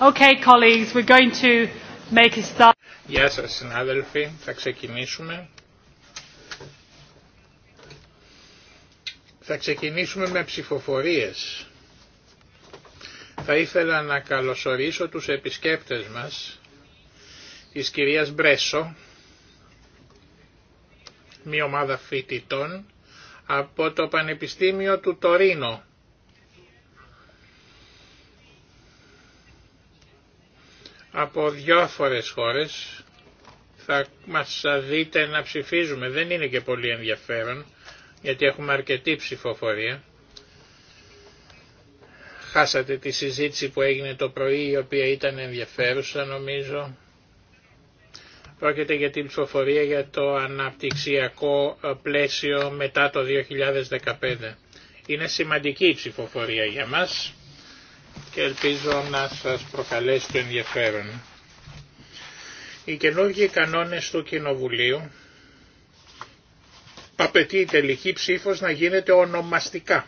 Okay, going to Γεια σας συνάδελφοι, θα ξεκινήσουμε. Θα ξεκινήσουμε με ψηφοφορίες. Θα ήθελα να καλωσορίσω τους επισκέπτες μας, της κυρίας Μπρέσο, μια ομάδα φοιτητών από το Πανεπιστήμιο του Τωρίνο από διάφορες χώρες θα μας δείτε να ψηφίζουμε. Δεν είναι και πολύ ενδιαφέρον γιατί έχουμε αρκετή ψηφοφορία. Χάσατε τη συζήτηση που έγινε το πρωί η οποία ήταν ενδιαφέρουσα νομίζω. Πρόκειται για την ψηφοφορία για το αναπτυξιακό ε, πλαίσιο μετά το 2015. Είναι σημαντική η ψηφοφορία για μας και ελπίζω να σας προκαλέσει το ενδιαφέρον. Οι καινούργιοι κανόνες του Κοινοβουλίου απαιτεί η τελική ψήφος να γίνεται ονομαστικά.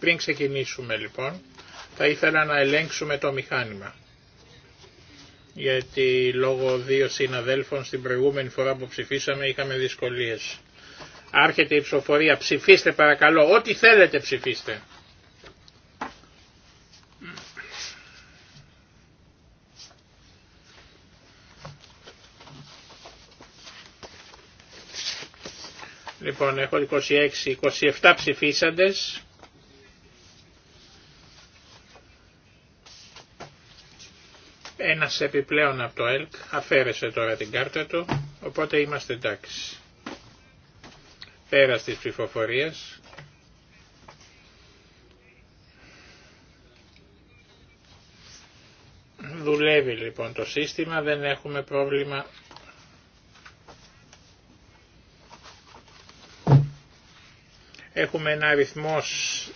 Πριν ξεκινήσουμε λοιπόν, θα ήθελα να ελέγξουμε το μηχάνημα. Γιατί λόγω δύο συναδέλφων στην προηγούμενη φορά που ψηφίσαμε είχαμε δυσκολίες. Άρχεται η ψηφοφορία. Ψηφίστε παρακαλώ. Ό,τι θέλετε ψηφίστε. Λοιπόν, έχω 26, 27 ψηφίσαντες. Ένας επιπλέον από το ΕΛΚ αφαίρεσε τώρα την κάρτα του, οπότε είμαστε εντάξει. Πέρα της ψηφοφορίας. Δουλεύει λοιπόν το σύστημα, δεν έχουμε πρόβλημα Έχουμε ένα αριθμό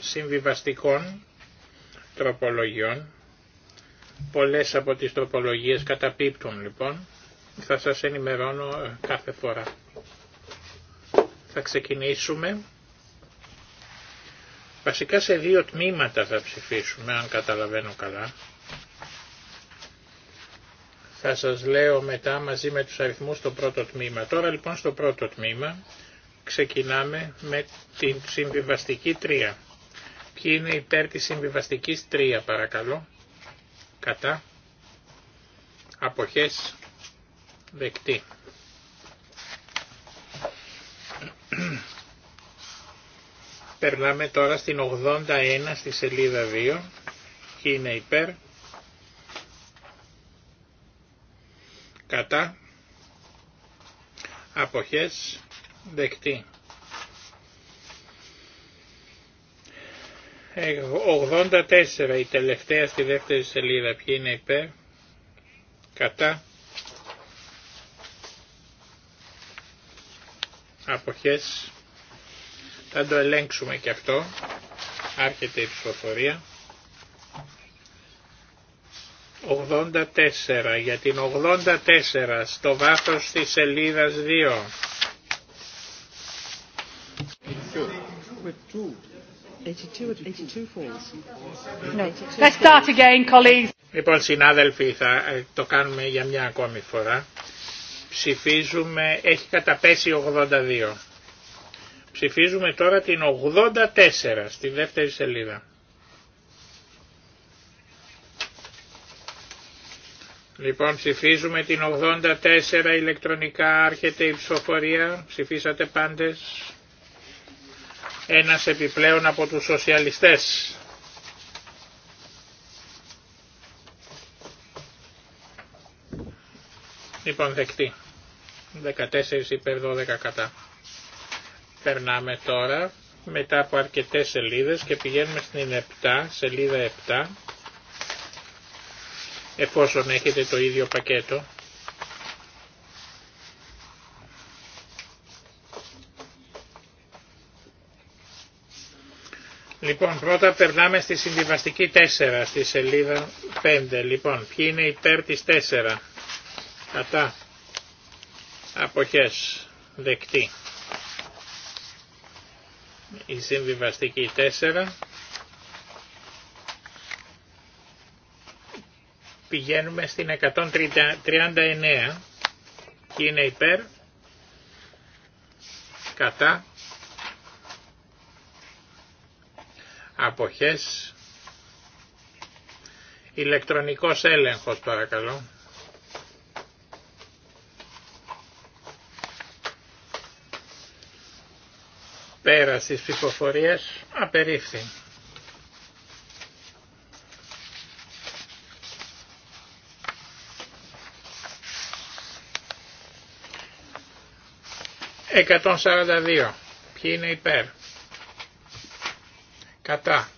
συμβιβαστικών τροπολογιών. Πολλές από τις τροπολογίες καταπίπτουν λοιπόν. Θα σας ενημερώνω ε, κάθε φορά. Θα ξεκινήσουμε. Βασικά σε δύο τμήματα θα ψηφίσουμε, αν καταλαβαίνω καλά. Θα σας λέω μετά μαζί με τους αριθμούς το πρώτο τμήμα. Τώρα λοιπόν στο πρώτο τμήμα ξεκινάμε με την συμβιβαστική 3. Ποιοι είναι υπέρ της συμβιβαστικής 3 παρακαλώ. Κατά. Αποχές. Δεκτή. Περνάμε τώρα στην 81 στη σελίδα 2. Ποιοι είναι υπέρ. Κατά. Αποχές δεκτή. 84 ε, η τελευταία στη δεύτερη σελίδα. Ποιοι είναι υπέρ, κατά, αποχές. Θα το ελέγξουμε και αυτό. Άρχεται η ψηφοφορία. 84 για την 84 στο βάθος της σελίδας 2. Λοιπόν, συνάδελφοι, θα ε, το κάνουμε για μια ακόμη φορά. Ψηφίζουμε, έχει καταπέσει 82. Ψηφίζουμε τώρα την 84 στη δεύτερη σελίδα. Λοιπόν, ψηφίζουμε την 84 ηλεκτρονικά, άρχεται η ψηφοφορία, ψηφίσατε πάντες ένας επιπλέον από τους σοσιαλιστές. Λοιπόν δεκτή. 14 υπέρ 12 κατά. Περνάμε τώρα μετά από αρκετές σελίδες και πηγαίνουμε στην 7, σελίδα 7 εφόσον έχετε το ίδιο πακέτο. Λοιπόν, πρώτα περνάμε στη συμβιβαστική 4, στη σελίδα 5. Λοιπόν, ποιοι είναι υπέρ της 4. Κατά. Αποχές. Δεκτή. Η συμβιβαστική 4. Πηγαίνουμε στην 139. Ποιοι είναι υπέρ. Κατά. αποχές, ηλεκτρονικός έλεγχος παρακαλώ. Πέρα στις ψηφοφορίες απερίφθη. Εκατόν σαράντα δύο. Ποιοι είναι υπέρ κατά,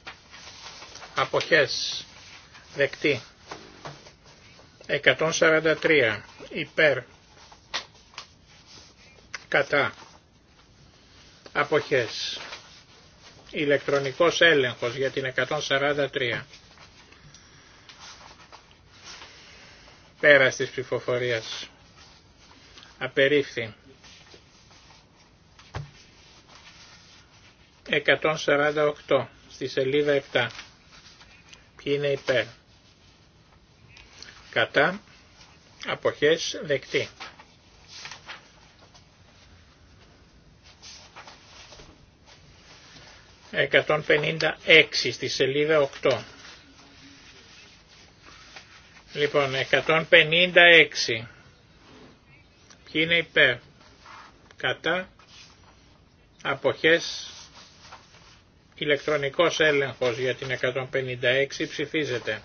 αποχές, δεκτή. 143 υπέρ, κατά, αποχές. Ηλεκτρονικός έλεγχος για την 143. Πέρας της ψηφοφορίας. Απερίφθη. 148 στη σελίδα 7. Ποιοι είναι υπέρ. Κατά αποχές δεκτή. Εκατόν στη σελίδα 8. Λοιπόν, 156. Ποιοι είναι υπέρ. Κατά αποχές Ηλεκτρονικός έλεγχος για την 156 ψηφίζεται.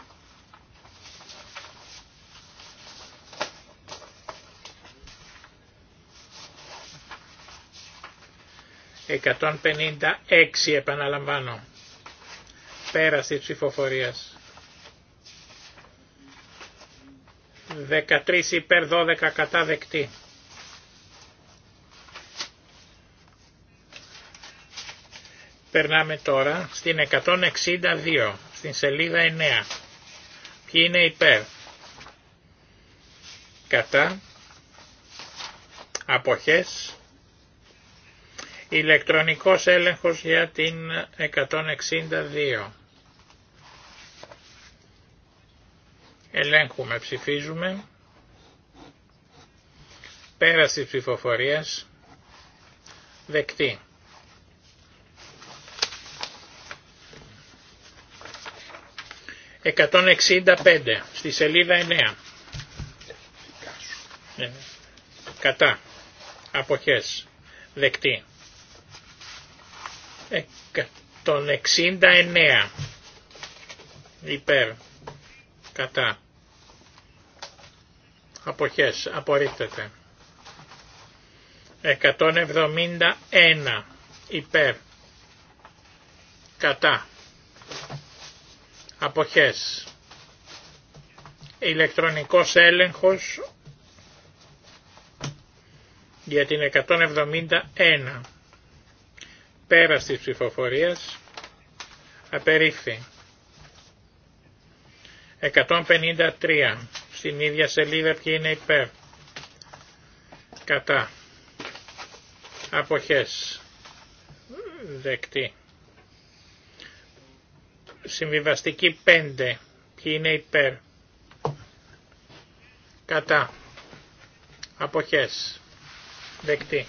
156 επαναλαμβάνω. Πέραση της ψηφοφορίας. 13 υπέρ 12 κατά Περνάμε τώρα στην 162, στην σελίδα 9. Ποιοι είναι υπέρ. Κατά. Αποχές. Ηλεκτρονικός έλεγχος για την 162. Ελέγχουμε, ψηφίζουμε. Πέραση ψηφοφορίας. Δεκτή. 165 στη σελίδα 9. Ναι. Κατά. Αποχές. Δεκτή. 169. Υπέρ. Κατά. Αποχές. Απορρίπτεται. 171. Υπέρ. Κατά αποχές. Ηλεκτρονικός έλεγχος για την 171. Πέρας της ψηφοφορίας απερίφθη. 153. Στην ίδια σελίδα ποιοι είναι υπέρ. Κατά. Αποχές. Δεκτή. Συμβιβαστική 5. Ποιοι είναι υπέρ. Κατά. Αποχές. Δεκτή.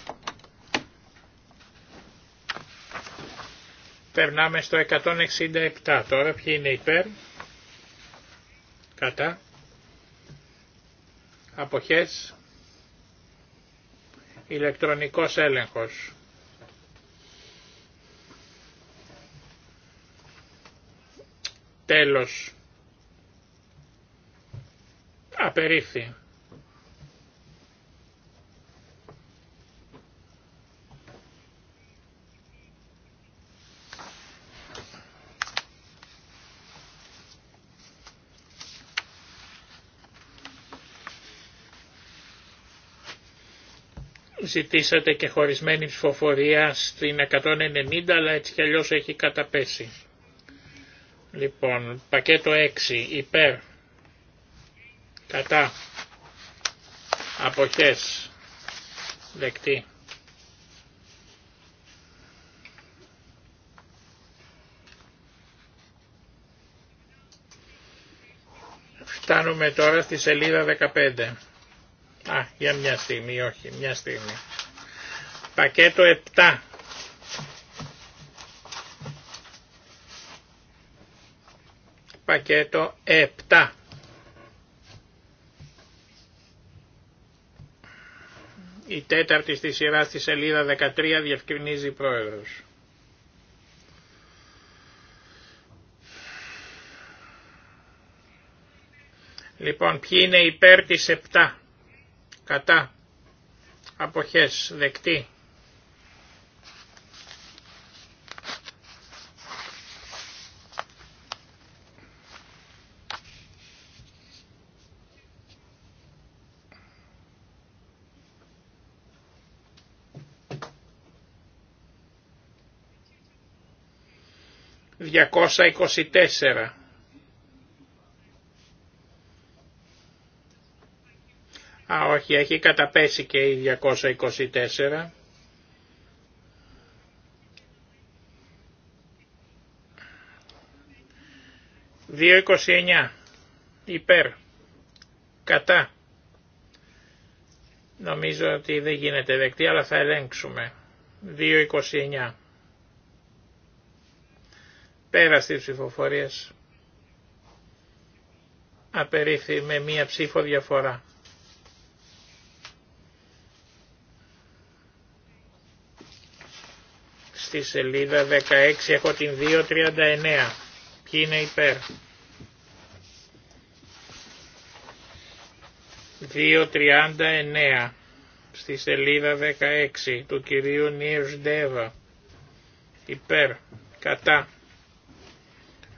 Περνάμε στο 167. Τώρα ποιοι είναι υπέρ. Κατά. Αποχές. Ηλεκτρονικός έλεγχος. Τέλος. Απερίφθη. ζητήσατε και χωρισμένη ψηφοφορία στην 190 αλλά έτσι κι αλλιώς έχει καταπέσει. Λοιπόν, πακέτο 6, υπέρ, κατά, αποχές, δεκτή. Φτάνουμε τώρα στη σελίδα 15. Α, για μια στιγμή, όχι, μια στιγμή. Πακέτο 7, πακέτο 7. Η τέταρτη στη σειρά στη σελίδα 13 διευκρινίζει πρόεδρος. Λοιπόν, ποιοι είναι υπέρ της 7. Κατά. Αποχές. Δεκτή. 224. Α, όχι, έχει καταπέσει και η 224. 229. υπέρ, κατά. Νομίζω ότι δεν γίνεται δεκτή, αλλά θα ελέγξουμε. 2.29. Πέρασε τις ψηφοφορίες απερίφθη με μία ψήφο διαφορά. Στη σελίδα 16 έχω την 239. Ποιοι είναι υπέρ. 239 στη σελίδα 16 του κυρίου Νίρς Ντέβα υπέρ κατά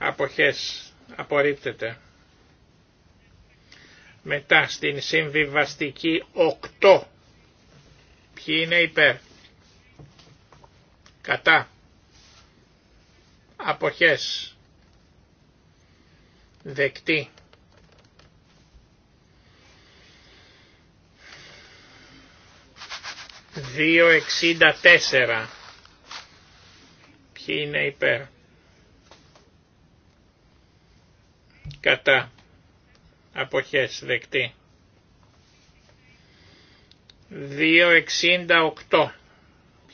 αποχές απορρίπτεται. Μετά στην συμβιβαστική 8. Ποιοι είναι υπέρ. Κατά. Αποχές. Δεκτή. Δύο εξήντα τέσσερα. Ποιοι είναι υπέρ. κατά αποχές δεκτή. 2.68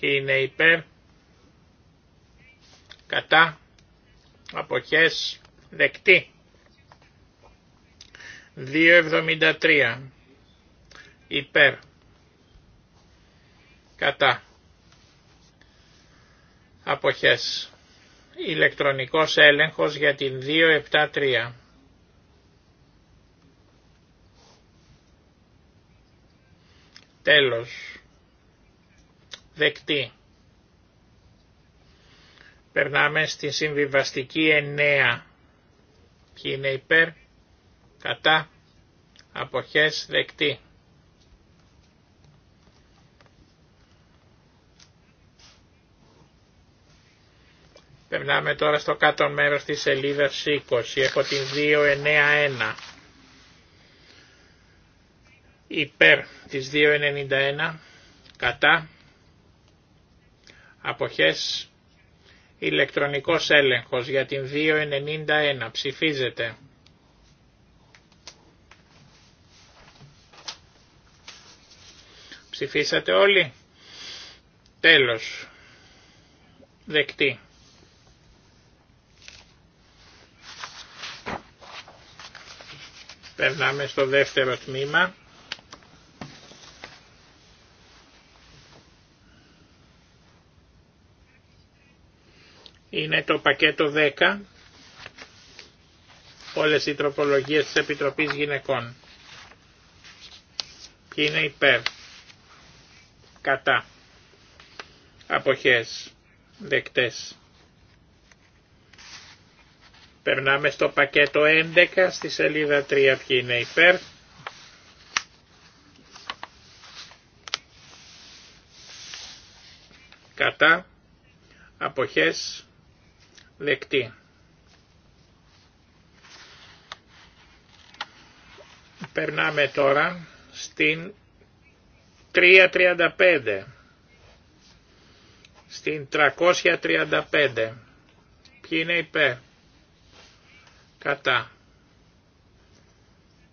ποιοι είναι υπέρ κατά αποχές δεκτή. 2.73 υπέρ κατά αποχές ηλεκτρονικός έλεγχος για την 273 Τέλος. Δεκτή. Περνάμε στη συμβιβαστική εννέα, Ποιοι είναι υπέρ, κατά, αποχές, δεκτή. Περνάμε τώρα στο κάτω μέρος της σελίδας 20. Έχω την 291 υπέρ της 2.91 κατά αποχές ηλεκτρονικός έλεγχος για την 2.91 ψηφίζεται. Ψηφίσατε όλοι. Τέλος. Δεκτή. Περνάμε στο δεύτερο τμήμα. είναι το πακέτο 10, όλες οι τροπολογίες της Επιτροπής Γυναικών. Ποιοι είναι υπέρ, κατά, αποχές, δεκτές. Περνάμε στο πακέτο 11, στη σελίδα 3 ποιοι είναι υπέρ. Κατά, αποχές, Δεκτή. Περνάμε τώρα στην 335. Στην 335. Ποιοι είναι υπέρ. Κατά.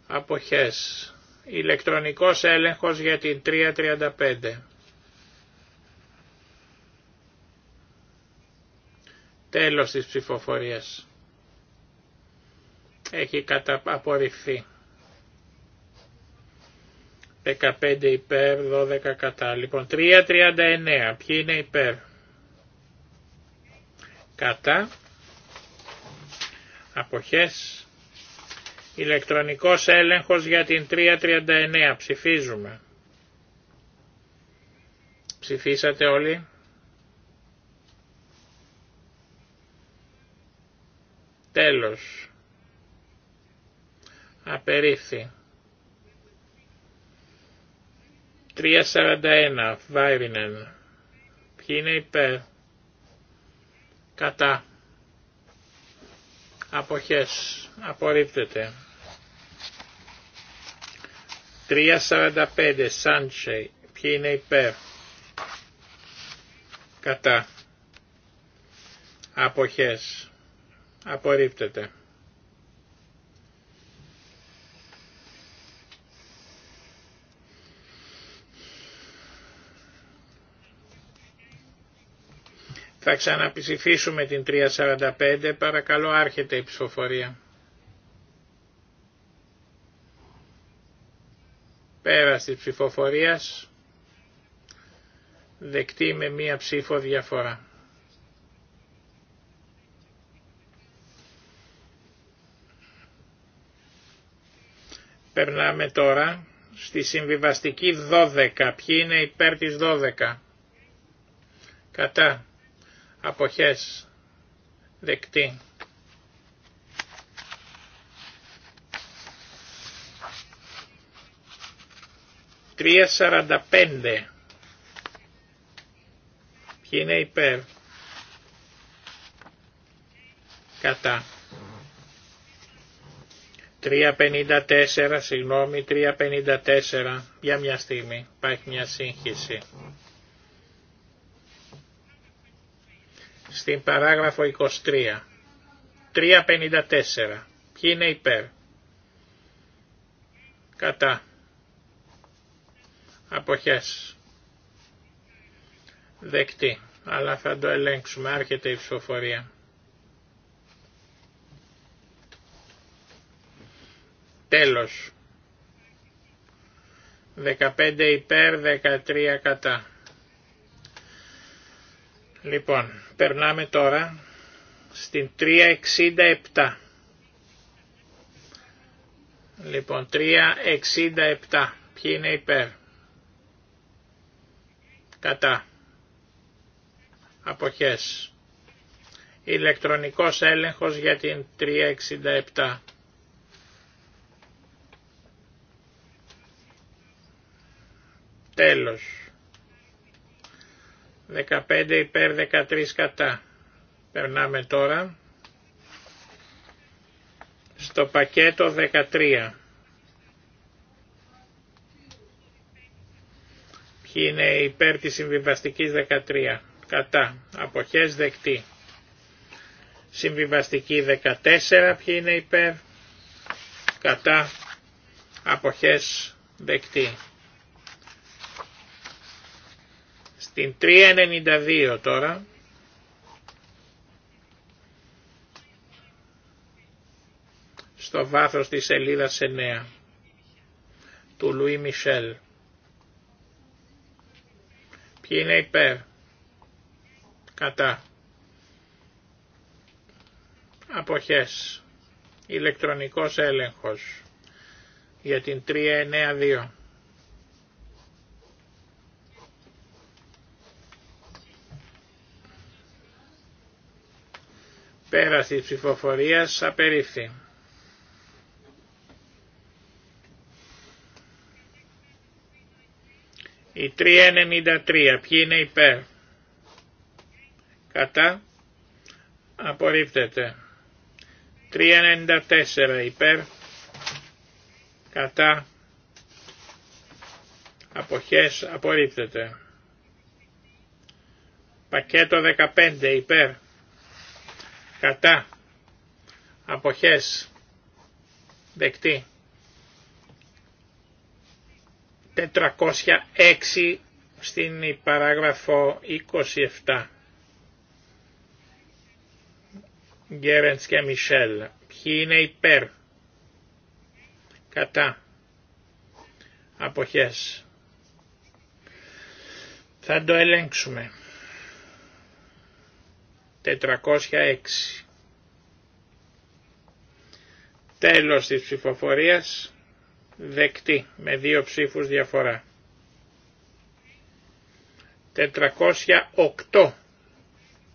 Αποχές. Ηλεκτρονικός έλεγχος για την 335. Τέλος της ψηφοφορίας. Έχει κατα... απορριφθεί. 15 υπέρ, 12 κατά. Λοιπόν, 3.39. Ποιοι είναι υπέρ. Κατά. Αποχές. Ηλεκτρονικός έλεγχος για την 3.39. Ψηφίζουμε. Ψηφίσατε όλοι. Τέλος. Απερίφθη. 341. Βάιρινεν. Ποιοι είναι υπέρ. Κατά. Αποχές. Απορρίπτεται. 3.45 Σάντσεϊ. Ποιοι είναι υπέρ. Κατά. Αποχές. Απορρίπτεται. Θα ξαναψηφίσουμε την 345, παρακαλώ άρχεται η ψηφοφορία. Πέρας της ψηφοφορίας, δεκτεί με μία ψήφο διαφορά. Περνάμε τώρα στη συμβιβαστική 12. Ποιοι είναι υπέρ της 12. Κατά. Αποχές. Δεκτή. Τρία σαράντα πέντε. Ποιοι είναι υπέρ. Κατά. 354, συγγνώμη, 354, για μια στιγμή, υπάρχει μια σύγχυση. Στην παράγραφο 23, 354, ποιοι είναι υπέρ, κατά, αποχές, δεκτή, αλλά θα το ελέγξουμε, άρχεται η ψηφοφορία. Τέλος. 15 υπέρ, 13 κατά. Λοιπόν, περνάμε τώρα στην 367. Λοιπόν, 367. Ποιοι είναι υπέρ. Κατά. Αποχές. Ηλεκτρονικός έλεγχος για την 367. Τέλος. 15 υπέρ 13 κατά. Περνάμε τώρα στο πακέτο 13. Ποιοι είναι υπέρ της συμβιβαστικής 13. Κατά. Αποχές δεκτή. Συμβιβαστική 14. Ποιοι είναι υπέρ. Κατά. Αποχές δεκτή. Την 392 τώρα. Στο βάθος της σελίδας 9 του Λουί Μισελ. Ποιοι είναι υπέρ. Κατά. Αποχές. Ηλεκτρονικός έλεγχος για την 392. Πέρας ψηφοφορία ψηφοφορίας απερίφθη. Η 393. Ποιοι είναι υπέρ. Κατά. Απορρίπτεται. 394 υπέρ. Κατά. Αποχές. Απορρίπτεται. Πακέτο 15 υπέρ κατά αποχές δεκτή 406 στην παράγραφο 27 Γκέρεντς και Μισελ ποιοι είναι υπέρ κατά αποχές θα το ελέγξουμε 406. Τέλος της ψηφοφορίας δεκτή με δύο ψήφους διαφορά. 408.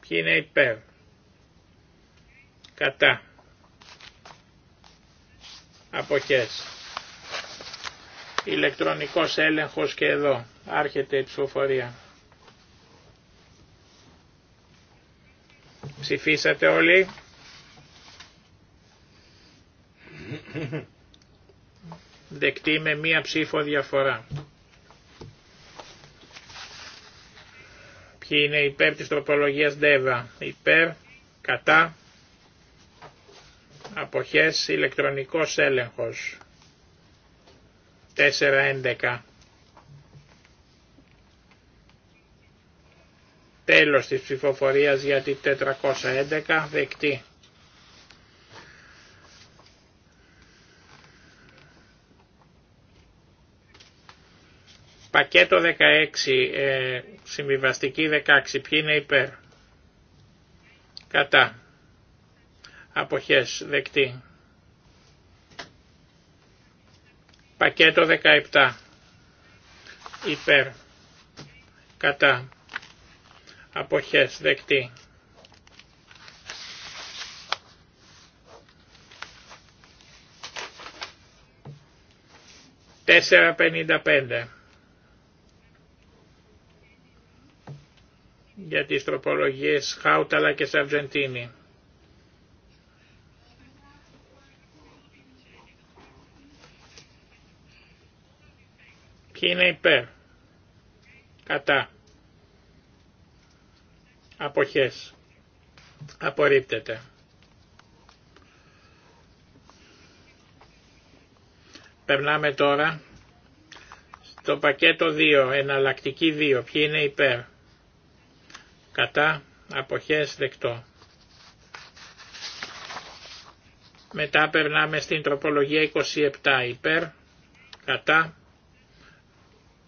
Ποιοι είναι υπέρ. Κατά. Αποχές. Ηλεκτρονικός έλεγχος και εδώ. Άρχεται η ψηφοφορία. Ψηφίσατε όλοι. Δεκτή με μία ψήφο διαφορά. Ποιοι είναι υπέρ της τροπολογίας ΔΕΒΑ. Υπέρ, κατά, αποχές, ηλεκτρονικός έλεγχος. 4-11. Τέλος της ψηφοφορίας για την 411 δεκτή. Πακέτο 16, ε, συμβιβαστική 16, ποιοι είναι υπέρ. Κατά. Αποχές, δεκτή. Πακέτο 17, υπέρ. Κατά αποχές δεκτή. Τέσσερα πενήντα πέντε. για τις τροπολογίες Χάουταλα και Σαρτζεντίνη. Ποιοι είναι υπέρ. Κατά. Αποχές. Απορρίπτεται. Περνάμε τώρα στο πακέτο 2, εναλλακτική 2, ποιοι είναι υπέρ. Κατά, αποχές, δεκτό. Μετά περνάμε στην τροπολογία 27, υπέρ, κατά,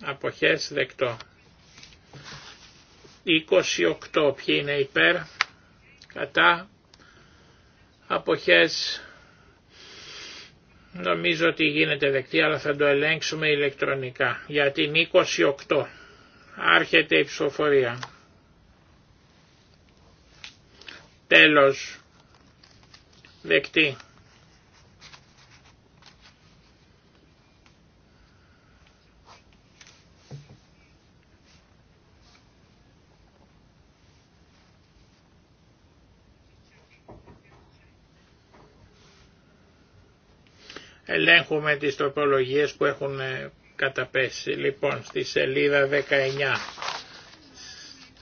αποχές, δεκτό. 28 ποιοι είναι υπέρ, κατά, αποχές, νομίζω ότι γίνεται δεκτή αλλά θα το ελέγξουμε ηλεκτρονικά. Για την 28 άρχεται η ψηφοφορία. Τέλος, δεκτή. Ελέγχουμε τις τροπολογίες που έχουν ε, καταπέσει. Λοιπόν, στη σελίδα 19.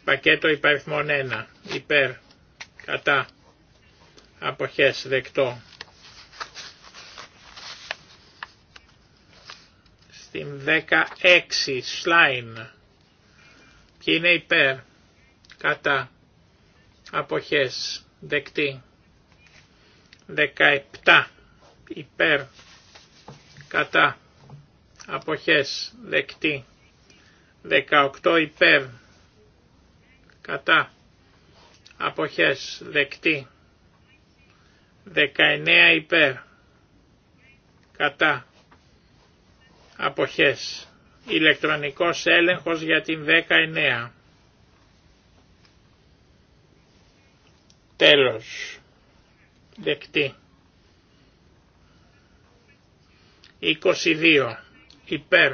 Πακέτο υπαριθμών 1. Υπέρ. Κατά. Αποχές. Δεκτό. Στην 16. Σλάιν. Ποιοι είναι υπέρ. Κατά. Αποχές. Δεκτή. 17. Υπέρ κατά αποχές δεκτή 18 υπέρ κατά αποχές δεκτή 19 υπέρ κατά αποχές ηλεκτρονικός έλεγχος για την 19 τέλος δεκτή 22 υπέρ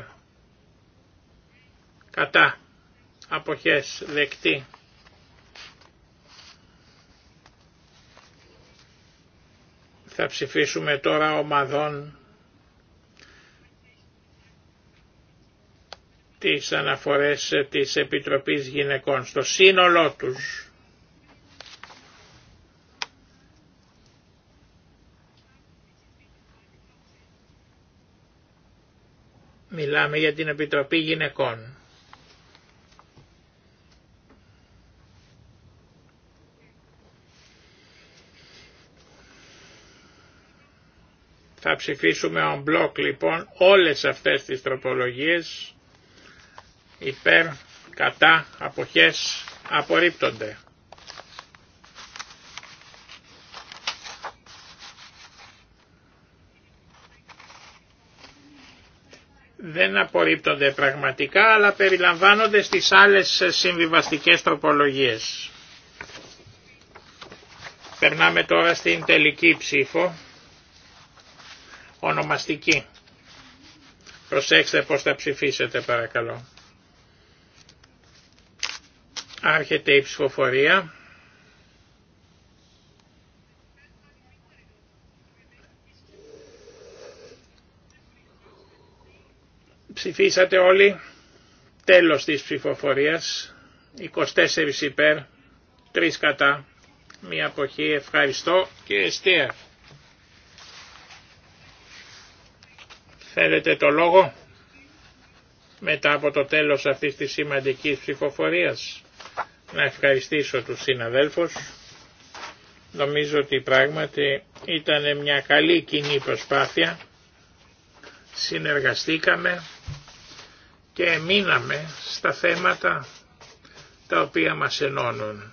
κατά αποχές δεκτή. Θα ψηφίσουμε τώρα ομαδών τις αναφορές της Επιτροπής Γυναικών στο σύνολό τους. Μιλάμε για την Επιτροπή Γυναικών. Θα ψηφίσουμε on block λοιπόν όλες αυτές τις τροπολογίες υπέρ, κατά, αποχές απορρίπτονται. δεν απορρίπτονται πραγματικά αλλά περιλαμβάνονται στις άλλες συμβιβαστικές τροπολογίες. Περνάμε τώρα στην τελική ψήφο, ονομαστική. Προσέξτε πώς θα ψηφίσετε παρακαλώ. Άρχεται η ψηφοφορία. Ψηφίσατε όλοι. Τέλος της ψηφοφορίας. 24 υπέρ, 3 κατά, μία αποχή. Ευχαριστώ και εστία. Θέλετε το λόγο μετά από το τέλος αυτής της σημαντικής ψηφοφορίας. Να ευχαριστήσω τους συναδέλφους. Νομίζω ότι πράγματι ήταν μια καλή κοινή προσπάθεια. Συνεργαστήκαμε και μείναμε στα θέματα τα οποία μας ενώνουν.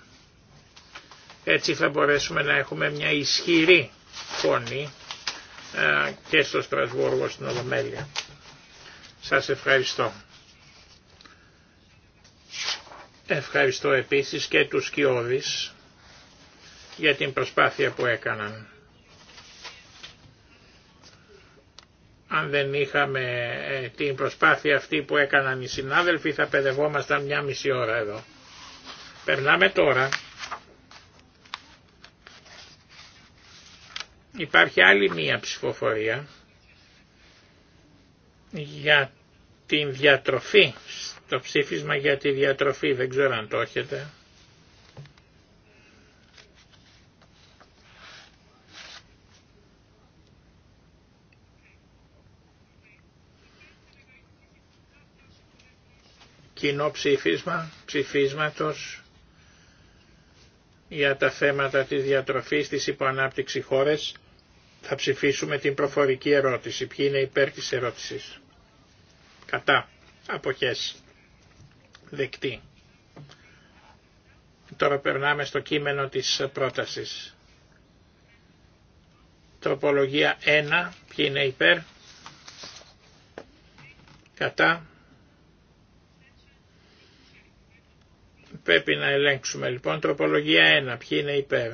Έτσι θα μπορέσουμε να έχουμε μια ισχυρή φωνή και στο Στρασβούργο στην Ολομέλεια. Σας ευχαριστώ. Ευχαριστώ επίσης και τους Κιώδης για την προσπάθεια που έκαναν. αν δεν είχαμε ε, την προσπάθεια αυτή που έκαναν οι συνάδελφοι θα παιδευόμασταν μια μισή ώρα εδώ. Περνάμε τώρα. Υπάρχει άλλη μία ψηφοφορία για την διατροφή, το ψήφισμα για τη διατροφή, δεν ξέρω αν το έχετε. κοινό ψήφισμα, ψηφίσματος για τα θέματα της διατροφής της υποανάπτυξη χώρες. Θα ψηφίσουμε την προφορική ερώτηση. Ποιοι είναι υπέρ της ερώτησης. Κατά. Αποχές. Δεκτή. Τώρα περνάμε στο κείμενο της πρότασης. Τροπολογία 1. Ποιοι είναι υπέρ. Κατά. Πρέπει να ελέγξουμε λοιπόν τροπολογία 1. Ποιοι είναι υπέρ.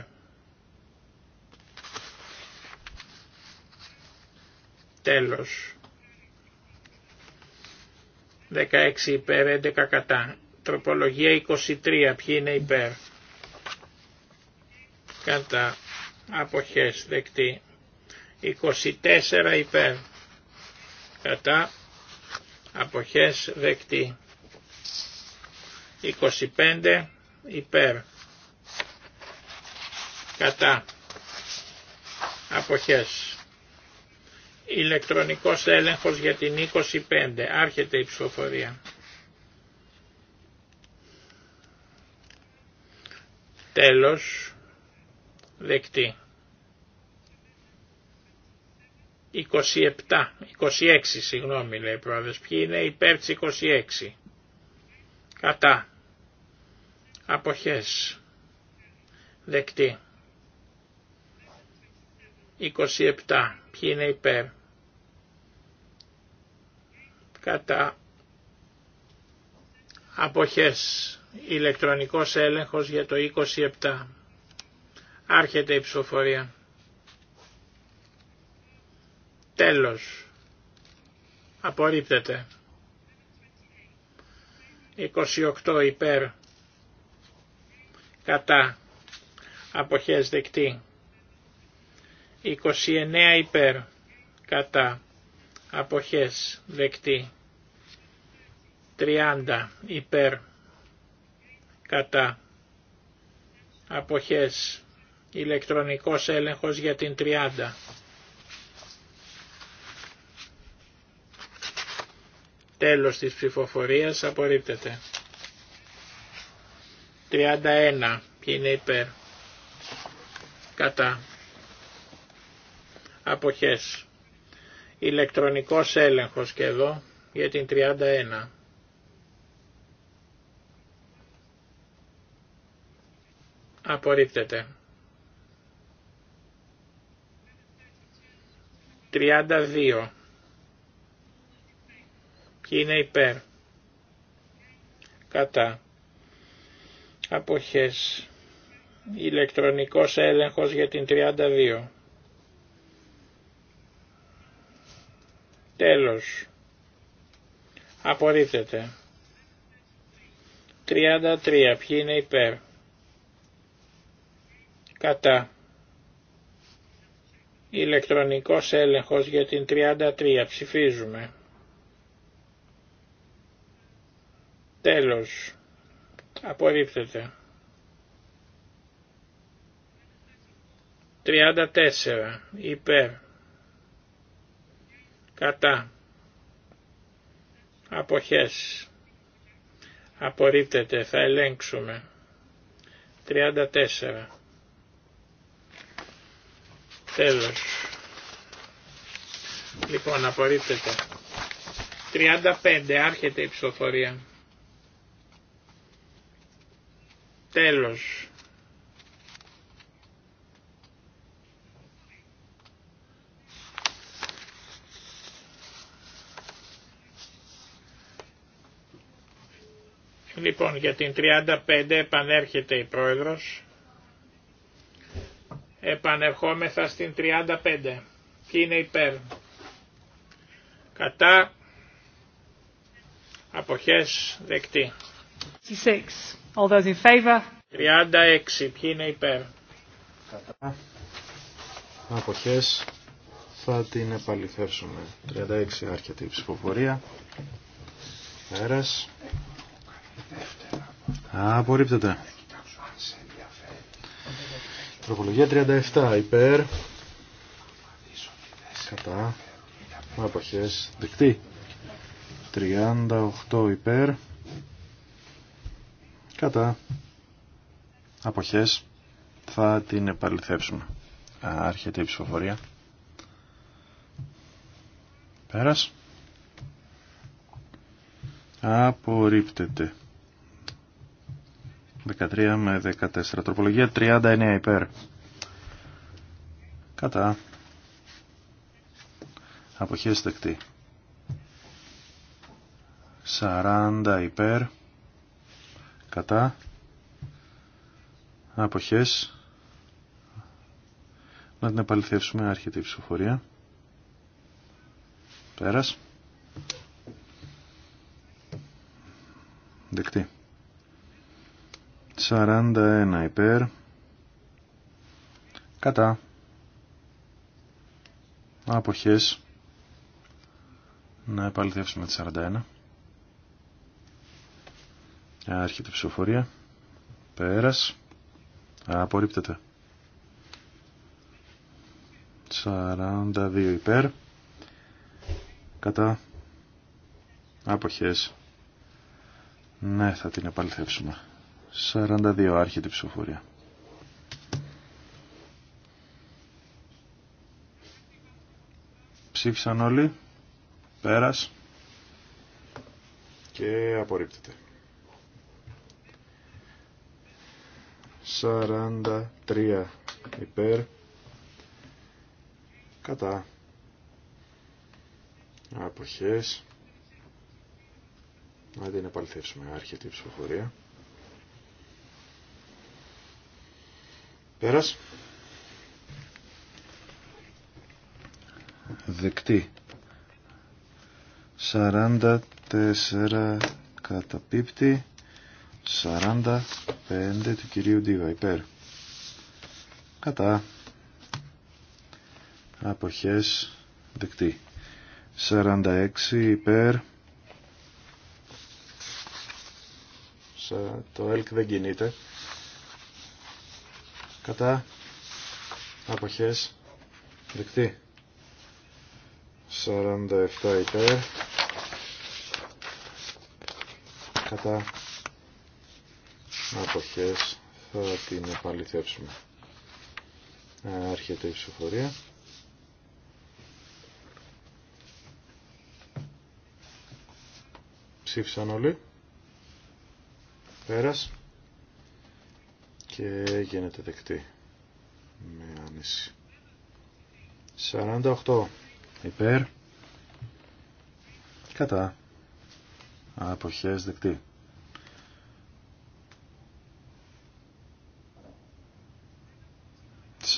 Τέλος. 16 υπέρ 11 κατά. Τροπολογία 23. Ποιοι είναι υπέρ. Κατά. Αποχές δεκτή. 24 υπέρ. Κατά. Αποχές δεκτή. 25 υπέρ κατά αποχές. Ηλεκτρονικός έλεγχος για την 25. Άρχεται η ψηφοφορία. Τέλος. Δεκτή. 27, 26 συγγνώμη λέει πρόεδρος. Ποιοι είναι υπέρ της 26. Κατά. Αποχές. Δεκτή. 27. Ποιοι είναι υπέρ. Κατά. Αποχές. Ηλεκτρονικός έλεγχος για το 27. Άρχεται η ψηφοφορία. Τέλος. Απορρίπτεται. 28 υπέρ κατά αποχές δεκτή 29 υπέρ κατά αποχές δεκτή 30 υπέρ κατά αποχές ηλεκτρονικός έλεγχος για την 30 τέλος της ψηφοφορίας απορρίπτεται 31. Ποιοι είναι υπέρ. Κατά. Αποχές. Ηλεκτρονικός έλεγχος και εδώ για την 31. Απορρίπτεται. 32. Ποιοι είναι υπέρ. Κατά αποχές ηλεκτρονικός έλεγχος για την 32 τέλος απορρίπτεται 33 ποιοι είναι υπέρ κατά ηλεκτρονικός έλεγχος για την 33 ψηφίζουμε τέλος Απορρίπτεται. 34 υπέρ. Κατά. Αποχές. Απορρίπτεται. Θα ελέγξουμε. 34. Τέλος. Λοιπόν, απορρίπτεται. 35. Άρχεται η ψηφοφορία. Τέλος. Λοιπόν, για την 35 επανέρχεται η πρόεδρος. Επανερχόμεθα στην 35. Ποιοι είναι υπέρ. Κατά αποχές δεκτή. 36. All those in favor. Ποιοι είναι υπέρ. Κατά. Αποχές. Θα την επαληθεύσουμε. 36 άρχεται η ψηφοφορία. Πέρας. Απορρίπτεται. Τροπολογία 37 υπέρ. Κατά. Αποχές. Δεκτή. 38 υπέρ κατά αποχές θα την επαληθεψουμε Άρχεται η ψηφοφορία. Πέρας. Απορρίπτεται. 13 με 14. Τροπολογία 39 υπέρ. Κατά. Αποχές δεκτή. 40 υπέρ κατά αποχές να την επαληθεύσουμε άρχεται η ψηφοφορία πέρας δεκτή 41 υπέρ κατά αποχές να επαληθεύσουμε τη 41 Άρχεται ψηφοφορία. Πέρας. Απορρίπτεται. 42 υπέρ. Κατά. Αποχές. Ναι, θα την επαληθεύσουμε. 42 άρχεται ψηφοφορία. Ψήφισαν όλοι. Πέρας. Και απορρίπτεται. 43 υπέρ κατά αποχές να την επαληθεύσουμε άρχιτη η ψηφοφορία πέρας δεκτή 44 καταπίπτει 45 του κυρίου Ντίβα υπέρ κατά αποχές δεκτή 46 υπέρ το ΕΛΚ δεν κινείται κατά αποχές δεκτή 47 υπέρ κατά αποχές θα την επαληθεύσουμε. Άρχεται η ψηφοφορία. Ψήφισαν όλοι. Πέρας. Και γίνεται δεκτή. Με άνεση. 48. Υπέρ. Κατά. Αποχές δεκτή.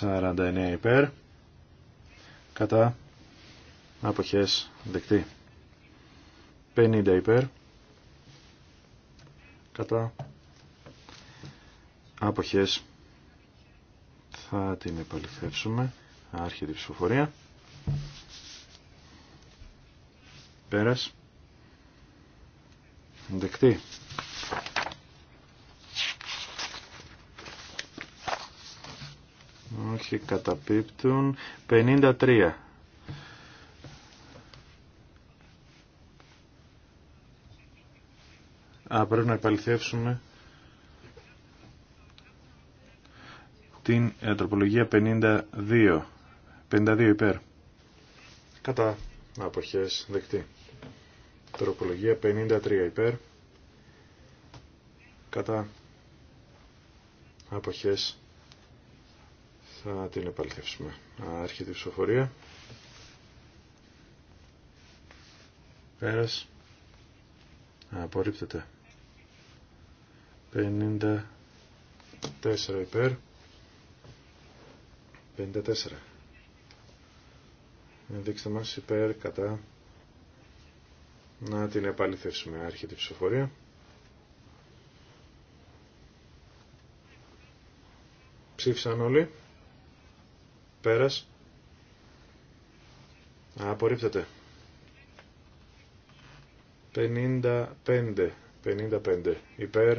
49 υπέρ κατά αποχές δεκτή 50 υπέρ κατά αποχές θα την επαληθεύσουμε την ψηφοφορία πέρας δεκτή όχι καταπίπτουν. 53. Α, πρέπει να επαληθεύσουμε την ε, τροπολογία 52. 52 υπέρ. Κατά αποχές δεκτή. Τροπολογία 53 υπέρ. Κατά αποχές θα την επαληθεύσουμε. Άρχεται η ψηφοφορία. Πέρας. Απορρίπτεται. 54 υπέρ. 54. Δείξτε μας υπέρ κατά. Να την επαληθεύσουμε. Άρχεται η ψηφοφορία. Ψήφισαν όλοι. Πέρας. Απορρίπτεται. 55. 55. Υπέρ.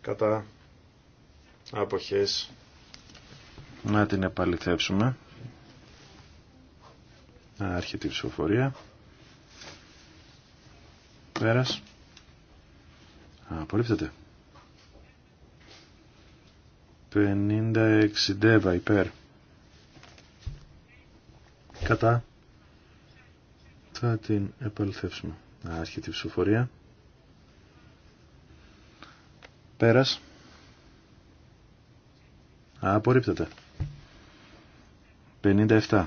Κατά. Αποχές. Να την επαληθεύσουμε. έρχεται η ψηφοφορία. Πέρας. Απορρίπτεται. 56 ντεβα υπέρ κατά θα την επαληθεύσουμε άρχεται η ψηφοφορία πέρας απορρίπτεται 57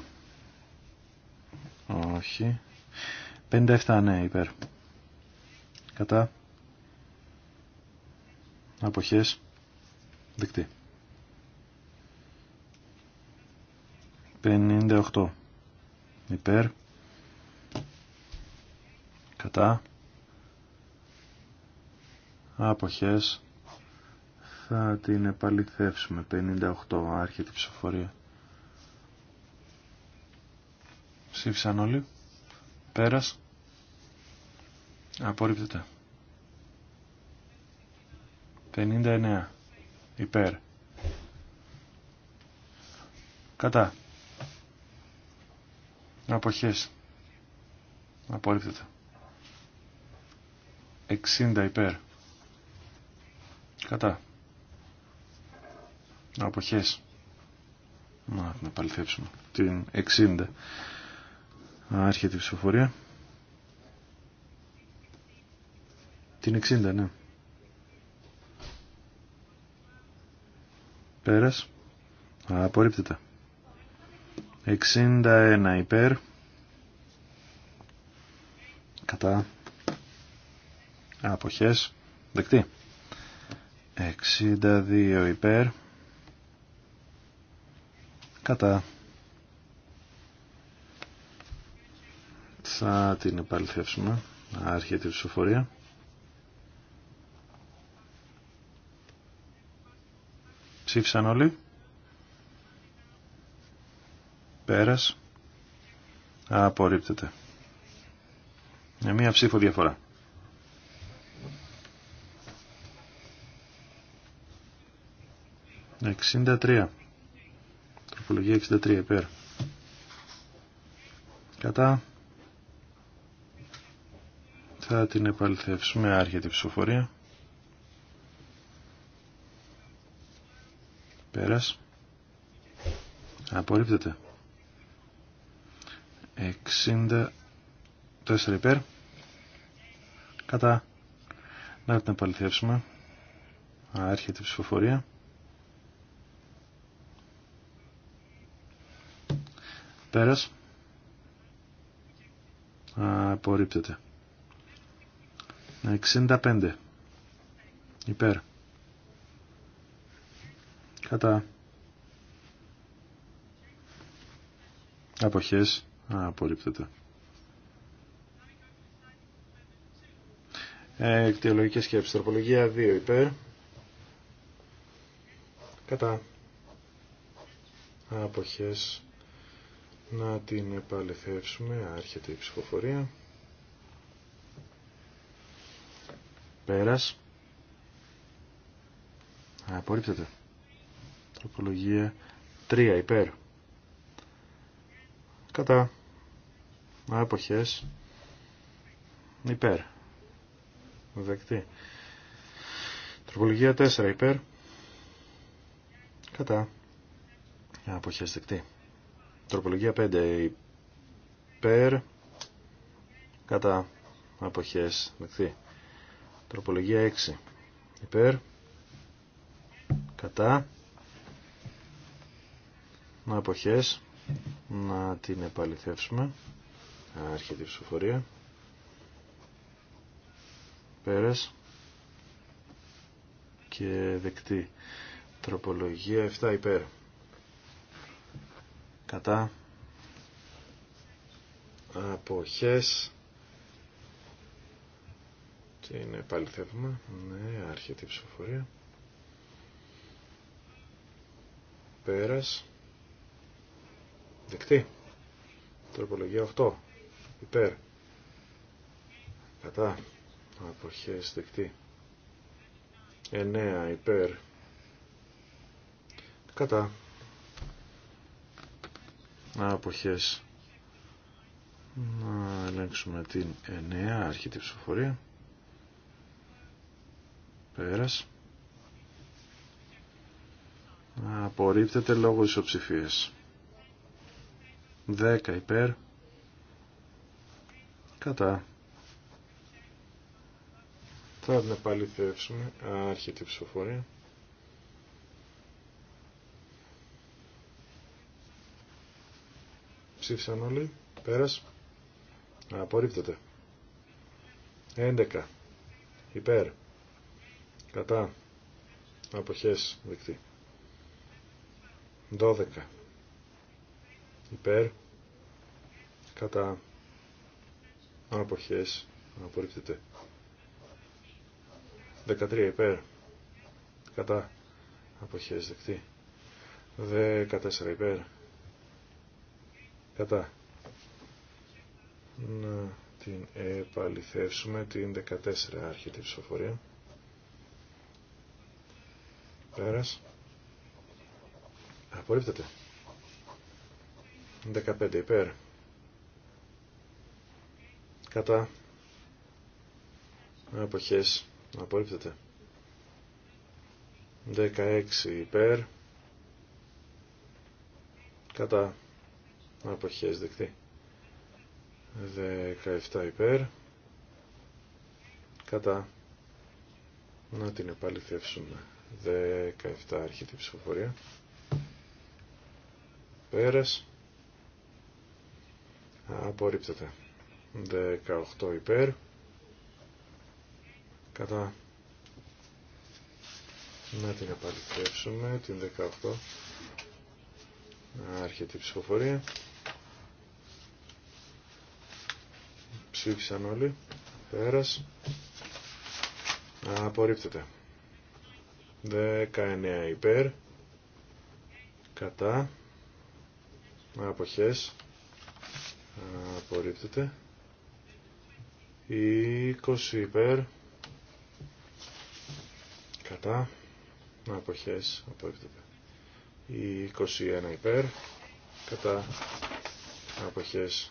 όχι 57 ναι υπέρ κατά αποχές δεκτή 58 υπέρ κατά άποχες θα την επαληθεύσουμε 58 άρχεται η ψηφοφορία ψήφισαν όλοι πέρας απορρίπτεται 59 υπέρ κατά Αποχές. Απορρίπτεται. 60 υπέρ. Κατά. Αποχές. Να να παληθέψουμε. Την 60. Άρχεται η ψηφοφορία. Την 60, ναι. Πέρας. Απορρίπτεται. 61 υπέρ κατά αποχές δεκτή 62 υπέρ κατά θα την επαληθεύσουμε άρχεται η ψηφοφορία ψήφισαν όλοι Πέρας. Απορρίπτεται. Με μία ψήφο διαφορά. 63. τρία. Τροπολογία 63 υπέρ. Κατά. Θα την επαληθεύσουμε άρχια ψηφοφορία. Πέρας. Απορρίπτεται. 64 υπέρ. Κατά. Να την επαληθεύσουμε. έρχεται η ψηφοφορία. Πέρας. Α, απορρίπτεται. 65. Υπέρ. Κατά. Αποχές. Απορρίπτεται. Εκτιολογικές σκέψεις. Τροπολογία 2 υπέρ. Κατά. Αποχές. Να την επαληθεύσουμε. Άρχεται η ψηφοφορία. Πέρας. Απορρίπτεται. Τροπολογία 3 υπέρ. Κατά αποχές υπέρ δεκτή τροπολογία 4 υπέρ κατά αποχές δεκτή τροπολογία 5 υπέρ κατά αποχές δεκτή τροπολογία 6 υπέρ κατά αποχές να την επαληθεύσουμε Άρχεται η ψηφοφορία. Πέρας. Και δεκτή. Τροπολογία 7 υπέρ. Κατά. Αποχές. Και είναι πάλι θεύμα Ναι, άρχεται η ψηφοφορία. Πέρας. Δεκτή. Τροπολογία 8 υπέρ κατά αποχές δεκτή 9 υπέρ κατά αποχές να ελέγξουμε την 9 αρχή ψηφοφορία πέρας απορρίπτεται λόγω ισοψηφίας 10 υπέρ κατά. Θα την επαληθεύσουμε. Άρχεται η ψηφοφορία. Ψήφισαν όλοι. Πέρας. Απορρίπτεται. 11. Υπέρ. Κατά. Αποχές δεκτή. 12. Υπέρ. Κατά. Αναποχές. Απορρίπτεται. 13 υπέρ. Κατά. Αποχές δεκτή. 14 υπέρ. Κατά. Να την επαληθεύσουμε την 14 άρχεται ψηφοφορία. Πέρας. Απορρίπτεται. 15 υπέρ κατά αποχές απορρίπτεται 16 υπέρ κατά αποχές δεκτή 17 υπέρ κατά να την επαληθεύσουμε 17 αρχιτή ψηφοφορία πέρας απορρίπτεται 18 υπέρ κατά να την επαληθεύσουμε την 18 άρχεται η ψηφοφορία ψήφισαν όλοι πέρας απορρίπτεται 19 υπέρ κατά αποχές απορρίπτεται 20 υπέρ κατά αποχές απορρίπτεται. Η 21 υπέρ κατά αποχές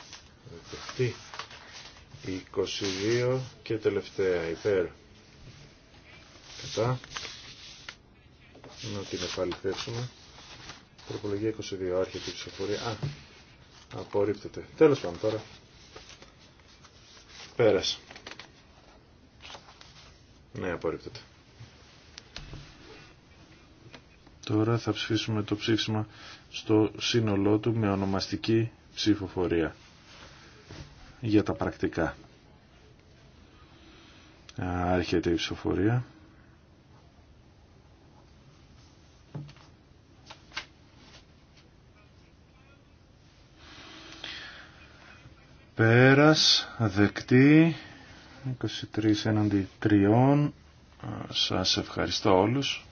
δεκτή. 22 και τελευταία υπέρ κατά να την επαληθεύσουμε. Τροπολογία 22 άρχεται η ψηφοφορία. Α, απορρίπτεται. Τέλος πάντων τώρα. Πέρασε. Ναι, απορρίπτεται. Τώρα θα ψηφίσουμε το ψήφισμα στο σύνολό του με ονομαστική ψηφοφορία για τα πρακτικά. Άρχεται η ψηφοφορία. Πέρας, δεκτή, 23 έναντι 3. Σας ευχαριστώ όλους.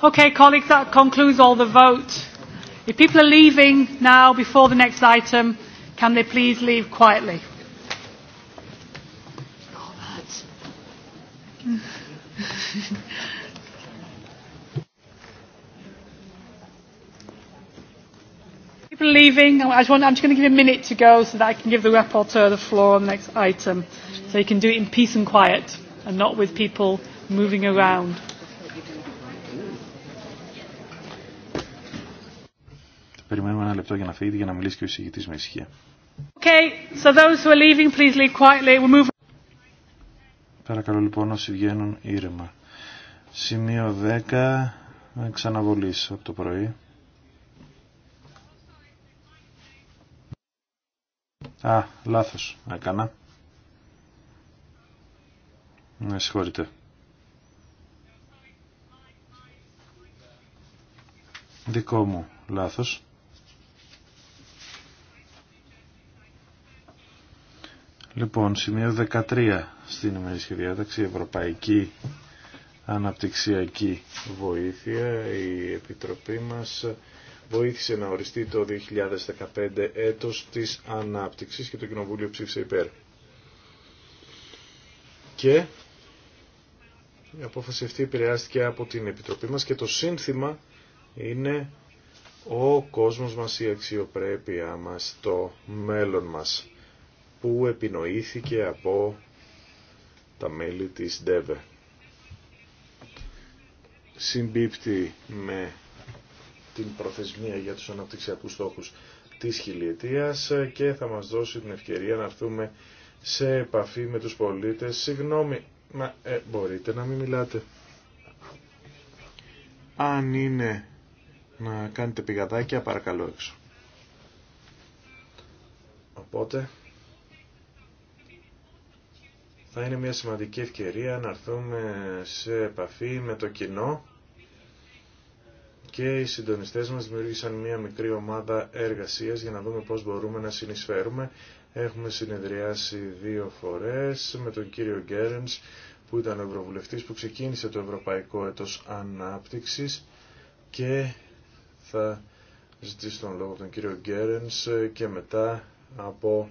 Okay, colleagues, that concludes all the vote. If people are leaving now before the next item, can they please leave quietly? leaving. I just want, I'm just going to give a minute to go so that I can give the rapporteur the floor on the next item. So you can do it in peace and quiet and not with people moving around. Περιμένουμε ένα λεπτό για να φύγει για να μιλήσει και ο εισηγητής με ησυχία. Okay, so those who are leaving, please leave quietly. We'll move. Παρακαλώ λοιπόν όσοι βγαίνουν ήρεμα. Σημείο 10, ξαναβολής από το πρωί. Α, λάθος έκανα. Με συγχωρείτε. Δικό μου λάθος. Λοιπόν, σημείο 13 στην ημερήσια διάταξη, Ευρωπαϊκή Αναπτυξιακή Βοήθεια. Η Επιτροπή μας βοήθησε να οριστεί το 2015 έτος της ανάπτυξης και το Κοινοβούλιο ψήφισε υπέρ. Και η απόφαση αυτή επηρεάστηκε από την Επιτροπή μας και το σύνθημα είναι ο κόσμος μας, η αξιοπρέπειά μας, το μέλλον μας, που επινοήθηκε από τα μέλη της ΔΕΒΕ. Συμπίπτει με την προθεσμία για τους αναπτυξιακούς στόχους της χιλιετίας και θα μας δώσει την ευκαιρία να έρθουμε σε επαφή με τους πολίτες. Συγγνώμη, μα ε, μπορείτε να μην μιλάτε. Αν είναι να κάνετε πηγαδάκια, παρακαλώ έξω. Οπότε θα είναι μια σημαντική ευκαιρία να έρθουμε σε επαφή με το κοινό και οι συντονιστές μας δημιούργησαν μια μικρή ομάδα εργασίας για να δούμε πώς μπορούμε να συνεισφέρουμε. Έχουμε συνεδριάσει δύο φορές με τον κύριο Γκέρενς που ήταν ο Ευρωβουλευτής που ξεκίνησε το Ευρωπαϊκό Έτος Ανάπτυξης και θα ζητήσω τον λόγο τον κύριο Γκέρενς και μετά από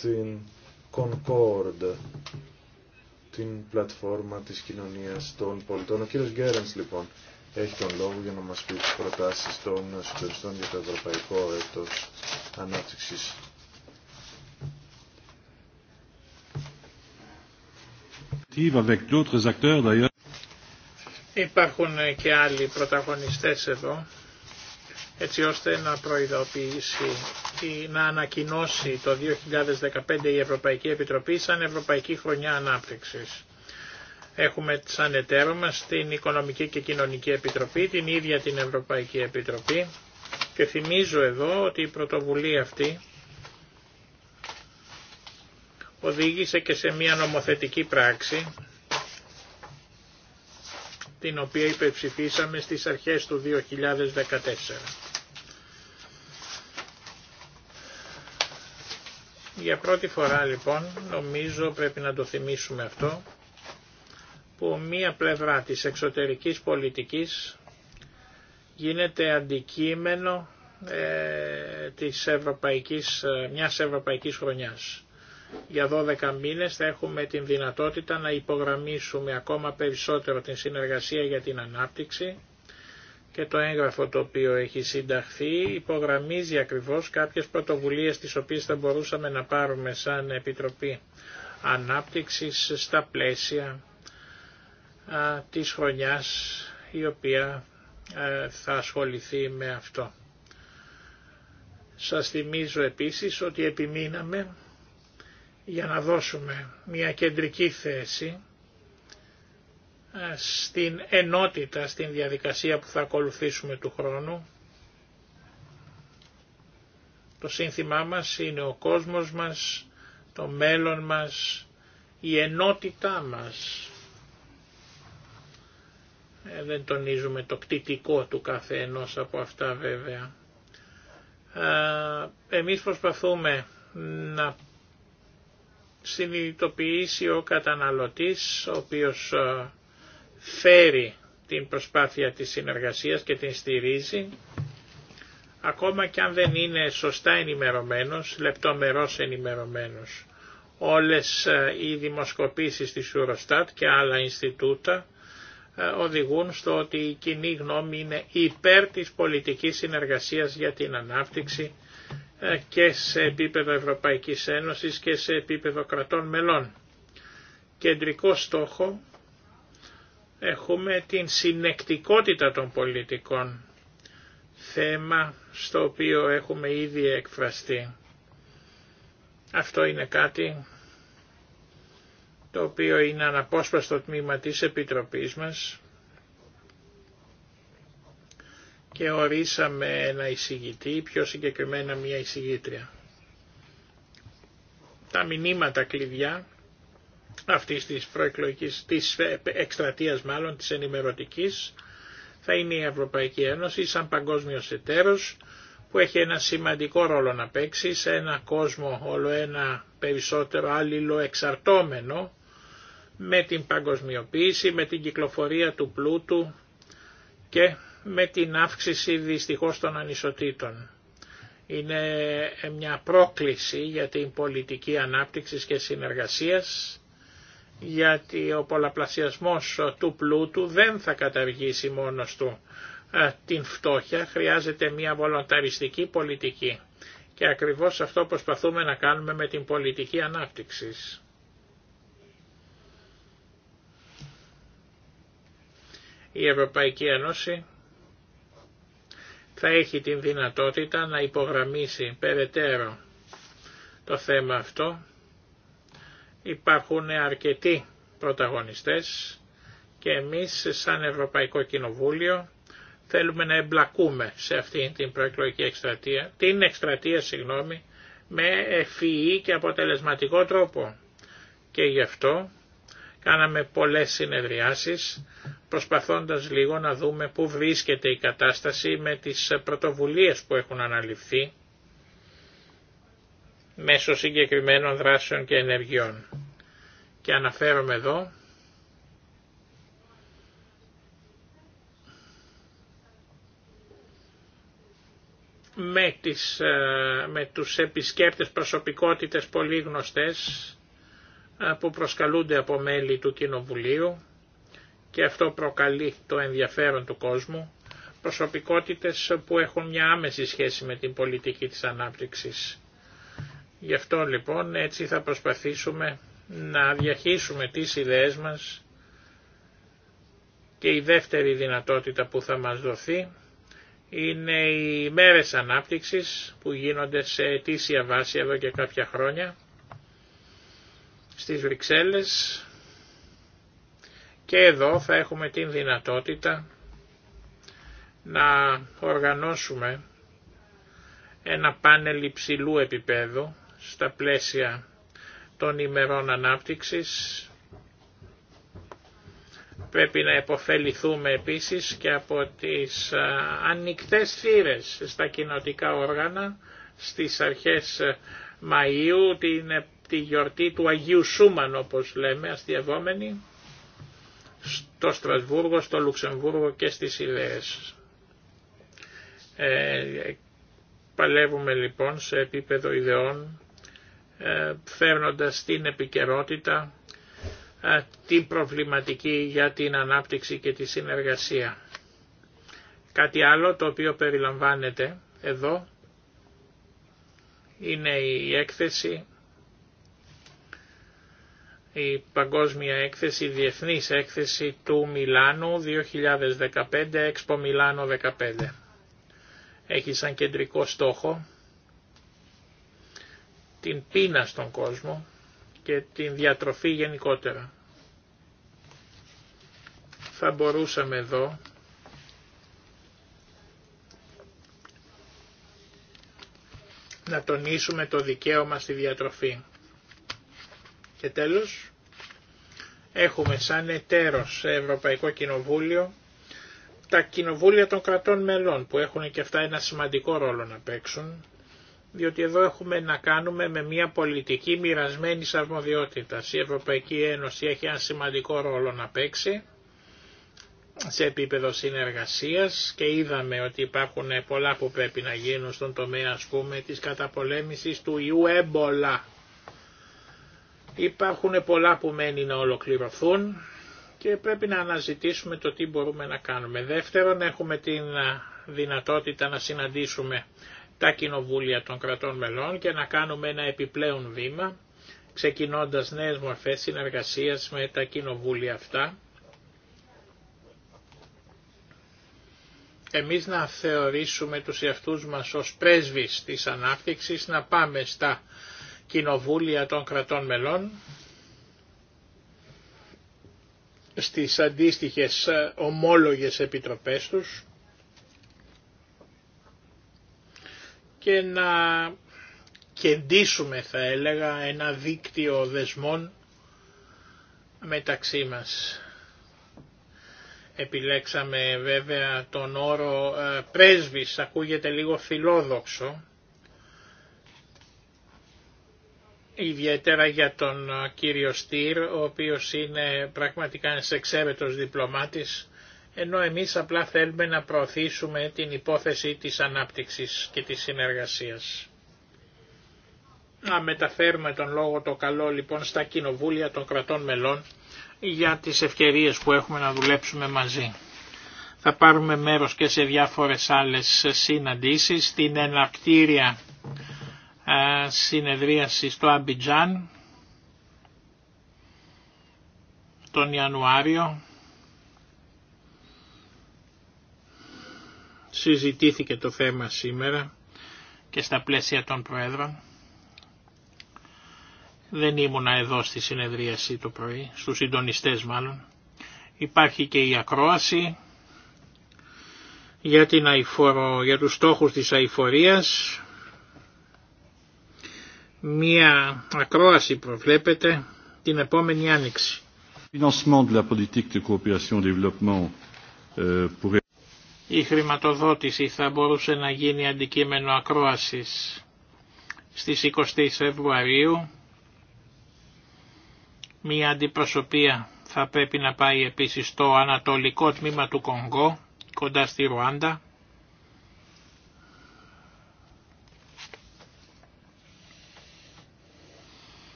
την Concord την πλατφόρμα της κοινωνίας των πολιτών. Ο κύριος Γκέρενς λοιπόν έχει τον λόγο για να μας πει τις προτάσεις των συντονιστών για το Ευρωπαϊκό Έτος Ανάπτυξης. Υπάρχουν και άλλοι πρωταγωνιστές εδώ, έτσι ώστε να προειδοποιήσει ή να ανακοινώσει το 2015 η Ευρωπαϊκή Επιτροπή σαν Ευρωπαϊκή Χρονιά Ανάπτυξης. Έχουμε σαν εταίρο μας την Οικονομική και Κοινωνική Επιτροπή, την ίδια την Ευρωπαϊκή Επιτροπή και θυμίζω εδώ ότι η πρωτοβουλία αυτή οδήγησε και σε μια νομοθετική πράξη την οποία υπεψηφίσαμε στις αρχές του 2014. Για πρώτη φορά λοιπόν, νομίζω πρέπει να το θυμίσουμε αυτό, ...που μία πλευρά της εξωτερικής πολιτικής γίνεται αντικείμενο ε, της ευρωπαϊκής, ε, μιας ευρωπαϊκής χρονιάς. Για 12 μήνες θα έχουμε την δυνατότητα να υπογραμμίσουμε ακόμα περισσότερο την συνεργασία για την ανάπτυξη και το έγγραφο το οποίο έχει συνταχθεί υπογραμμίζει ακριβώς κάποιες πρωτοβουλίες τις οποίες θα μπορούσαμε να πάρουμε σαν Επιτροπή Ανάπτυξης στα πλαίσια της χρονιάς η οποία θα ασχοληθεί με αυτό. Σας θυμίζω επίσης ότι επιμείναμε για να δώσουμε μια κεντρική θέση στην ενότητα, στην διαδικασία που θα ακολουθήσουμε του χρόνου. Το σύνθημά μας είναι ο κόσμος μας, το μέλλον μας, η ενότητά μας. Ε, δεν τονίζουμε το κτητικό του κάθε ενός από αυτά βέβαια. Ε, εμείς προσπαθούμε να συνειδητοποιήσει ο καταναλωτής, ο οποίος φέρει την προσπάθεια της συνεργασίας και την στηρίζει, ακόμα και αν δεν είναι σωστά ενημερωμένος, λεπτομερώς ενημερωμένος. Όλες οι δημοσκοπήσεις της Eurostat και άλλα Ινστιτούτα ε, οδηγούν στο ότι η κοινή γνώμη είναι υπέρ της πολιτικής συνεργασίας για την ανάπτυξη ε, και σε επίπεδο Ευρωπαϊκής Ένωσης και σε επίπεδο κρατών μελών. Κεντρικό στόχο έχουμε την συνεκτικότητα των πολιτικών, θέμα στο οποίο έχουμε ήδη εκφραστεί. Αυτό είναι κάτι το οποίο είναι αναπόσπαστο τμήμα της Επιτροπής μας και ορίσαμε ένα εισηγητή, πιο συγκεκριμένα μια εισηγήτρια. Τα μηνύματα κλειδιά αυτής της προεκλογικής, της εκστρατείας μάλλον, της ενημερωτικής, θα είναι η Ευρωπαϊκή Ένωση σαν παγκόσμιος εταίρος που έχει ένα σημαντικό ρόλο να παίξει σε ένα κόσμο όλο ένα περισσότερο άλληλο εξαρτώμενο με την παγκοσμιοποίηση, με την κυκλοφορία του πλούτου και με την αύξηση δυστυχώς των ανισοτήτων. Είναι μια πρόκληση για την πολιτική ανάπτυξη και συνεργασίας, γιατί ο πολλαπλασιασμός του πλούτου δεν θα καταργήσει μόνος του την φτώχεια, χρειάζεται μια βολονταριστική πολιτική. Και ακριβώς αυτό προσπαθούμε να κάνουμε με την πολιτική ανάπτυξης. η Ευρωπαϊκή Ένωση θα έχει την δυνατότητα να υπογραμμίσει περαιτέρω το θέμα αυτό. Υπάρχουν αρκετοί πρωταγωνιστές και εμείς σαν Ευρωπαϊκό Κοινοβούλιο θέλουμε να εμπλακούμε σε αυτή την προεκλογική εκστρατεία, την εκστρατεία συγγνώμη, με ευφυή και αποτελεσματικό τρόπο. Και γι' αυτό Κάναμε πολλές συνεδριάσεις προσπαθώντας λίγο να δούμε πού βρίσκεται η κατάσταση με τις πρωτοβουλίες που έχουν αναλυφθεί μέσω συγκεκριμένων δράσεων και ενεργειών. Και αναφέρομαι εδώ με, τις, ε, με τους επισκέπτες προσωπικότητες πολύ γνωστές που προσκαλούνται από μέλη του Κοινοβουλίου και αυτό προκαλεί το ενδιαφέρον του κόσμου, προσωπικότητες που έχουν μια άμεση σχέση με την πολιτική της ανάπτυξης. Γι' αυτό λοιπόν έτσι θα προσπαθήσουμε να διαχύσουμε τις ιδέες μας και η δεύτερη δυνατότητα που θα μας δοθεί είναι οι μέρες ανάπτυξης που γίνονται σε αιτήσια βάση εδώ και κάποια χρόνια στις Βρυξέλλες και εδώ θα έχουμε την δυνατότητα να οργανώσουμε ένα πάνελ υψηλού επίπεδου στα πλαίσια των ημερών ανάπτυξης. Πρέπει να επωφεληθούμε επίσης και από τις ανοιχτές θύρες στα κοινοτικά όργανα στις αρχές Μαΐου, την τη γιορτή του Αγίου Σούμαν όπως λέμε αστιαβόμενοι στο Στρασβούργο, στο Λουξεμβούργο και στις Ιλέες. Ε, παλεύουμε λοιπόν σε επίπεδο ιδεών ε, φέρνοντας στην επικαιρότητα ε, την προβληματική για την ανάπτυξη και τη συνεργασία. Κάτι άλλο το οποίο περιλαμβάνεται εδώ είναι η έκθεση η Παγκόσμια Έκθεση, η Διεθνής Έκθεση του Μιλάνου 2015, Expo Μιλάνο 15. Έχει σαν κεντρικό στόχο την πείνα στον κόσμο και την διατροφή γενικότερα. Θα μπορούσαμε εδώ να τονίσουμε το δικαίωμα στη διατροφή. Και τέλος, έχουμε σαν εταίρος σε Ευρωπαϊκό Κοινοβούλιο τα κοινοβούλια των κρατών μελών που έχουν και αυτά ένα σημαντικό ρόλο να παίξουν διότι εδώ έχουμε να κάνουμε με μια πολιτική μοιρασμένη αρμοδιότητα. Η Ευρωπαϊκή Ένωση έχει ένα σημαντικό ρόλο να παίξει σε επίπεδο συνεργασίας και είδαμε ότι υπάρχουν πολλά που πρέπει να γίνουν στον τομέα ας πούμε της καταπολέμησης του ιού έμπολα Υπάρχουν πολλά που μένει να ολοκληρωθούν και πρέπει να αναζητήσουμε το τι μπορούμε να κάνουμε. Δεύτερον, έχουμε την δυνατότητα να συναντήσουμε τα κοινοβούλια των κρατών μελών και να κάνουμε ένα επιπλέον βήμα, ξεκινώντας νέες μορφές συνεργασίας με τα κοινοβούλια αυτά. Εμείς να θεωρήσουμε τους εαυτούς μας ως πρέσβεις της ανάπτυξης, να πάμε στα κοινοβούλια των κρατών μελών στις αντίστοιχες ε, ομόλογες επιτροπές τους και να κεντήσουμε θα έλεγα ένα δίκτυο δεσμών μεταξύ μας. Επιλέξαμε βέβαια τον όρο ε, πρέσβης, ακούγεται λίγο φιλόδοξο, ιδιαίτερα για τον κύριο Στήρ, ο οποίος είναι πραγματικά ένας εξαίρετος διπλωμάτης, ενώ εμείς απλά θέλουμε να προωθήσουμε την υπόθεση της ανάπτυξης και της συνεργασίας. Να μεταφέρουμε τον λόγο το καλό λοιπόν στα κοινοβούλια των κρατών μελών για τις ευκαιρίες που έχουμε να δουλέψουμε μαζί. Θα πάρουμε μέρος και σε διάφορες άλλες συναντήσεις, στην εναρκτήρια συνεδρίαση στο Αμπιτζάν τον Ιανουάριο συζητήθηκε το θέμα σήμερα και στα πλαίσια των Προέδρων. Δεν ήμουνα εδώ στη συνεδρίαση το πρωί, στους συντονιστές μάλλον. Υπάρχει και η ακρόαση για, την αηφορο, για τους στόχους της αηφορίας μία ακρόαση προβλέπεται την επόμενη άνοιξη. Euh, Η χρηματοδότηση θα μπορούσε να γίνει αντικείμενο ακρόασης στις 20 Φεβρουαρίου. Μία αντιπροσωπεία θα πρέπει να πάει επίσης στο ανατολικό τμήμα του Κονγκό, κοντά στη Ρουάντα,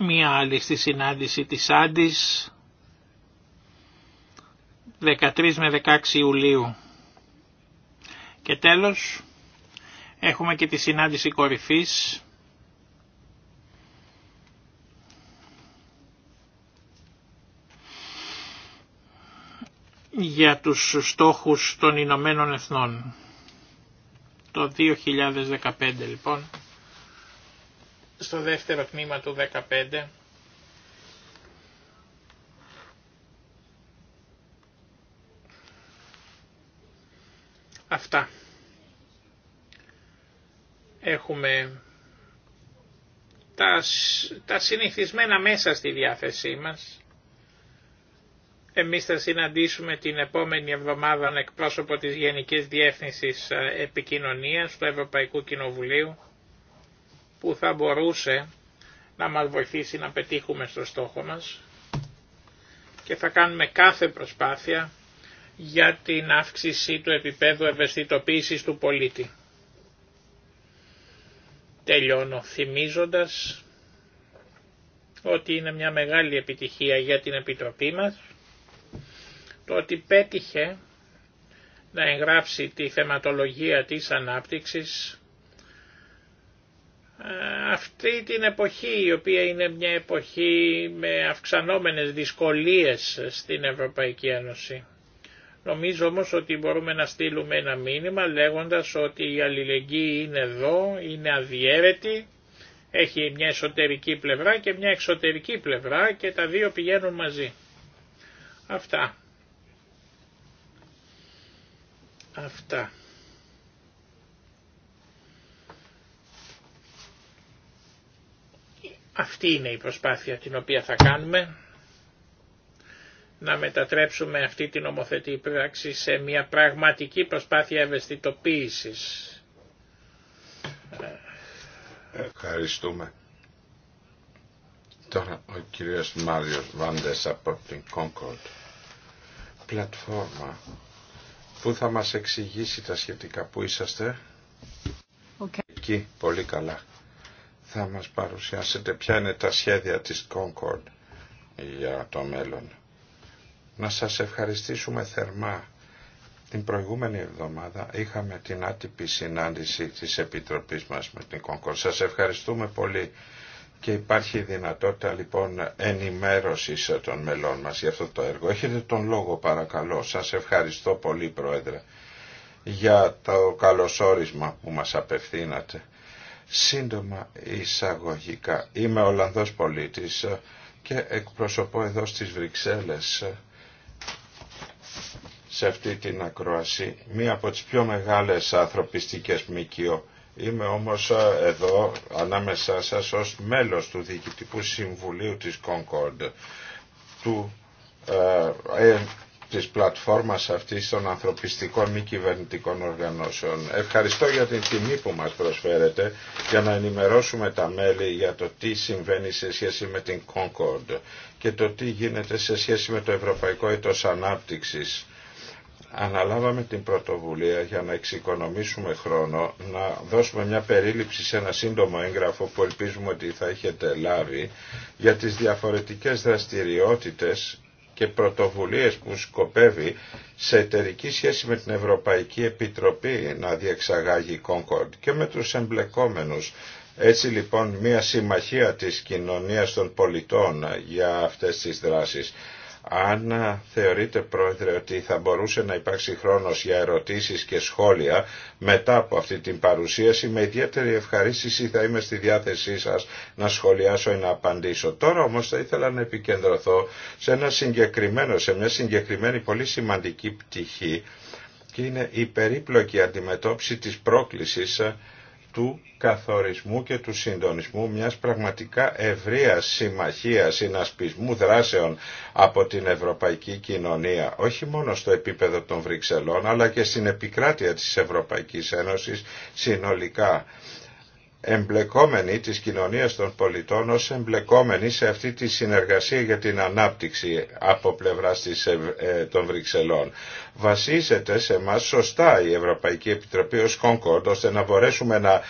μία άλλη στη συνάντηση της Άντης 13 με 16 Ιουλίου. Και τέλος έχουμε και τη συνάντηση κορυφής για τους στόχους των Ηνωμένων Εθνών. Το 2015 λοιπόν στο δεύτερο τμήμα του 15 Αυτά. Έχουμε τα, συνηθισμένα μέσα στη διάθεσή μας. Εμείς θα συναντήσουμε την επόμενη εβδομάδα εκπρόσωπο της Γενικής Διεύθυνσης ε, Επικοινωνίας του Ευρωπαϊκού Κοινοβουλίου που θα μπορούσε να μας βοηθήσει να πετύχουμε στο στόχο μας και θα κάνουμε κάθε προσπάθεια για την αύξηση του επίπεδου ευαισθητοποίησης του πολίτη. Τελειώνω θυμίζοντας ότι είναι μια μεγάλη επιτυχία για την Επιτροπή μας το ότι πέτυχε να εγγράψει τη θεματολογία της ανάπτυξης ε, αυτή την εποχή η οποία είναι μια εποχή με αυξανόμενες δυσκολίες στην Ευρωπαϊκή Ένωση. Νομίζω όμως ότι μπορούμε να στείλουμε ένα μήνυμα λέγοντας ότι η αλληλεγγύη είναι εδώ, είναι αδιέρετη, έχει μια εσωτερική πλευρά και μια εξωτερική πλευρά και τα δύο πηγαίνουν μαζί. Αυτά. Αυτά. Αυτή είναι η προσπάθεια την οποία θα κάνουμε να μετατρέψουμε αυτή την ομοθετή πράξη σε μια πραγματική προσπάθεια ευαισθητοποίησης. Ευχαριστούμε. Τώρα ο κύριος Μάριος Βάντες από την Concord. Πλατφόρμα που θα μας εξηγήσει τα σχετικά που είσαστε. Εκεί, πολύ καλά θα μας παρουσιάσετε ποια είναι τα σχέδια της Concord για το μέλλον. Να σας ευχαριστήσουμε θερμά. Την προηγούμενη εβδομάδα είχαμε την άτυπη συνάντηση της Επιτροπής μας με την Concord. Σας ευχαριστούμε πολύ και υπάρχει δυνατότητα λοιπόν ενημέρωσης των μελών μας για αυτό το έργο. Έχετε τον λόγο παρακαλώ. Σας ευχαριστώ πολύ Πρόεδρε για το καλωσόρισμα που μας απευθύνατε Σύντομα εισαγωγικά. Είμαι Ολλανδός πολίτης και εκπροσωπώ εδώ στις Βρυξέλλες σε αυτή την ακρόαση μία από τις πιο μεγάλες ανθρωπιστικές μικιο. Είμαι όμως εδώ ανάμεσά σας ως μέλος του Διοικητικού Συμβουλίου της Concord του ε, της πλατφόρμας αυτής των ανθρωπιστικών μη κυβερνητικών οργανώσεων. Ευχαριστώ για την τιμή που μας προσφέρετε για να ενημερώσουμε τα μέλη για το τι συμβαίνει σε σχέση με την Concord και το τι γίνεται σε σχέση με το Ευρωπαϊκό Έτος Ανάπτυξης. Αναλάβαμε την πρωτοβουλία για να εξοικονομήσουμε χρόνο, να δώσουμε μια περίληψη σε ένα σύντομο έγγραφο που ελπίζουμε ότι θα έχετε λάβει για τις διαφορετικές δραστηριότητες και πρωτοβουλίες που σκοπεύει σε εταιρική σχέση με την Ευρωπαϊκή Επιτροπή να διεξαγάγει η Concord και με τους εμπλεκόμενους. Έτσι λοιπόν μια συμμαχία της κοινωνίας των πολιτών για αυτές τις δράσεις. Αν θεωρείτε πρόεδρε ότι θα μπορούσε να υπάρξει χρόνος για ερωτήσεις και σχόλια μετά από αυτή την παρουσίαση, με ιδιαίτερη ευχαρίστηση θα είμαι στη διάθεσή σας να σχολιάσω ή να απαντήσω. Τώρα όμως θα ήθελα να επικεντρωθώ σε ένα συγκεκριμένο, σε μια συγκεκριμένη πολύ σημαντική πτυχή και είναι η περίπλοκη αντιμετώπιση της πρόκλησης του καθορισμού και του συντονισμού μιας πραγματικά ευρείας συμμαχίας συνασπισμού δράσεων από την ευρωπαϊκή κοινωνία, όχι μόνο στο επίπεδο των Βρυξελών, αλλά και στην επικράτεια της Ευρωπαϊκής Ένωσης συνολικά εμπλεκόμενοι της κοινωνίας των πολιτών ως εμπλεκόμενοι σε αυτή τη συνεργασία για την ανάπτυξη από πλευρά της, ε, ε, των Βρυξελών. Βασίζεται σε εμά σωστά η Ευρωπαϊκή Επιτροπή ως κόνκορντ ώστε να μπορέσουμε να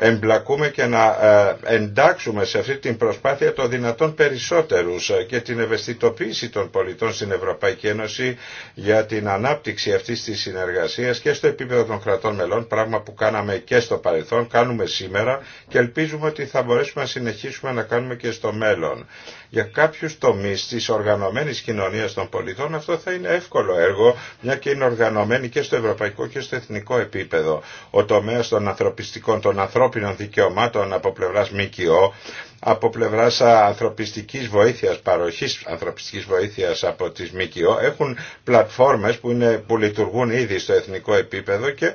εμπλακούμε και να ε, εντάξουμε σε αυτή την προσπάθεια το δυνατόν περισσότερους ε, και την ευαισθητοποίηση των πολιτών στην Ευρωπαϊκή Ένωση για την ανάπτυξη αυτής της συνεργασίας και στο επίπεδο των κρατών μελών, πράγμα που κάναμε και στο παρελθόν, κάνουμε σήμερα και ελπίζουμε ότι θα μπορέσουμε να συνεχίσουμε να κάνουμε και στο μέλλον. Για κάποιους τομείς της οργανωμένης κοινωνίας των πολιτών αυτό θα είναι εύκολο έργο, μια και είναι οργανωμένη και στο ευρωπαϊκό και στο εθνικό επίπεδο. Ο τομέας των ανθρωπιστικών, των ανθρώπινων δικαιωμάτων από πλευράς ΜΚΟ, από πλευράς ανθρωπιστικής βοήθειας, παροχής ανθρωπιστικής βοήθειας από τις ΜΚΟ, έχουν πλατφόρμες που, λειτουργούν ήδη στο εθνικό επίπεδο και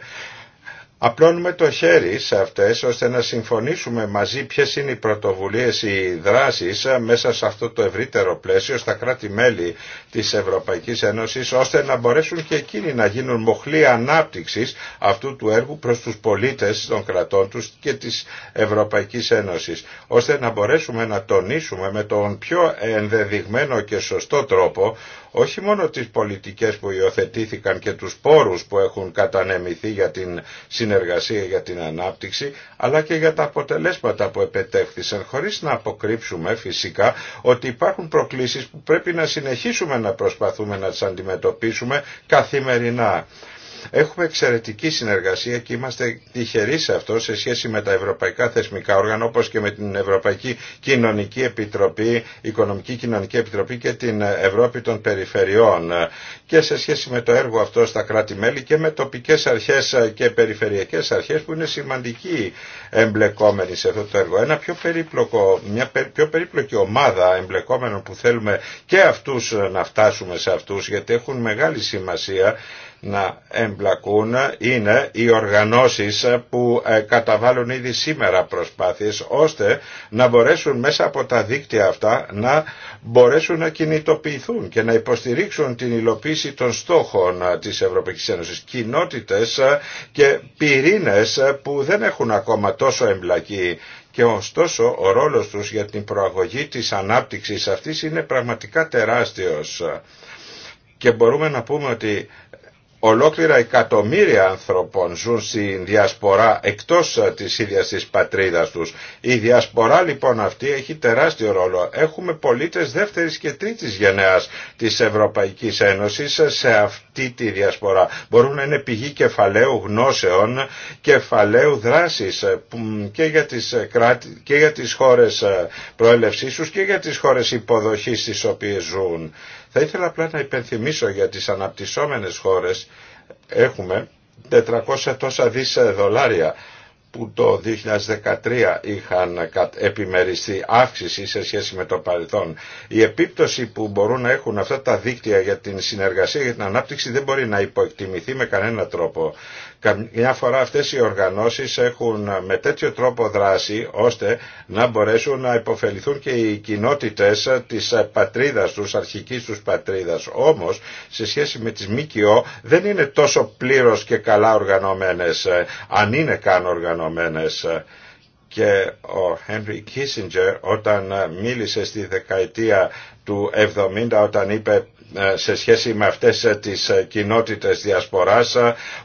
απλώνουμε το χέρι σε αυτές ώστε να συμφωνήσουμε μαζί ποιες είναι οι πρωτοβουλίες, οι δράσεις μέσα σε αυτό το ευρύτερο πλαίσιο στα κράτη-μέλη της Ευρωπαϊκής Ένωσης ώστε να μπορέσουν και εκείνοι να γίνουν μοχλή ανάπτυξης αυτού του έργου προς τους πολίτες των κρατών τους και της Ευρωπαϊκής Ένωσης ώστε να μπορέσουμε να τονίσουμε με τον πιο ενδεδειγμένο και σωστό τρόπο όχι μόνο τις πολιτικές που υιοθετήθηκαν και τους πόρους που έχουν κατανεμηθεί για την συνεργασία, για την ανάπτυξη, αλλά και για τα αποτελέσματα που επετέχθησαν, χωρίς να αποκρύψουμε φυσικά ότι υπάρχουν προκλήσεις που πρέπει να συνεχίσουμε να προσπαθούμε να τις αντιμετωπίσουμε καθημερινά. Έχουμε εξαιρετική συνεργασία και είμαστε τυχεροί σε αυτό σε σχέση με τα ευρωπαϊκά θεσμικά όργανα όπως και με την Ευρωπαϊκή Κοινωνική Επιτροπή, Οικονομική Κοινωνική Επιτροπή και την Ευρώπη των Περιφερειών και σε σχέση με το έργο αυτό στα κράτη-μέλη και με τοπικές αρχές και περιφερειακές αρχές που είναι σημαντικοί εμπλεκόμενοι σε αυτό το έργο. Ένα πιο περίπλοκο, μια πιο περίπλοκη ομάδα εμπλεκόμενων που θέλουμε και αυτούς να φτάσουμε σε αυτούς γιατί έχουν μεγάλη σημασία να εμπλακούν είναι οι οργανώσεις που ε, καταβάλουν ήδη σήμερα προσπάθειες ώστε να μπορέσουν μέσα από τα δίκτυα αυτά να μπορέσουν να κινητοποιηθούν και να υποστηρίξουν την υλοποίηση των στόχων ε, της Ευρωπαϊκής Ένωσης. Κοινότητες ε, και πυρήνες που δεν έχουν ακόμα τόσο εμπλακεί και ωστόσο ο ρόλος τους για την προαγωγή της ανάπτυξης αυτής είναι πραγματικά τεράστιος. Και μπορούμε να πούμε ότι ολόκληρα εκατομμύρια ανθρώπων ζουν στην διασπορά εκτός της ίδιας της πατρίδας τους. Η διασπορά λοιπόν αυτή έχει τεράστιο ρόλο. Έχουμε πολίτες δεύτερης και τρίτης γενεάς της Ευρωπαϊκής Ένωσης σε αυτή τη διασπορά. Μπορούν να είναι πηγή κεφαλαίου γνώσεων, κεφαλαίου δράσης ε, και για τις, ε, και για τις χώρες ε, προέλευσής τους και για τις χώρες υποδοχής στις οποίες ζουν. Θα ήθελα απλά να υπενθυμίσω για τις αναπτυσσόμενες χώρες έχουμε 400 τόσα δις δολάρια που το 2013 είχαν επιμεριστεί αύξηση σε σχέση με το παρελθόν. Η επίπτωση που μπορούν να έχουν αυτά τα δίκτυα για την συνεργασία, για την ανάπτυξη δεν μπορεί να υποεκτιμηθεί με κανένα τρόπο. Καμιά φορά αυτές οι οργανώσεις έχουν με τέτοιο τρόπο δράση ώστε να μπορέσουν να υποφεληθούν και οι κοινότητες της πατρίδας τους, αρχικής τους πατρίδας. Όμως σε σχέση με τις ΜΚΟ δεν είναι τόσο πλήρως και καλά οργανωμένες, αν είναι καν οργανωμένες και ο Henry Kissinger όταν μίλησε στη δεκαετία του 70 όταν είπε ε, σε σχέση με αυτές ε, τις ε, κοινότητες διασποράς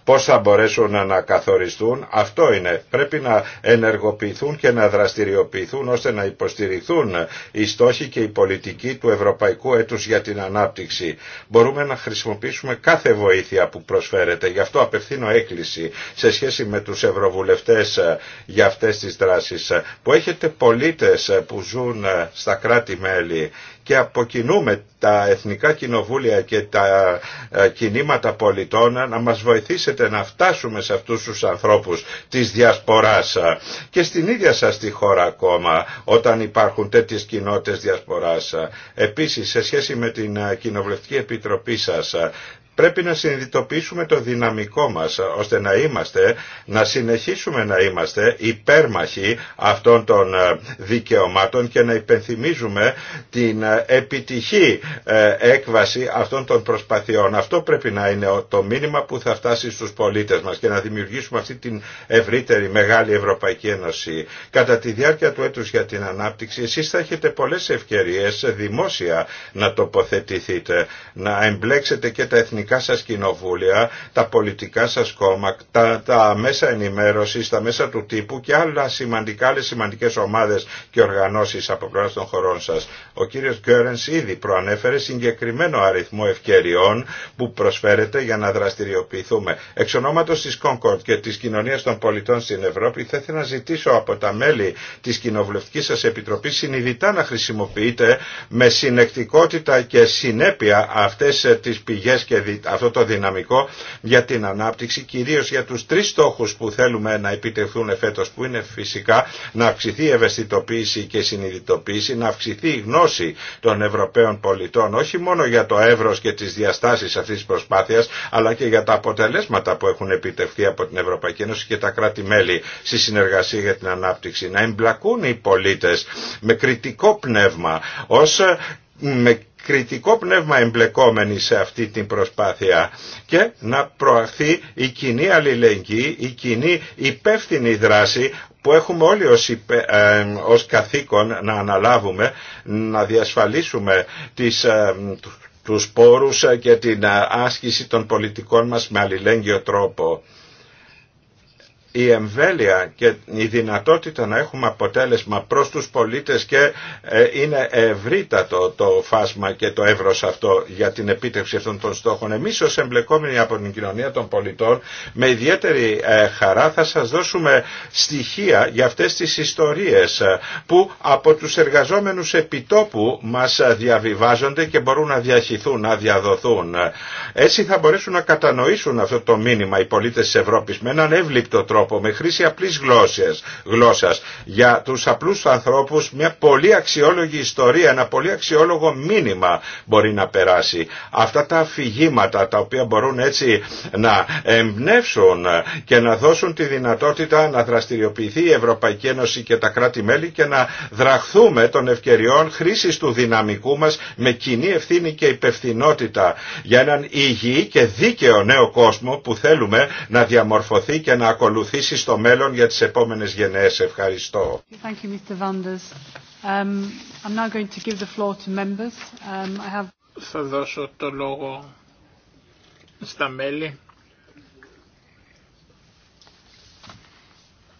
πώς θα μπορέσουν να καθοριστούν αυτό είναι πρέπει να ενεργοποιηθούν και να δραστηριοποιηθούν ώστε να υποστηριχθούν οι στόχοι και η πολιτική του Ευρωπαϊκού Έτους για την Ανάπτυξη μπορούμε να χρησιμοποιήσουμε κάθε βοήθεια που προσφέρεται γι' αυτό απευθύνω έκκληση σε σχέση με τους Ευρωβουλευτές για αυτές τις δράσεις που έχετε πολίτες που ζουν στα κράτη-μέλη και αποκινούμε τα εθνικά κοινοβούλια και τα ε, κινήματα πολιτών να μας βοηθήσετε να φτάσουμε σε αυτούς τους ανθρώπους της διασποράς και στην ίδια σας τη χώρα ακόμα όταν υπάρχουν τέτοιες κοινότητες διασποράς. Επίσης σε σχέση με την ε, Κοινοβουλευτική Επιτροπή σας Πρέπει να συνειδητοποιήσουμε το δυναμικό μας ώστε να είμαστε, να συνεχίσουμε να είμαστε υπέρμαχοι αυτών των ε, δικαιωμάτων και να υπενθυμίζουμε την ε, επιτυχή ε, έκβαση αυτών των προσπαθειών. Αυτό πρέπει να είναι το μήνυμα που θα φτάσει στους πολίτες μας και να δημιουργήσουμε αυτή την ευρύτερη μεγάλη Ευρωπαϊκή Ένωση. Κατά τη διάρκεια του έτους για την ανάπτυξη εσείς θα έχετε πολλές ευκαιρίες δημόσια να τοποθετηθείτε, να εμπλέξετε και τα εθνικά πολιτικά σας κοινοβούλια, τα πολιτικά σας κόμματα, τα μέσα ενημέρωσης, τα μέσα του τύπου και άλλα σημαντικά, άλλες σημαντικές ομάδες και οργανώσεις από πλευρά των χωρών σας. Ο κύριος Γκέρενς ήδη προανέφερε συγκεκριμένο αριθμό ευκαιριών που προσφέρεται για να δραστηριοποιηθούμε. Εξ ονόματος της Concord και της Κοινωνίας των Πολιτών στην Ευρώπη θα ήθελα να ζητήσω από τα μέλη της Κοινοβουλευτικής σας Επιτροπής συνειδητά να χρησιμοποιείτε με συνεκτικότητα και συνέπεια αυτές τις πηγές και αυτό το δυναμικό για την ανάπτυξη, κυρίως για τους τρεις στόχους που θέλουμε να επιτευχθούν φέτος, που είναι φυσικά να αυξηθεί η ευαισθητοποίηση και συνειδητοποίηση, να αυξηθεί η γνώση των Ευρωπαίων πολιτών, όχι μόνο για το εύρος και τις διαστάσεις αυτής της προσπάθειας, αλλά και για τα αποτελέσματα που έχουν επιτευχθεί από την Ευρωπαϊκή Ένωση και τα κράτη-μέλη στη συνεργασία για την ανάπτυξη. Να εμπλακούν οι πολίτες με κριτικό πνεύμα κριτικό πνεύμα εμπλεκόμενη σε αυτή την προσπάθεια και να προαχθεί η κοινή αλληλεγγύη, η κοινή υπεύθυνη δράση που έχουμε όλοι ως, ως καθήκον να αναλάβουμε, να διασφαλίσουμε τις, τους πόρους και την ε, άσκηση των πολιτικών μας με αλληλέγγυο τρόπο η εμβέλεια και η δυνατότητα να έχουμε αποτέλεσμα προς τους πολίτες και ε, είναι ευρύτατο το φάσμα και το εύρος αυτό για την επίτευξη αυτών των στόχων. Εμείς ως εμπλεκόμενοι από την κοινωνία των πολιτών με ιδιαίτερη ε, χαρά θα σας δώσουμε στοιχεία για αυτές τις ιστορίες ε, που από τους εργαζόμενους επιτόπου μας διαβιβάζονται και μπορούν να διαχυθούν, να διαδοθούν. Έτσι θα μπορέσουν να κατανοήσουν αυτό το μήνυμα οι πολίτες της Ευρώπης με έναν εύληπτο τρόπο τρόπο, με χρήση απλής γλώσσας, γλώσσας για τους απλούς ανθρώπους μια πολύ αξιόλογη ιστορία, ένα πολύ αξιόλογο μήνυμα μπορεί να περάσει. Αυτά τα αφηγήματα τα οποία μπορούν έτσι να εμπνεύσουν και να δώσουν τη δυνατότητα να δραστηριοποιηθεί η Ευρωπαϊκή Ένωση και τα κράτη-μέλη και να δραχθούμε των ευκαιριών χρήσης του δυναμικού μας με κοινή ευθύνη και υπευθυνότητα για έναν υγιή και δίκαιο νέο κόσμο που θέλουμε να διαμορφωθεί και να ακολουθεί ακολουθήσει στο μέλλον για τις επόμενες γενναίες. Ευχαριστώ. Thank you, Mr. Vanders. Um, I'm now going to give the floor to members. Um, I have... Θα δώσω το λόγο στα μέλη.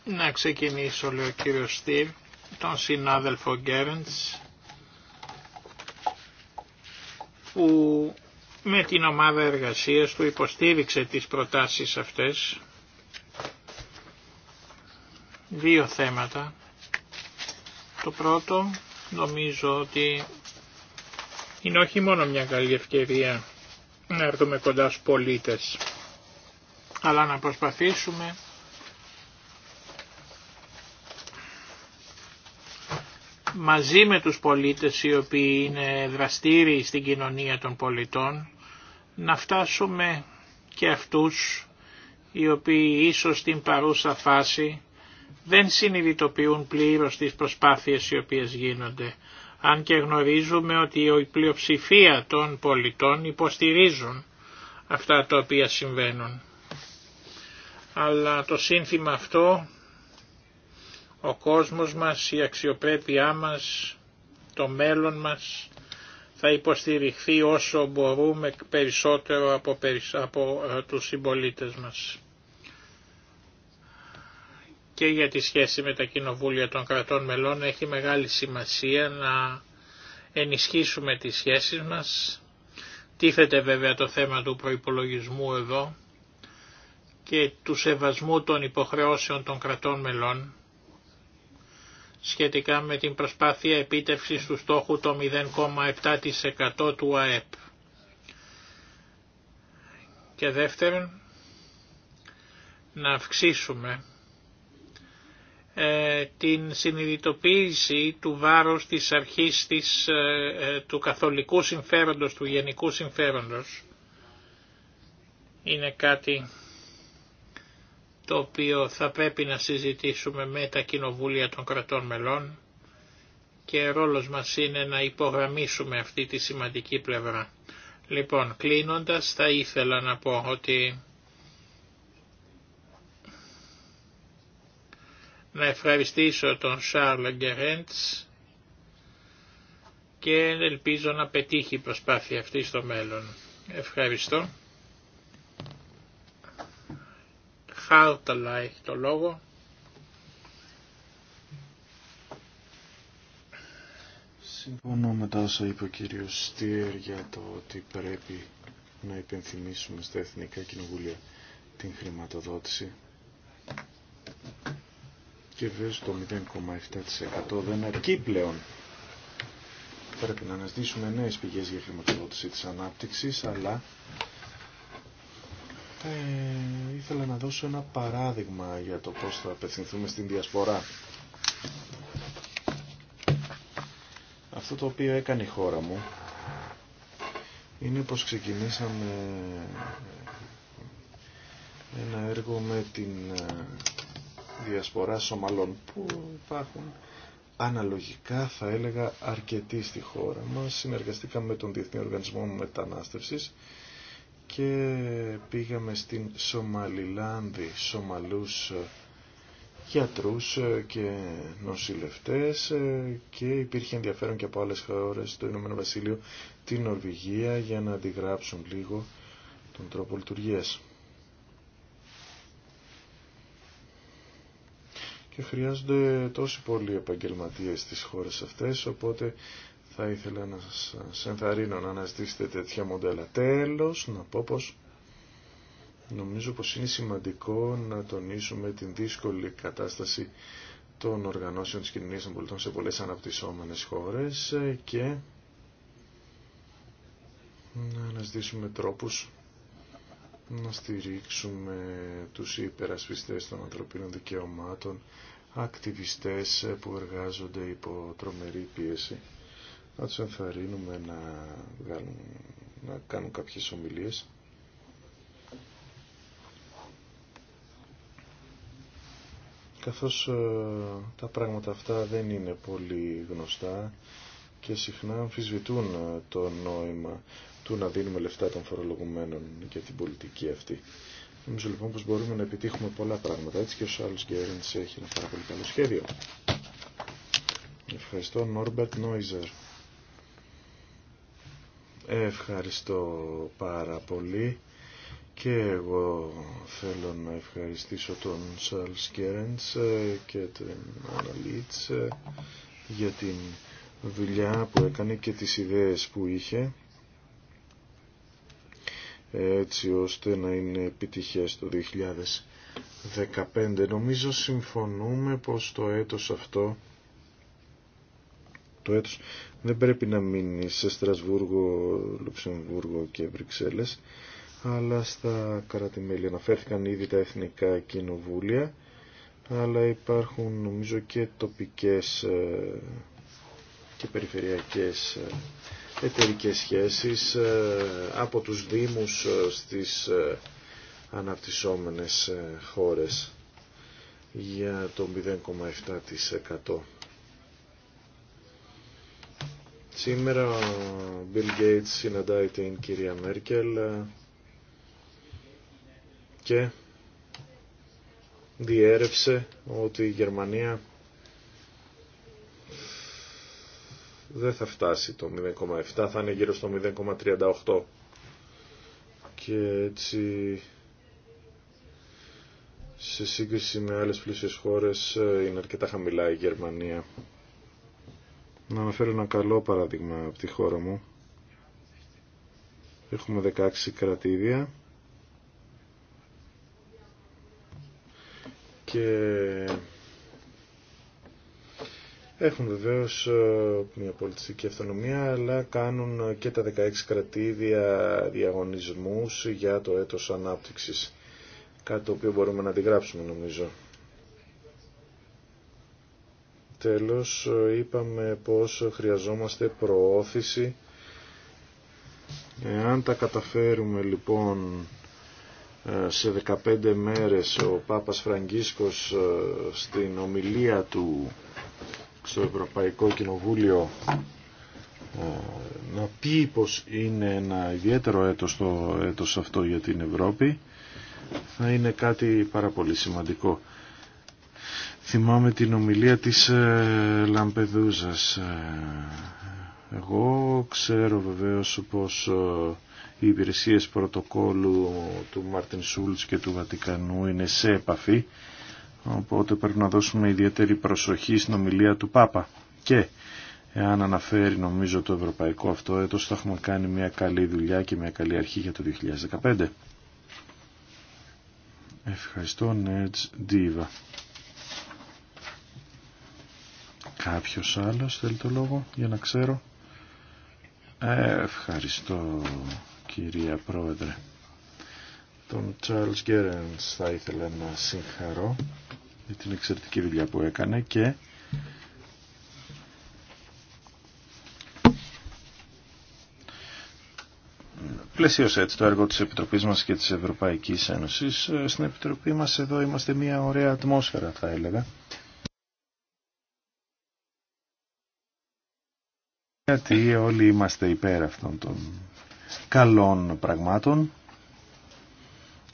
Να ξεκινήσω, λέει ο κύριος Στίβ, τον συνάδελφο Γκέρντς, που με την ομάδα εργασίας του υποστήριξε τις προτάσεις αυτές δύο θέματα. Το πρώτο νομίζω ότι είναι όχι μόνο μια καλή ευκαιρία να έρθουμε κοντά στους πολίτες, αλλά να προσπαθήσουμε μαζί με τους πολίτες οι οποίοι είναι δραστήριοι στην κοινωνία των πολιτών, να φτάσουμε και αυτούς οι οποίοι ίσως στην παρούσα φάση δεν συνειδητοποιούν πλήρως τις προσπάθειες οι οποίες γίνονται. Αν και γνωρίζουμε ότι η πλειοψηφία των πολιτών υποστηρίζουν αυτά τα οποία συμβαίνουν. Αλλά το σύνθημα αυτό, ο κόσμος μας, η αξιοπρέπειά μας, το μέλλον μας, θα υποστηριχθεί όσο μπορούμε περισσότερο από, από ε, τους συμπολίτες μας και για τη σχέση με τα κοινοβούλια των κρατών μελών έχει μεγάλη σημασία να ενισχύσουμε τις σχέσεις μας. Τίθεται βέβαια το θέμα του προϋπολογισμού εδώ και του σεβασμού των υποχρεώσεων των κρατών μελών σχετικά με την προσπάθεια επίτευξης του στόχου το 0,7% του ΑΕΠ. Και δεύτερον, να αυξήσουμε ε, την συνειδητοποίηση του βάρους της αρχής της, ε, ε, του καθολικού συμφέροντος, του γενικού συμφέροντος. Είναι κάτι το οποίο θα πρέπει να συζητήσουμε με τα κοινοβούλια των κρατών μελών και ρόλος μας είναι να υπογραμμίσουμε αυτή τη σημαντική πλευρά. Λοιπόν, κλείνοντας θα ήθελα να πω ότι να ευχαριστήσω τον Σάρλ Γκερέντς και ελπίζω να πετύχει η προσπάθεια αυτή στο μέλλον. Ευχαριστώ. Χάρταλα έχει το λόγο. Συμφωνώ με τα όσα είπε ο κύριος Στίερ για το ότι πρέπει να υπενθυμίσουμε στα Εθνικά Κοινοβούλια την χρηματοδότηση και βέβαια το 0,7% δεν αρκεί πλέον. Πρέπει να αναζητήσουμε νέες πηγές για χρηματοδότηση της ανάπτυξης, αλλά ε, ήθελα να δώσω ένα παράδειγμα για το πώς θα απευθυνθούμε στην διασπορά. Αυτό το οποίο έκανε η χώρα μου είναι πως ξεκινήσαμε ένα έργο με την ε, Διασπορά Σομαλών που υπάρχουν αναλογικά θα έλεγα αρκετοί στη χώρα μας. Συνεργαστήκαμε με τον Διεθνή Οργανισμό Μετανάστευσης και πήγαμε στην Σομαλιλάνδη Σομαλούς ε, γιατρούς ε, και νοσηλευτές ε, και υπήρχε ενδιαφέρον και από άλλες χώρες, το Ηνωμένο Βασίλειο, την Νορβηγία για να αντιγράψουν λίγο τον τρόπο λειτουργίας. και χρειάζονται τόσο πολλοί επαγγελματίες στις χώρες αυτές, οπότε θα ήθελα να σας ενθαρρύνω να αναζητήσετε τέτοια μοντέλα. Τέλος, να πω πως νομίζω πως είναι σημαντικό να τονίσουμε την δύσκολη κατάσταση των οργανώσεων της κοινωνίας των πολιτών σε πολλές αναπτυσσόμενες χώρες και να αναζητήσουμε τρόπους να στηρίξουμε τους υπερασπιστές των ανθρωπίνων δικαιωμάτων ακτιβιστές που εργάζονται υπό τρομερή πίεση. Να τους ενθαρρύνουμε να, βγάλουν, να κάνουν κάποιες ομιλίες. καθώς ε, τα πράγματα αυτά δεν είναι πολύ γνωστά και συχνά αμφισβητούν ε, το νόημα του να δίνουμε λεφτά των φορολογουμένων για την πολιτική αυτή. Νομίζω λοιπόν πως μπορούμε να επιτύχουμε πολλά πράγματα. Έτσι και ο Σάρλς έχει ένα πάρα πολύ καλό σχέδιο. Ευχαριστώ Νόρμπερτ Νόιζερ. Ευχαριστώ πάρα πολύ και εγώ θέλω να ευχαριστήσω τον Σαρλς ε, και την Αναλίτς ε, για την δουλειά που έκανε και τις ιδέες που είχε έτσι ώστε να είναι επιτυχές το 2015. Νομίζω συμφωνούμε πως το έτος αυτό το έτος δεν πρέπει να μείνει σε Στρασβούργο, Λουξεμβούργο και Βρυξέλλες αλλά στα κρατημέλη αναφέρθηκαν ήδη τα εθνικά κοινοβούλια αλλά υπάρχουν νομίζω και τοπικές ε, και περιφερειακές ε, εταιρικές σχέσεις ε, από τους Δήμους ε, στις ε, αναπτυσσόμενες χώρες για το 0,7%. Σήμερα ο Bill Gates συναντάει την κυρία Μέρκελ και διέρευσε ότι η Γερμανία δεν θα φτάσει το 0,7, θα είναι γύρω στο 0,38. Και έτσι σε σύγκριση με άλλες πλούσιες χώρες ε, είναι αρκετά χαμηλά η Γερμανία. Να αναφέρω ένα καλό παράδειγμα από τη χώρα μου. Έχουμε 16 κρατήδια και έχουν βεβαίως ε, μια πολιτιστική αυτονομία, αλλά κάνουν και τα 16 κρατήδια διαγωνισμούς για το έτος ανάπτυξης. Κάτι το οποίο μπορούμε να αντιγράψουμε νομίζω. Τέλος, είπαμε πως χρειαζόμαστε προώθηση. Εάν τα καταφέρουμε λοιπόν ε, σε 15 μέρες ο Πάπας Φραγκίσκος ε, στην ομιλία του στο Ευρωπαϊκό Κοινοβούλιο ε, να πει πως είναι ένα ιδιαίτερο έτος το έτος αυτό για την Ευρώπη θα είναι κάτι πάρα πολύ σημαντικό. Θυμάμαι την ομιλία της ε, Λαμπεδούζας. Ε, εγώ ξέρω βεβαίως πως οι υπηρεσίες πρωτοκόλλου του Μάρτιν Σούλτς και του Βατικανού είναι σε επαφή Οπότε πρέπει να δώσουμε ιδιαίτερη προσοχή στην ομιλία του Πάπα. Και εάν αναφέρει νομίζω το ευρωπαϊκό αυτό έτος θα έχουμε κάνει μια καλή δουλειά και μια καλή αρχή για το 2015. Ευχαριστώ Νέτς Ντίβα. Κάποιος άλλος θέλει το λόγο για να ξέρω. Ε, ευχαριστώ κυρία Πρόεδρε. Τον Charles Gerens θα ήθελα να συγχαρώ για την εξαιρετική δουλειά που έκανε και πλαισίωσε έτσι το έργο της Επιτροπής μας και της Ευρωπαϊκής Ένωσης. Ε, στην Επιτροπή μας εδώ είμαστε μια ωραία ατμόσφαιρα θα έλεγα. Γιατί όλοι είμαστε υπέρ αυτών των καλών πραγμάτων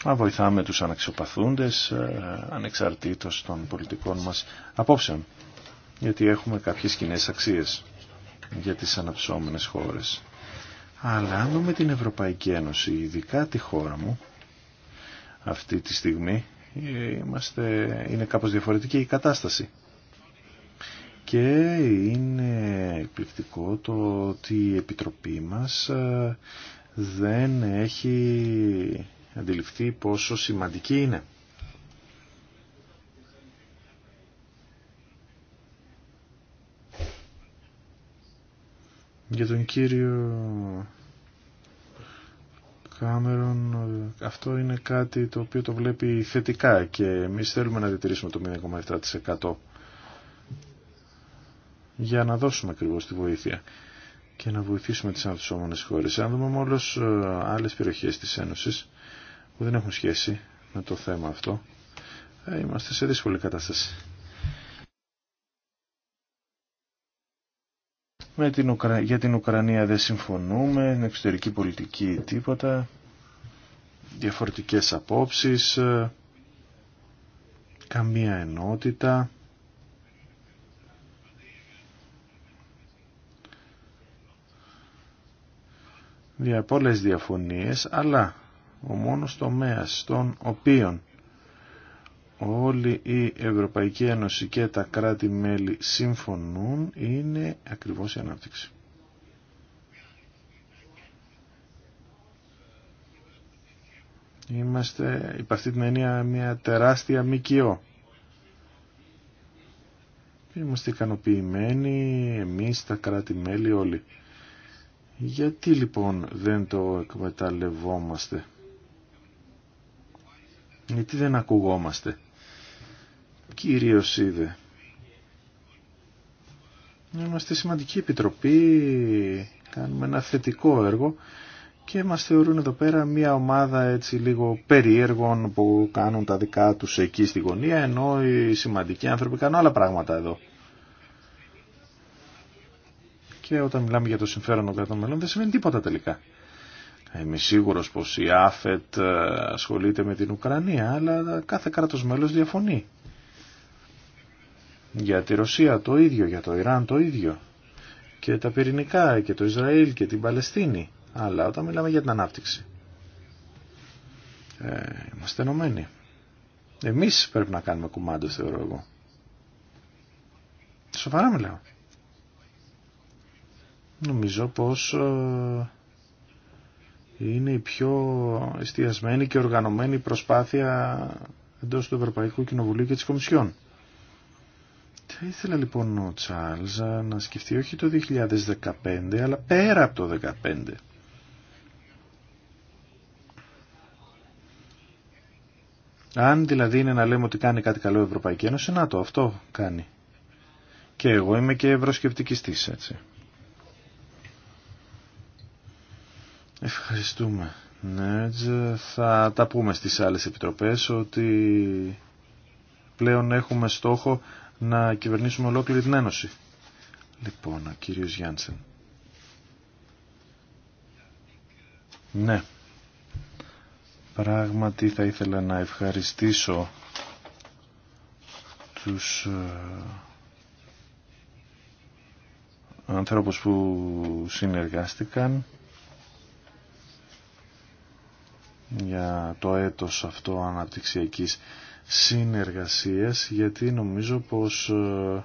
να βοηθάμε τους αναξιοπαθούντες ε, ανεξαρτήτως των πολιτικών μας απόψεων. Γιατί έχουμε κάποιες κοινέ αξίες για τις αναψώμενες χώρες. Αλλά αν δούμε την Ευρωπαϊκή Ένωση, ειδικά τη χώρα μου, αυτή τη στιγμή είμαστε, είναι κάπως διαφορετική η κατάσταση. Και είναι εκπληκτικό το ότι η Επιτροπή μας ε, δεν έχει αντιληφθεί πόσο σημαντική είναι. Για τον κύριο Κάμερον αυτό είναι κάτι το οποίο το βλέπει θετικά και εμείς θέλουμε να διατηρήσουμε το 0,7% για να δώσουμε ακριβώ τη βοήθεια και να βοηθήσουμε τις ανθρώπινες χώρες. Αν δούμε μόλις ε, άλλες περιοχές της Ένωσης, που δεν έχουν σχέση με το θέμα αυτό, ε, είμαστε σε δύσκολη κατάσταση. την Για την Ουκρανία δεν συμφωνούμε, είναι εξωτερική πολιτική τίποτα, διαφορετικές απόψεις, ε, καμία ενότητα. Δια πολλές διαφωνίες, αλλά ο μόνος τομέας στον οποίον όλη η Ευρωπαϊκή Ένωση και τα κράτη-μέλη συμφωνούν είναι ακριβώς η ανάπτυξη. Είμαστε, υπ' αυτή την έννοια, μια τεράστια μικιό. Είμαστε ικανοποιημένοι εμείς τα κράτη-μέλη όλοι. Γιατί λοιπόν δεν το εκμεταλλευόμαστε. Γιατί δεν ακουγόμαστε. Κύριος είδε. Είμαστε σημαντική επιτροπή, κάνουμε ένα θετικό έργο και μας θεωρούν εδώ πέρα μια ομάδα έτσι λίγο περίεργων που κάνουν τα δικά τους εκεί στη γωνία ενώ οι σημαντικοί άνθρωποι κάνουν άλλα πράγματα εδώ. Και όταν μιλάμε για το συμφέρον των κρατών μελών δεν σημαίνει τίποτα τελικά. Είμαι σίγουρος πως η ΑΦΕΤ ε, ασχολείται με την Ουκρανία, αλλά κάθε κράτο μέλος διαφωνεί. Για τη Ρωσία το ίδιο, για το Ιράν το ίδιο. Και τα πυρηνικά και το Ισραήλ και την Παλαιστίνη. Αλλά όταν μιλάμε για την ανάπτυξη. Ε, είμαστε ενωμένοι. Εμείς πρέπει να κάνουμε κουμάντο θεωρώ εγώ. Σοβαρά μιλάω. Νομίζω πως... Ε, είναι η πιο εστιασμένη και οργανωμένη προσπάθεια εντός του Ευρωπαϊκού Κοινοβουλίου και της Κομισιόν. Θα ήθελα λοιπόν ο Τσάρλς να σκεφτεί όχι το 2015 αλλά πέρα από το 2015. Αν δηλαδή είναι να λέμε ότι κάνει κάτι καλό η Ευρωπαϊκή Ένωση, να το, αυτό κάνει. Και εγώ είμαι και ευρωσκεπτικιστής, έτσι. Ευχαριστούμε. Ναι, θα τα πούμε στις άλλες επιτροπές ότι πλέον έχουμε στόχο να κυβερνήσουμε ολόκληρη την Ένωση. Λοιπόν, κύριος Γιάντσεν. Ναι. Πράγματι θα ήθελα να ευχαριστήσω τους ε, ανθρώπους που συνεργάστηκαν για το έτος αυτό αναπτυξιακής συνεργασίας γιατί νομίζω πως ε,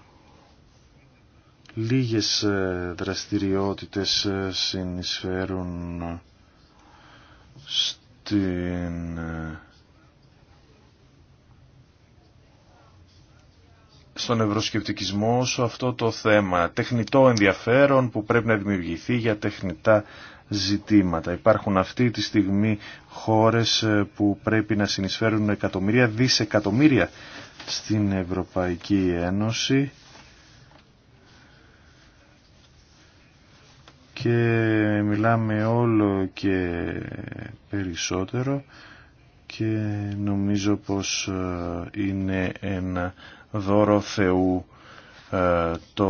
λίγες ε, δραστηριότητες ε, συνεισφέρουν στην στον ευρωσκεπτικισμό σου αυτό το θέμα τεχνητό ενδιαφέρον που πρέπει να δημιουργηθεί για τεχνητά ζητήματα. Υπάρχουν αυτή τη στιγμή χώρες ε, που πρέπει να συνεισφέρουν εκατομμύρια, δισεκατομμύρια στην Ευρωπαϊκή Ένωση και μιλάμε όλο και περισσότερο και νομίζω πως ε, είναι ένα δώρο Θεού ε, το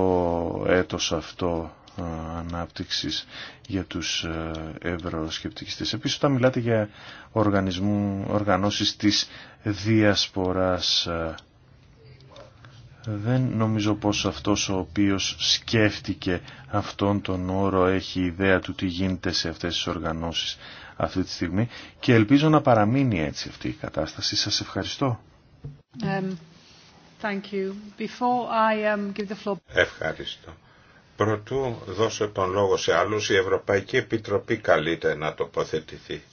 έτος αυτό ε, ανάπτυξης για τους ε, ευρωσκεπτικιστές. Επίσης, όταν μιλάτε για οργανισμού, οργανώσεις της διασποράς, ε, δεν νομίζω πως αυτός ο οποίος σκέφτηκε αυτόν τον όρο έχει ιδέα του τι γίνεται σε αυτές τις οργανώσεις αυτή τη στιγμή και ελπίζω να παραμείνει έτσι αυτή η κατάσταση. Σας ευχαριστώ. Um, thank um, Ευχαριστώ. Προτού δώσω τον λόγο σε άλλους, η Ευρωπαϊκή Επιτροπή καλείται να τοποθετηθεί.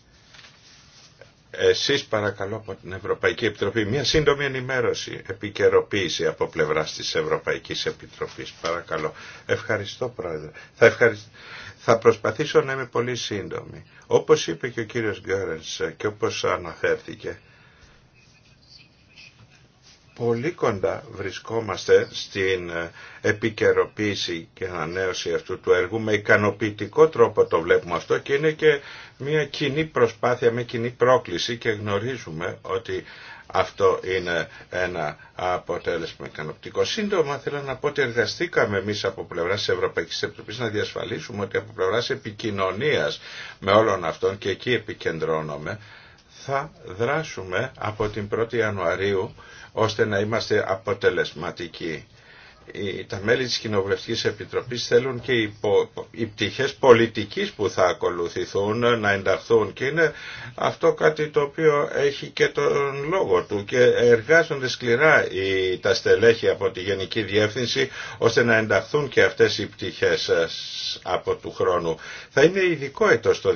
Εσείς παρακαλώ από την Ευρωπαϊκή Επιτροπή μια σύντομη ενημέρωση, επικαιροποίηση από πλευράς της Ευρωπαϊκής Επιτροπής. Παρακαλώ. Ευχαριστώ Πρόεδρε. Θα, θα προσπαθήσω να είμαι πολύ σύντομη. Όπως είπε και ο κύριος Γκέρενς και όπως αναφέρθηκε, πολύ κοντά βρισκόμαστε στην ε, επικαιροποίηση και ανανέωση αυτού του έργου. Με ικανοποιητικό τρόπο το βλέπουμε αυτό και είναι και μια κοινή προσπάθεια, μια κοινή πρόκληση και γνωρίζουμε ότι αυτό είναι ένα αποτέλεσμα ικανοποιητικό. Σύντομα θέλω να πω ότι εργαστήκαμε εμεί από πλευράς της Ευρωπαϊκής Επιτροπής να διασφαλίσουμε ότι από πλευράς επικοινωνία με όλων αυτών και εκεί επικεντρώνομαι θα δράσουμε από την 1η Ιανουαρίου ώστε να είμαστε αποτελεσματικοί ε, τα μέλη της Κοινοβουλευτικής Επιτροπής θέλουν και οι, πο, πολιτικής που θα ακολουθηθούν να ενταχθούν και είναι αυτό κάτι το οποίο έχει και τον λόγο του και εργάζονται σκληρά οι, τα στελέχη από τη Γενική Διεύθυνση ώστε να ενταχθούν και αυτές οι πτυχές από του χρόνου. Θα είναι ειδικό έτος το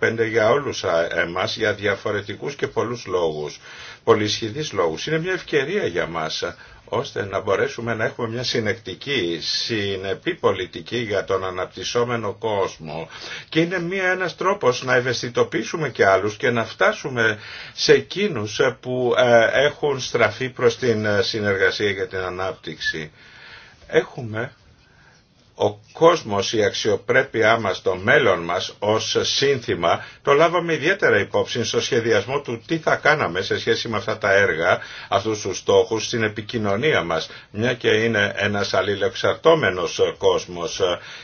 2015 για όλους εμάς για διαφορετικούς και πολλούς λόγους, πολυσχηδείς λόγους. Είναι μια ευκαιρία για μας ώστε να μπορέσουμε να έχουμε μια συνεκτική, συνεπή πολιτική για τον αναπτυσσόμενο κόσμο. Και είναι μια, ένας τρόπος να ευαισθητοποιήσουμε και άλλους και να φτάσουμε σε εκείνους που ε, έχουν στραφεί προς την συνεργασία για την ανάπτυξη. Έχουμε ο κόσμος, η αξιοπρέπειά μας, το μέλλον μας ως σύνθημα το λάβαμε ιδιαίτερα υπόψη στο σχεδιασμό του τι θα κάναμε σε σχέση με αυτά τα έργα, αυτούς τους στόχους, στην επικοινωνία μας, μια και είναι ένας αλληλεξαρτώμενος κόσμος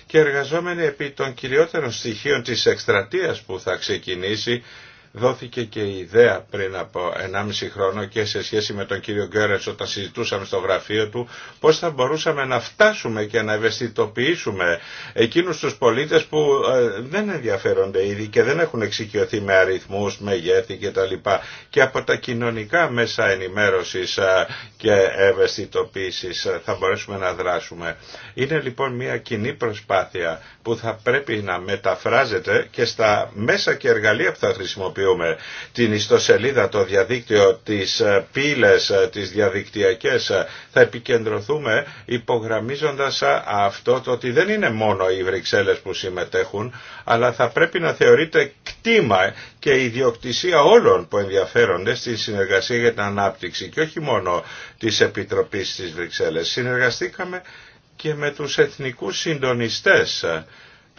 και εργαζόμενοι επί των κυριότερων στοιχείων της εκστρατείας που θα ξεκινήσει δόθηκε και η ιδέα πριν από 1,5 χρόνο και σε σχέση με τον κύριο Γκέρετς όταν συζητούσαμε στο γραφείο του πώς θα μπορούσαμε να φτάσουμε και να ευαισθητοποιήσουμε εκείνους τους πολίτες που ε, δεν ενδιαφέρονται ήδη και δεν έχουν εξοικειωθεί με αριθμούς, μεγέθη κτλ. Και από τα κοινωνικά μέσα ενημέρωσης ε, και ευαισθητοποίησης ε, θα μπορέσουμε να δράσουμε. Είναι λοιπόν μια κοινή προσπάθεια που θα πρέπει να μεταφράζεται και στα μέσα και εργαλεία που θα χρησιμοποιήσουμε χρησιμοποιούμε την ιστοσελίδα, το διαδίκτυο, τις ε, πύλες, ε, τις διαδικτυακές. Ε, θα επικεντρωθούμε υπογραμμίζοντας αυτό το ότι δεν είναι μόνο οι Βρυξέλλες που συμμετέχουν, αλλά θα πρέπει να θεωρείται κτήμα και ιδιοκτησία όλων που ενδιαφέρονται στη συνεργασία για την ανάπτυξη και όχι μόνο της Επιτροπής της Βρυξέλλες. Συνεργαστήκαμε και με τους εθνικούς συντονιστές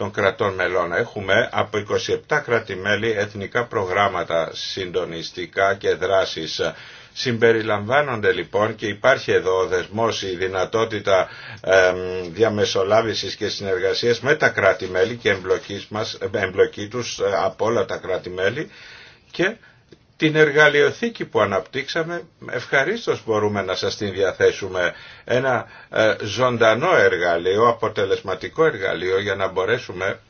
των κρατών μελών. Έχουμε από 27 κράτη-μέλη εθνικά προγράμματα συντονιστικά και δράσεις. Συμπεριλαμβάνονται λοιπόν και υπάρχει εδώ ο δεσμός, η δυνατότητα ε, διαμεσολάβησης και συνεργασίας με τα κρατη και εμπλοκή, μας, εμπλοκή τους ε, από όλα τα κρατη και την εργαλειοθήκη που αναπτύξαμε ευχαρίστως μπορούμε να σας την διαθέσουμε ένα ε, ζωντανό εργαλείο, αποτελεσματικό εργαλείο για να μπορέσουμε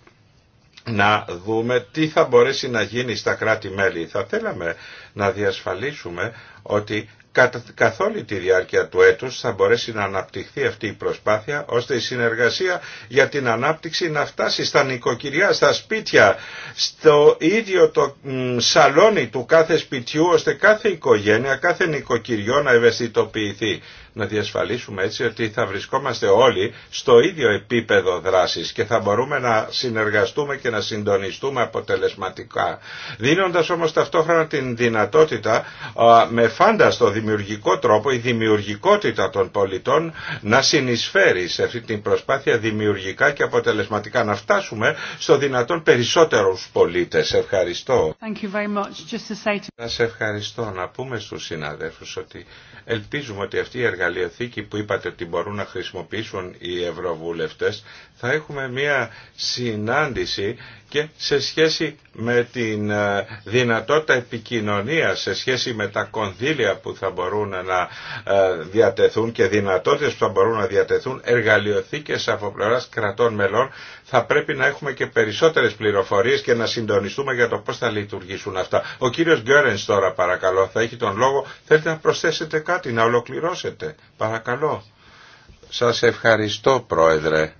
να δούμε τι θα μπορέσει να γίνει στα κράτη-μέλη. Θα θέλαμε να διασφαλίσουμε ότι καθ' όλη τη διάρκεια του έτους θα μπορέσει να αναπτυχθεί αυτή η προσπάθεια ώστε η συνεργασία για την ανάπτυξη να φτάσει στα νοικοκυριά, στα σπίτια, στο ίδιο το σαλόνι του κάθε σπιτιού ώστε κάθε οικογένεια, κάθε νοικοκυριό να ευαισθητοποιηθεί να διασφαλίσουμε έτσι ότι θα βρισκόμαστε όλοι στο ίδιο επίπεδο δράσης και θα μπορούμε να συνεργαστούμε και να συντονιστούμε αποτελεσματικά. Δίνοντας όμως ταυτόχρονα την δυνατότητα με φάνταστο δημιουργικό τρόπο η δημιουργικότητα των πολιτών να συνεισφέρει σε αυτή την προσπάθεια δημιουργικά και αποτελεσματικά να φτάσουμε στο δυνατόν περισσότερους πολίτες. Ευχαριστώ. ευχαριστώ να πούμε στους συναδέλφους ότι Ελπίζουμε ότι αυτή η εργαλειοθήκη που είπατε ότι μπορούν να χρησιμοποιήσουν οι ευρωβουλευτές θα έχουμε μια συνάντηση και σε σχέση με την ε, δυνατότητα επικοινωνίας, σε σχέση με τα κονδύλια που θα μπορούν να ε, διατεθούν και δυνατότητες που θα μπορούν να διατεθούν εργαλειοθήκες από κρατών μελών θα πρέπει να έχουμε και περισσότερες πληροφορίες και να συντονιστούμε για το πώς θα λειτουργήσουν αυτά. Ο κύριος Γκέρενς τώρα παρακαλώ θα έχει τον λόγο. Θέλετε να προσθέσετε κάτι, να ολοκληρώσετε. Παρακαλώ. Σας ευχαριστώ πρόεδρε.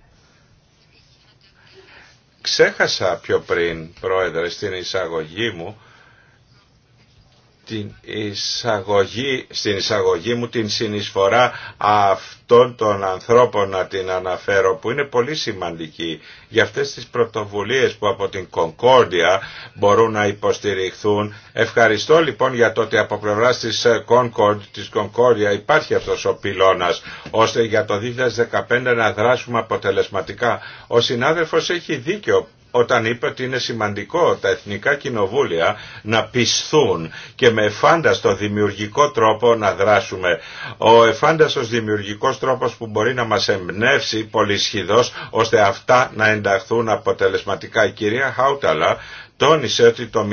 Ξέχασα πιο πριν, Πρόεδρε, στην εισαγωγή μου την εισαγωγή, στην εισαγωγή μου την συνεισφορά αυτών των ανθρώπων να την αναφέρω που είναι πολύ σημαντική για αυτές τις πρωτοβουλίες που από την Κονκόρδια μπορούν να υποστηριχθούν. Ευχαριστώ λοιπόν για το ότι από πλευράς της ε, της Κονκόρδια υπάρχει αυτός ο πυλώνας ώστε για το 2015 να δράσουμε αποτελεσματικά. Ο συνάδελφος έχει δίκιο όταν είπε ότι είναι σημαντικό τα εθνικά κοινοβούλια να πισθούν και με εφάνταστο δημιουργικό τρόπο να δράσουμε. Ο εφάνταστος δημιουργικός τρόπος που μπορεί να μας εμπνεύσει πολυσχηδός ώστε αυτά να ενταχθούν αποτελεσματικά. Η κυρία Χάουταλα τόνισε ότι το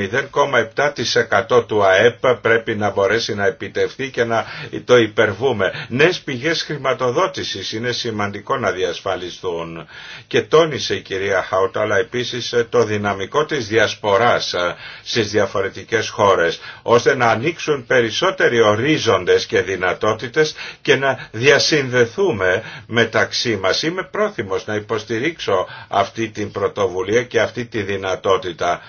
0,7% του ΑΕΠ πρέπει να μπορέσει να επιτευχθεί και να το υπερβούμε. Νέες πηγές χρηματοδότησης είναι σημαντικό να διασφαλιστούν. Και τόνισε η κυρία αλλά επίσης το δυναμικό της διασποράς στις διαφορετικές χώρες, ώστε να ανοίξουν περισσότεροι ορίζοντες και δυνατότητες και να διασυνδεθούμε μεταξύ μας. Είμαι πρόθυμος να υποστηρίξω αυτή την πρωτοβουλία και αυτή τη δυνατότητα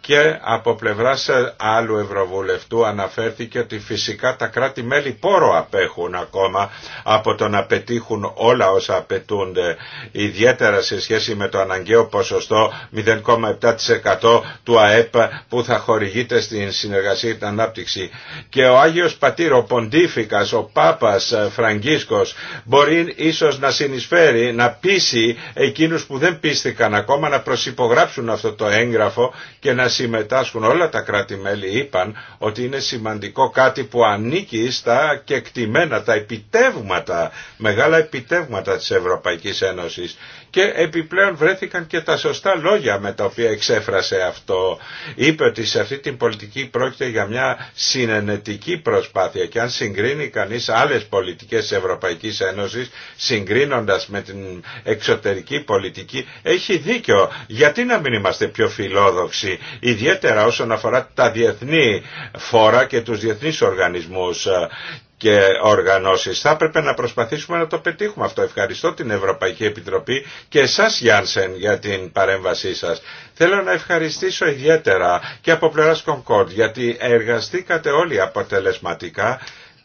και από πλευράς άλλου Ευρωβουλευτού αναφέρθηκε ότι φυσικά τα κράτη-μέλη πόρο απέχουν ακόμα από το να πετύχουν όλα όσα απαιτούνται ιδιαίτερα σε σχέση με το αναγκαίο ποσοστό 0,7% του ΑΕΠ που θα χορηγείται στην συνεργασία την ανάπτυξη. Και ο Άγιος Πατήρ, ο Ποντίφικας, ο Πάπας Φραγκίσκος μπορεί ίσως να συνεισφέρει, να πείσει εκείνους που δεν πίστηκαν ακόμα να προσυπογράψουν αυτό το έγγραφο και συμμετάσχουν όλα τα κράτη-μέλη είπαν ότι είναι σημαντικό κάτι που ανήκει στα κεκτημένα, τα επιτεύγματα, μεγάλα επιτεύγματα της Ευρωπαϊκής Ένωσης και επιπλέον βρέθηκαν και τα σωστά λόγια με τα οποία εξέφρασε αυτό. Είπε ότι σε αυτή την πολιτική πρόκειται για μια συνενετική προσπάθεια και αν συγκρίνει κανείς άλλες πολιτικές της Ευρωπαϊκής Ένωσης συγκρίνοντας με την εξωτερική πολιτική έχει δίκιο. Γιατί να μην είμαστε πιο φιλόδοξοι ιδιαίτερα όσον αφορά τα διεθνή φόρα και τους διεθνείς οργανισμούς και οργανώσεις. Θα έπρεπε να προσπαθήσουμε να το πετύχουμε αυτό. Ευχαριστώ την Ευρωπαϊκή Επιτροπή και εσάς Γιάνσεν για την παρέμβασή σας. Θέλω να ευχαριστήσω ιδιαίτερα και από πλευράς Κονκόρντ γιατί εργαστήκατε όλοι αποτελεσματικά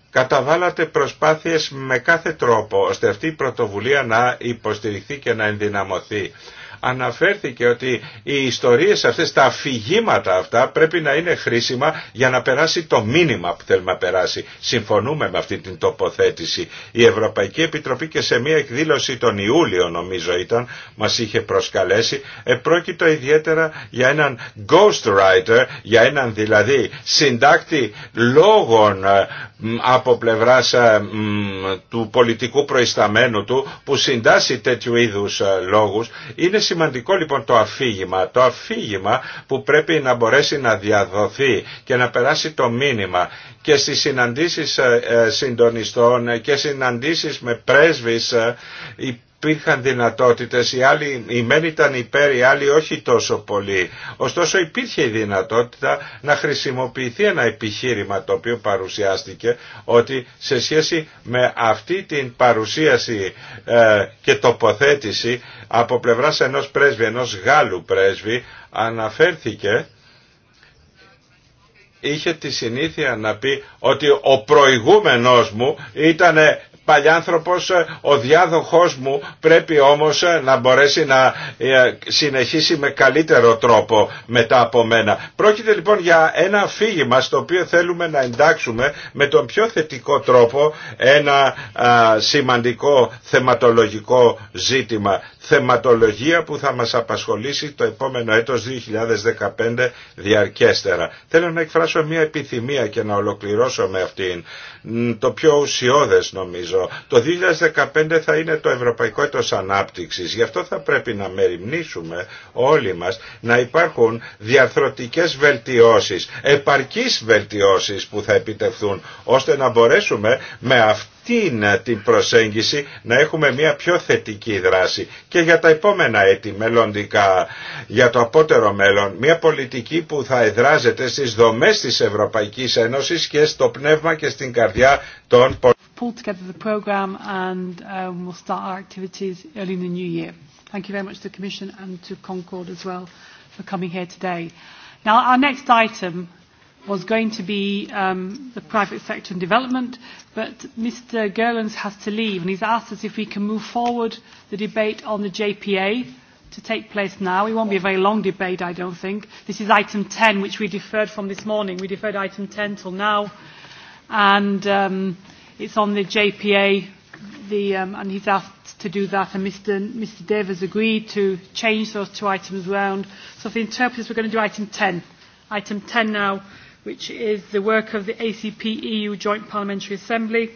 καταβάλατε προσπάθειες με κάθε τρόπο ώστε αυτή η πρωτοβουλία να υποστηριχθεί και να ενδυναμωθεί αναφέρθηκε ότι οι ιστορίες αυτές, τα αφηγήματα αυτά πρέπει να είναι χρήσιμα για να περάσει το μήνυμα που θέλουμε να περάσει. Συμφωνούμε με αυτή την τοποθέτηση. Η Ευρωπαϊκή Επιτροπή και σε μια εκδήλωση τον Ιούλιο νομίζω ήταν, μας είχε προσκαλέσει, επρόκειτο ιδιαίτερα για έναν ghostwriter, για έναν δηλαδή συντάκτη λόγων ε, από πλευράς ε, του πολιτικού προϊσταμένου του που συντάσσει τέτοιου είδους ε, λόγους. Είναι σημαντικό λοιπόν το αφήγημα, το αφήγημα που πρέπει να μπορέσει να διαδοθεί και να περάσει το μήνυμα και στις συναντήσεις ε, συντονιστών και συναντήσεις με πρέσβεις υπήρχαν δυνατότητες, οι, άλλοι, οι μεν ήταν υπέρ, οι άλλοι όχι τόσο πολύ. Ωστόσο υπήρχε η δυνατότητα να χρησιμοποιηθεί ένα επιχείρημα το οποίο παρουσιάστηκε ότι σε σχέση με αυτή την παρουσίαση ε, και τοποθέτηση από πλευράς ενός πρέσβη, ενός Γάλλου πρέσβη αναφέρθηκε είχε τη συνήθεια να πει ότι ο προηγούμενος μου ήταν παλιάνθρωπος, ε, ο διάδοχός μου πρέπει όμως ε, να μπορέσει να ε, συνεχίσει με καλύτερο τρόπο μετά από μένα. Πρόκειται λοιπόν για ένα αφήγημα στο οποίο θέλουμε να εντάξουμε με τον πιο θετικό τρόπο ένα σημαντικό θεματολογικό ζήτημα θεματολογία που θα μας απασχολήσει το επόμενο έτος 2015 διαρκέστερα. Θέλω να εκφράσω μια επιθυμία και να ολοκληρώσω με αυτήν το πιο ουσιώδες νομίζω. Το 2015 θα είναι το Ευρωπαϊκό Έτος Ανάπτυξης. Γι' αυτό θα πρέπει να μεριμνήσουμε όλοι μας να υπάρχουν διαρθρωτικές βελτιώσεις, επαρκείς βελτιώσεις που θα επιτευχθούν ώστε να μπορέσουμε με αυτό αυτήν την προσέγγιση να έχουμε μια πιο θετική δράση και για τα επόμενα έτη μελλοντικά, για το απότερο μέλλον, μια πολιτική που θα εδράζεται στις δομές της Ευρωπαϊκής Ένωσης και στο πνεύμα και στην καρδιά των πολιτών was going to be the private sector and development, but Mr. Gerlens has to leave, and he's asked us if we can move forward the debate on the JPA to take place now. It won't be a very long debate, I don't think. This is item 10, which we deferred from this morning. We deferred item 10 till now, and it's on the JPA, the, um, and he's asked to do that, and Mr. Mr. Davis agreed to change those two items round. So for the interpreters, we're going to do item 10. Item 10 now which is the work of the ACP EU Joint Parliamentary Assembly.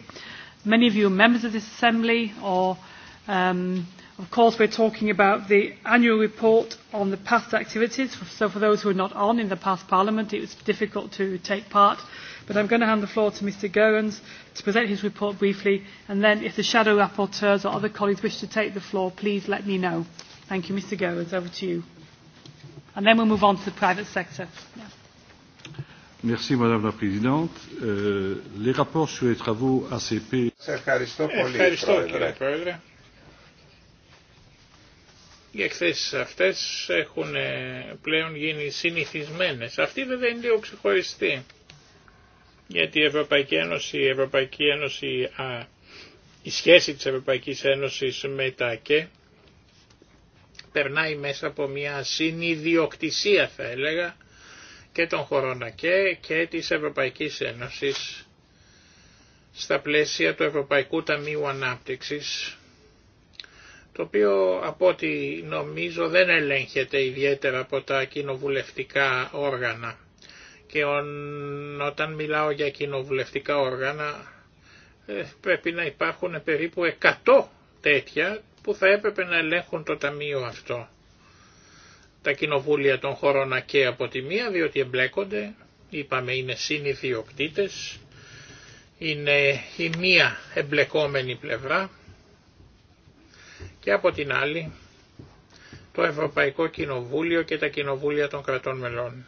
Many of you are members of this assembly, or of course we're talking about the annual report on the past activities. So for those who are not on in the past Parliament, it was difficult to take part. But I'm going to hand the floor to Mr. Goerens to present his report briefly, and then if the shadow rapporteurs or other colleagues wish to take the floor, please let me know. Thank you, Mr. Goerens. Over to you. And then we'll move on to the private sector. Madame la Présidente. Euh, les rapports sur les travaux ACP... ευχαριστώ πολύ, ευχαριστώ, Πρόεδρε. Κύριε Πρόεδρε. Οι εκθέσεις αυτές έχουν ε, πλέον γίνει συνηθισμένες. Αυτή βέβαια είναι λίγο ξεχωριστή. Γιατί η Ευρωπαϊκή Ένωση, η Ευρωπαϊκή Ένωση, α, η σχέση της Ευρωπαϊκής Ένωσης με τα ΑΚΕ περνάει μέσα από μια συνειδιοκτησία θα έλεγα και των χωρών ΑΚΕ και της Ευρωπαϊκής Ένωσης στα πλαίσια του Ευρωπαϊκού Ταμείου Ανάπτυξης το οποίο από ό,τι νομίζω δεν ελέγχεται ιδιαίτερα από τα κοινοβουλευτικά όργανα. Και όταν μιλάω για κοινοβουλευτικά όργανα ε, πρέπει να υπάρχουν περίπου 100 τέτοια που θα έπρεπε να ελέγχουν το ταμείο αυτό τα κοινοβούλια των χωρών ΑΚΕ από τη μία, διότι εμπλέκονται, είπαμε είναι συνειδιοκτήτες, είναι η μία εμπλεκόμενη πλευρά και από την άλλη το Ευρωπαϊκό Κοινοβούλιο και τα Κοινοβούλια των Κρατών Μελών.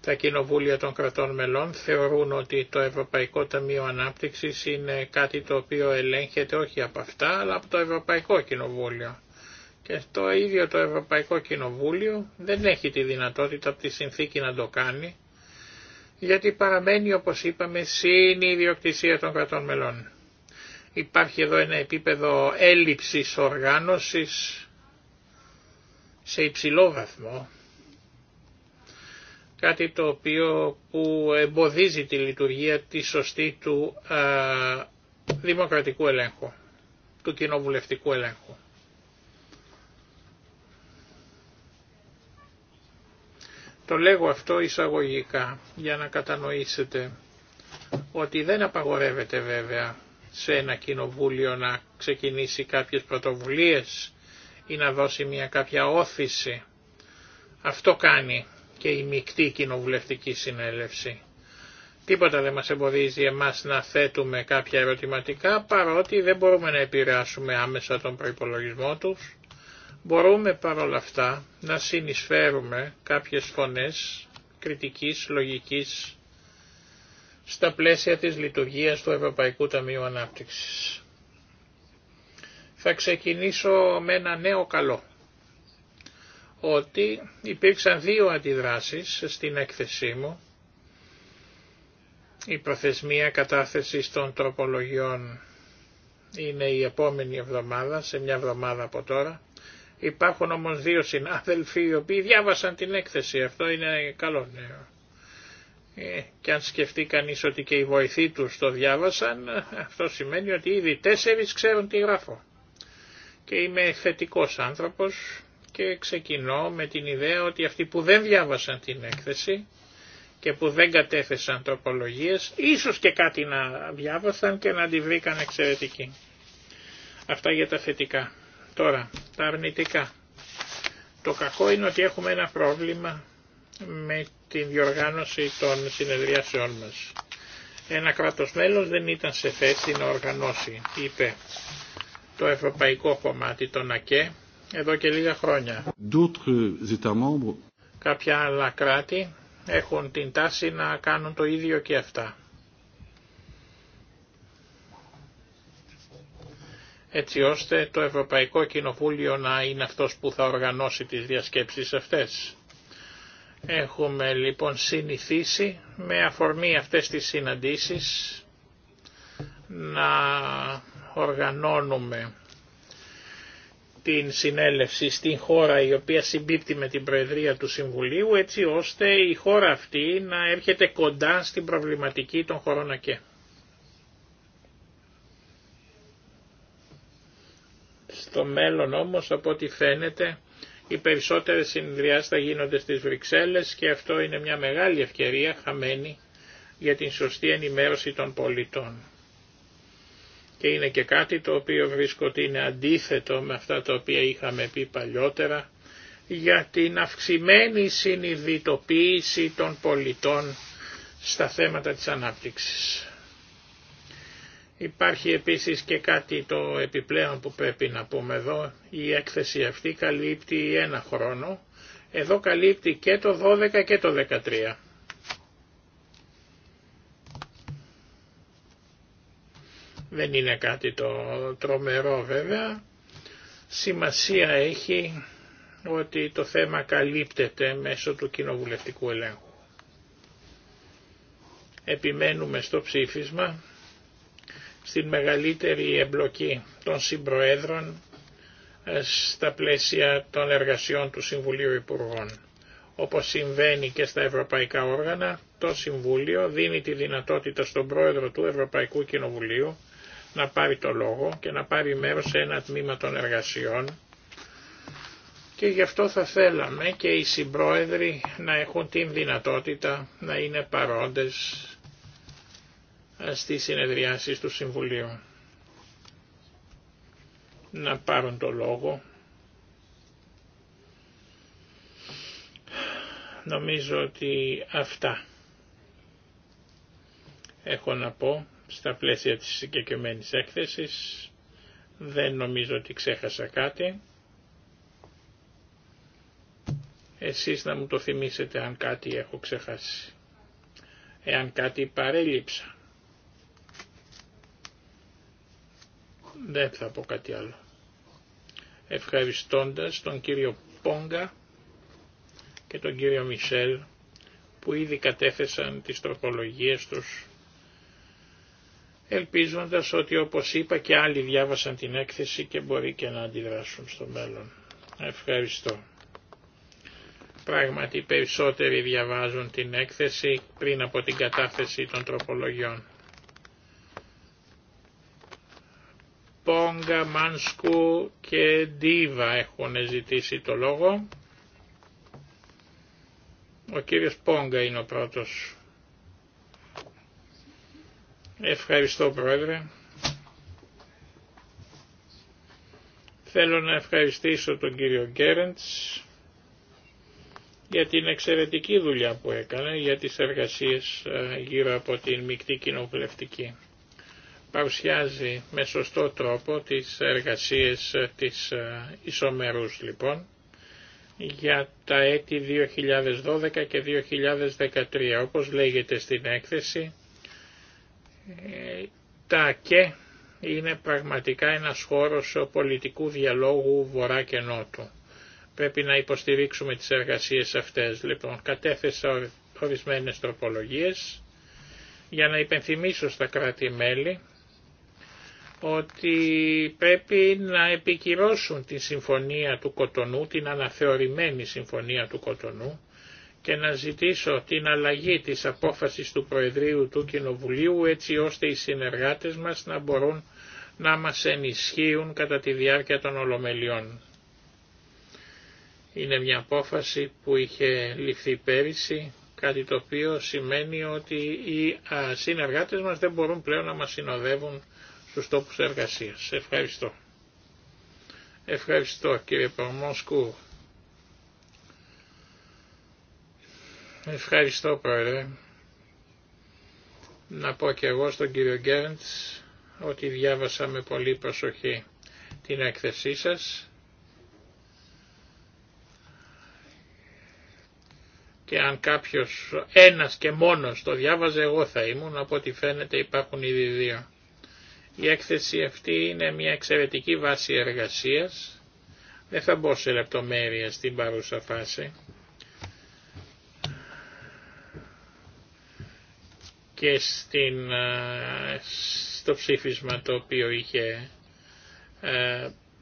Τα Κοινοβούλια των Κρατών Μελών θεωρούν ότι το Ευρωπαϊκό Ταμείο Ανάπτυξης είναι κάτι το οποίο ελέγχεται όχι από αυτά αλλά από το Ευρωπαϊκό Κοινοβούλιο. Και το ίδιο το Ευρωπαϊκό Κοινοβούλιο δεν έχει τη δυνατότητα από τη συνθήκη να το κάνει, γιατί παραμένει όπως είπαμε σύν η ιδιοκτησία των κρατών μελών. Υπάρχει εδώ ένα επίπεδο έλλειψης οργάνωσης σε υψηλό βαθμό, κάτι το οποίο που εμποδίζει τη λειτουργία τη σωστή του δημοκρατικού ελέγχου, του κοινοβουλευτικού ελέγχου. Το λέγω αυτό εισαγωγικά για να κατανοήσετε ότι δεν απαγορεύεται βέβαια σε ένα κοινοβούλιο να ξεκινήσει κάποιες πρωτοβουλίες ή να δώσει μια κάποια όθηση. Αυτό κάνει και η μεικτή κοινοβουλευτική συνέλευση. Τίποτα δεν μας εμποδίζει εμάς να θέτουμε κάποια ερωτηματικά παρότι δεν μπορούμε να επηρεάσουμε άμεσα τον προϋπολογισμό τους Μπορούμε παρόλα αυτά να συνεισφέρουμε κάποιες φωνές κριτικής, λογικής στα πλαίσια της λειτουργίας του Ευρωπαϊκού Ταμείου Ανάπτυξης. Θα ξεκινήσω με ένα νέο καλό, ότι υπήρξαν δύο αντιδράσεις στην έκθεσή μου, η προθεσμία κατάθεση των τροπολογιών είναι η επόμενη εβδομάδα, σε μια εβδομάδα από τώρα, Υπάρχουν όμως δύο συνάδελφοι οι οποίοι διάβασαν την έκθεση. Αυτό είναι καλό νέο. Ε, και αν σκεφτεί κανείς ότι και οι βοηθοί τους το διάβασαν, αυτό σημαίνει ότι ήδη τέσσερις ξέρουν τι γράφω. Και είμαι θετικός άνθρωπος και ξεκινώ με την ιδέα ότι αυτοί που δεν διάβασαν την έκθεση και που δεν κατέθεσαν τροπολογίες, ίσως και κάτι να διάβασαν και να τη βρήκαν εξαιρετική. Αυτά για τα θετικά. Τώρα, τα αρνητικά. Το κακό είναι ότι έχουμε ένα πρόβλημα με την διοργάνωση των συνεδριάσεών μας. Ένα κράτος μέλος δεν ήταν σε θέση να οργανώσει, είπε το ευρωπαϊκό κομμάτι, των ΑΚΕ, εδώ και λίγα χρόνια. Κάποια άλλα κράτη έχουν την τάση να κάνουν το ίδιο και αυτά. έτσι ώστε το Ευρωπαϊκό Κοινοβούλιο να είναι αυτός που θα οργανώσει τις διασκέψεις αυτές. Έχουμε λοιπόν συνηθίσει με αφορμή αυτές τις συναντήσεις να οργανώνουμε την συνέλευση στην χώρα η οποία συμπίπτει με την Προεδρία του Συμβουλίου έτσι ώστε η χώρα αυτή να έρχεται κοντά στην προβληματική των χωρών ΑΚΕ. Στο μέλλον όμως από ό,τι φαίνεται οι περισσότερες συνεδριάσεις θα γίνονται στις Βρυξέλλες και αυτό είναι μια μεγάλη ευκαιρία χαμένη για την σωστή ενημέρωση των πολιτών. Και είναι και κάτι το οποίο βρίσκω ότι είναι αντίθετο με αυτά τα οποία είχαμε πει παλιότερα για την αυξημένη συνειδητοποίηση των πολιτών στα θέματα της ανάπτυξης. Υπάρχει επίσης και κάτι το επιπλέον που πρέπει να πούμε εδώ. Η έκθεση αυτή καλύπτει ένα χρόνο. Εδώ καλύπτει και το 12 και το 13. Δεν είναι κάτι το τρομερό βέβαια. Σημασία έχει ότι το θέμα καλύπτεται μέσω του κοινοβουλευτικού ελέγχου. Επιμένουμε στο ψήφισμα στην μεγαλύτερη εμπλοκή των συμπροέδρων ε, στα πλαίσια των εργασιών του Συμβουλίου Υπουργών. Όπως συμβαίνει και στα ευρωπαϊκά όργανα, το Συμβούλιο δίνει τη δυνατότητα στον Πρόεδρο του Ευρωπαϊκού Κοινοβουλίου να πάρει το λόγο και να πάρει μέρος σε ένα τμήμα των εργασιών και γι' αυτό θα θέλαμε και οι συμπρόεδροι να έχουν την δυνατότητα να είναι παρόντες ε, στις συνεδριάσεις του Συμβουλίου να πάρουν το λόγο. Νομίζω ότι αυτά έχω να πω στα πλαίσια της συγκεκριμένη έκθεσης. Δεν νομίζω ότι ξέχασα κάτι. Εσείς να μου το θυμίσετε αν κάτι έχω ξεχάσει. Εάν κάτι παρέλειψα. Δεν θα πω κάτι άλλο. Ευχαριστώντας τον κύριο Πόγκα και τον κύριο Μισελ που ήδη κατέθεσαν τις τροπολογίες τους ελπίζοντας ότι όπως είπα και άλλοι διάβασαν την έκθεση και μπορεί και να αντιδράσουν στο μέλλον. Ευχαριστώ. Πράγματι περισσότεροι διαβάζουν την έκθεση πριν από την κατάθεση των τροπολογιών. Πόγκα, Μάνσκου και Ντίβα έχουν ζητήσει το λόγο. Ο κύριος Πόγκα είναι ο πρώτος. Ευχαριστώ Πρόεδρε. Θέλω να ευχαριστήσω τον κύριο Γκέρεντς για την εξαιρετική δουλειά που έκανε για τις εργασίες ε, γύρω από την μεικτή κοινοβουλευτική παρουσιάζει με σωστό τρόπο τις εργασίες της ε, ισομερούς λοιπόν για τα έτη 2012 και 2013. Όπως λέγεται στην έκθεση, ε, τα και είναι πραγματικά ένας χώρος πολιτικού διαλόγου βορρά και νότου. Πρέπει να υποστηρίξουμε τις εργασίες αυτές. Λοιπόν, κατέθεσα ορισμένες τροπολογίες για να υπενθυμίσω στα κράτη-μέλη ότι πρέπει να επικυρώσουν τη συμφωνία του Κοτονού, την αναθεωρημένη συμφωνία του Κοτονού και να ζητήσω την αλλαγή της απόφασης του Προεδρείου του Κοινοβουλίου έτσι ώστε οι συνεργάτες μας να μπορούν να μας ενισχύουν κατά τη διάρκεια των Ολομελιών. Είναι μια απόφαση που είχε ληφθεί πέρυσι, κάτι το οποίο σημαίνει ότι οι συνεργάτες μας δεν μπορούν πλέον να μας συνοδεύουν στους τόπους εργασίας. Ευχαριστώ. Ευχαριστώ κύριε Παρμόσκου. Ευχαριστώ πρόεδρε. Να πω και εγώ στον κύριο Γκέρντς ότι διάβασα με πολύ προσοχή την έκθεσή σας και αν κάποιος ένας και μόνος το διάβαζε εγώ θα ήμουν, από ό,τι φαίνεται υπάρχουν ήδη δύο. Η έκθεση αυτή είναι μια εξαιρετική βάση εργασίας. Δεν θα μπω σε λεπτομέρεια στην παρούσα φάση. Και στην, στο ψήφισμα το οποίο είχε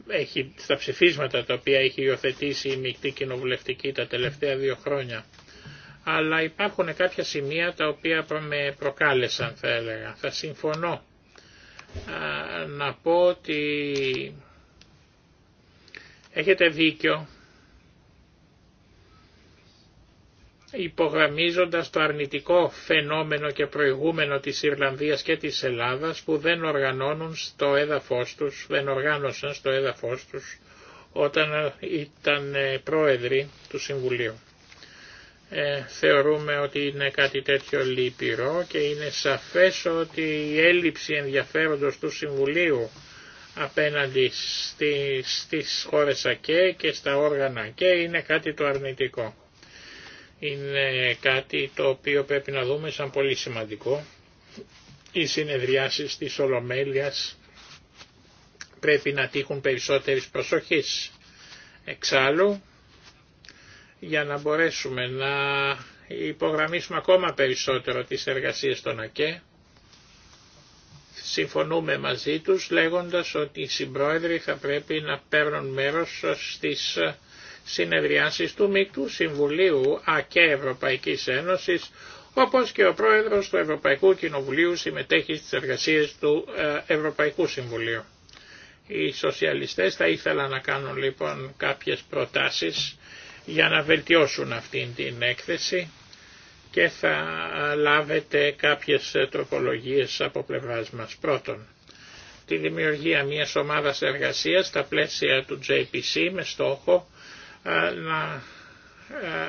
έχει, στα ψηφίσματα τα οποία έχει υιοθετήσει η μεικτή κοινοβουλευτική τα τελευταία δύο χρόνια. Αλλά υπάρχουν κάποια σημεία τα οποία με προκάλεσαν θα έλεγα. Θα συμφωνώ να πω ότι έχετε δίκιο υπογραμμίζοντας το αρνητικό φαινόμενο και προηγούμενο της Ιρλανδίας και της Ελλάδας που δεν οργανώνουν στο έδαφος τους, δεν οργάνωσαν στο έδαφος τους όταν ήταν πρόεδροι του Συμβουλίου ε, θεωρούμε ότι είναι κάτι τέτοιο λυπηρό και είναι σαφές ότι η έλλειψη ενδιαφέροντος του Συμβουλίου απέναντι στις, στις χώρες ΑΚΕ και στα όργανα ΑΚΕ είναι κάτι το αρνητικό. Είναι κάτι το οποίο πρέπει να δούμε σαν πολύ σημαντικό. Οι συνεδριάσεις της Ολομέλειας πρέπει να τύχουν περισσότερης προσοχής. Εξάλλου, για να μπορέσουμε να υπογραμμίσουμε ακόμα περισσότερο τις εργασίες των ΑΚΕ. Συμφωνούμε μαζί τους λέγοντας ότι οι συμπρόεδροι θα πρέπει να παίρνουν μέρος στις συνεδριάσεις του Μικτού Συμβουλίου ΑΚΕ Ευρωπαϊκής Ένωσης, όπως και ο πρόεδρος του Ευρωπαϊκού Κοινοβουλίου συμμετέχει στις εργασίες του ε, Ευρωπαϊκού Συμβουλίου. Οι σοσιαλιστές θα ήθελαν να κάνουν λοιπόν κάποιες προτάσεις για να βελτιώσουν αυτήν την έκθεση και θα λάβετε κάποιες τροπολογίες από πλευράς μας. Πρώτον, τη δημιουργία μιας ομάδας εργασίας στα πλαίσια του JPC με στόχο να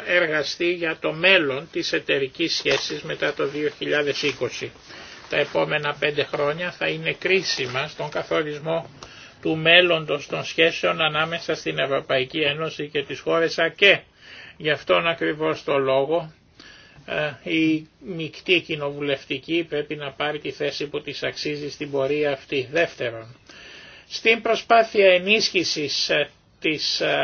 εργαστεί για το μέλλον της εταιρικής σχέσης μετά το 2020. Τα επόμενα πέντε χρόνια θα είναι κρίσιμα στον καθορισμό του μέλλοντος των σχέσεων ανάμεσα στην Ευρωπαϊκή Ένωση και τις χώρες ΑΚΕ. Γι' αυτόν ακριβώς το λόγο ε, η μεικτή κοινοβουλευτική πρέπει να πάρει τη θέση που της αξίζει στην πορεία αυτή. Δεύτερον, στην προσπάθεια ενίσχυσης ε, της ε,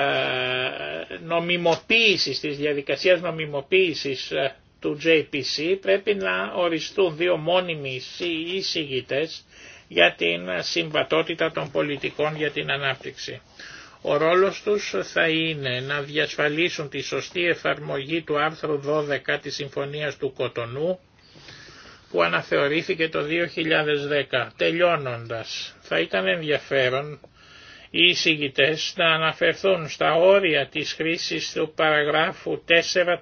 νομιμοποίησης, της διαδικασίας νομιμοποίησης του JPC πρέπει να οριστούν δύο μόνιμοι εισηγητές για την συμβατότητα των πολιτικών για την ανάπτυξη. Ο ρόλος τους θα είναι να διασφαλίσουν τη σωστή εφαρμογή του άρθρου 12 της Συμφωνίας του Κοτονού που αναθεωρήθηκε το 2010. Τελειώνοντας, θα ήταν ενδιαφέρον οι εισηγητές να αναφερθούν στα όρια της χρήσης του παραγράφου 4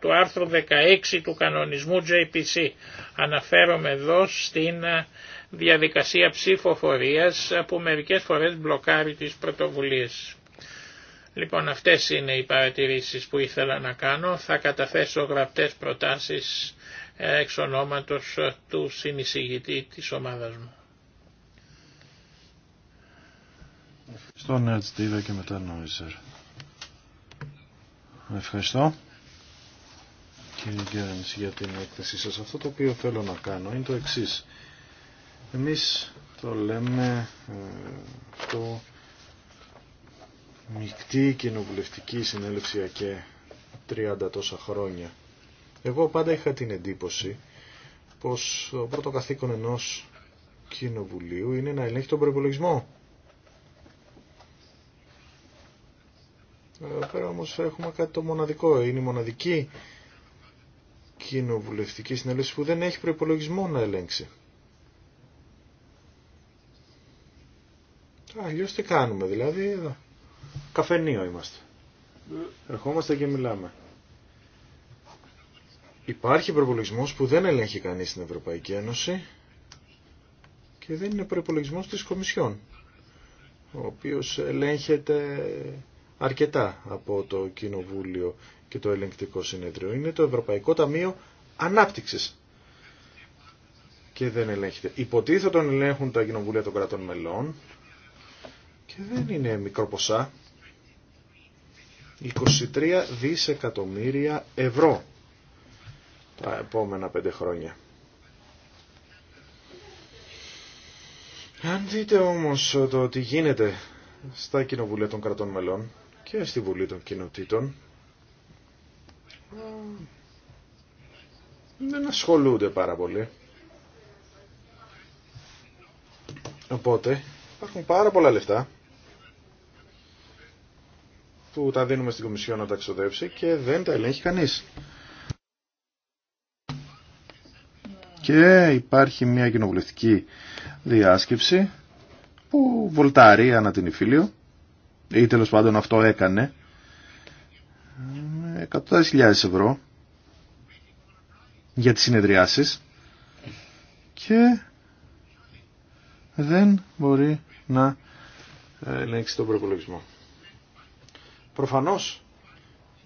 του άρθρου 16 του κανονισμού JPC. Αναφέρομαι εδώ στην διαδικασία ψηφοφορίας που μερικές φορές μπλοκάρει τις πρωτοβουλίες. Λοιπόν αυτές είναι οι παρατηρήσεις που ήθελα να κάνω. Θα καταθέσω γραπτές προτάσεις ε, εξ ονόματος ε, του συνεισηγητή της ομάδας μου. Ευχαριστώ Νέα Στίβα και μετά Νόιζερ. Ευχαριστώ. Κύριε Γκέρνης για την έκθεσή σας. Αυτό το οποίο θέλω να κάνω είναι το εξής. Εμείς το λέμε ε, το μεικτή κοινοβουλευτική συνέλευση και 30 τόσα χρόνια. Εγώ πάντα είχα την εντύπωση πως το πρώτο καθήκον ενός κοινοβουλίου είναι να ελέγχει τον προπολογισμό. Εδώ πέρα όμως έχουμε κάτι το μοναδικό. Είναι η μοναδική κοινοβουλευτική συνέλευση που δεν έχει προπολογισμό να ελέγξει. αλλιώ τι κάνουμε, δηλαδή εδώ. Καφενείο είμαστε. Ερχόμαστε και μιλάμε. Υπάρχει προπολογισμό που δεν ελέγχει κανεί στην Ευρωπαϊκή Ένωση και δεν είναι προπολογισμό της Κομισιόν, ο οποίος ελέγχεται αρκετά από το Κοινοβούλιο και το Ελεγκτικό Συνέδριο. Είναι το Ευρωπαϊκό Ταμείο Ανάπτυξης και δεν ελέγχεται. Υποτίθεται τον ελέγχουν τα κοινοβούλια των κρατών μελών, δεν είναι μικρό ποσά. 23 δισεκατομμύρια ευρώ τα επόμενα πέντε χρόνια. Αν δείτε όμως το ότι γίνεται στα κοινοβουλία των κρατών μελών και στη Βουλή των Κοινοτήτων, δεν ασχολούνται πάρα πολύ. Οπότε υπάρχουν πάρα πολλά λεφτά που τα δίνουμε στην Κομισιόν να τα ξοδέψει και δεν τα ελέγχει κανείς. Και υπάρχει μια κοινοβουλευτική διάσκεψη που βολτάρει ανά την Ιφίλιο ή τέλο πάντων αυτό έκανε 100.000 ευρώ για τις συνεδριάσεις και δεν μπορεί να ελέγξει τον προπολογισμό. Προφανώς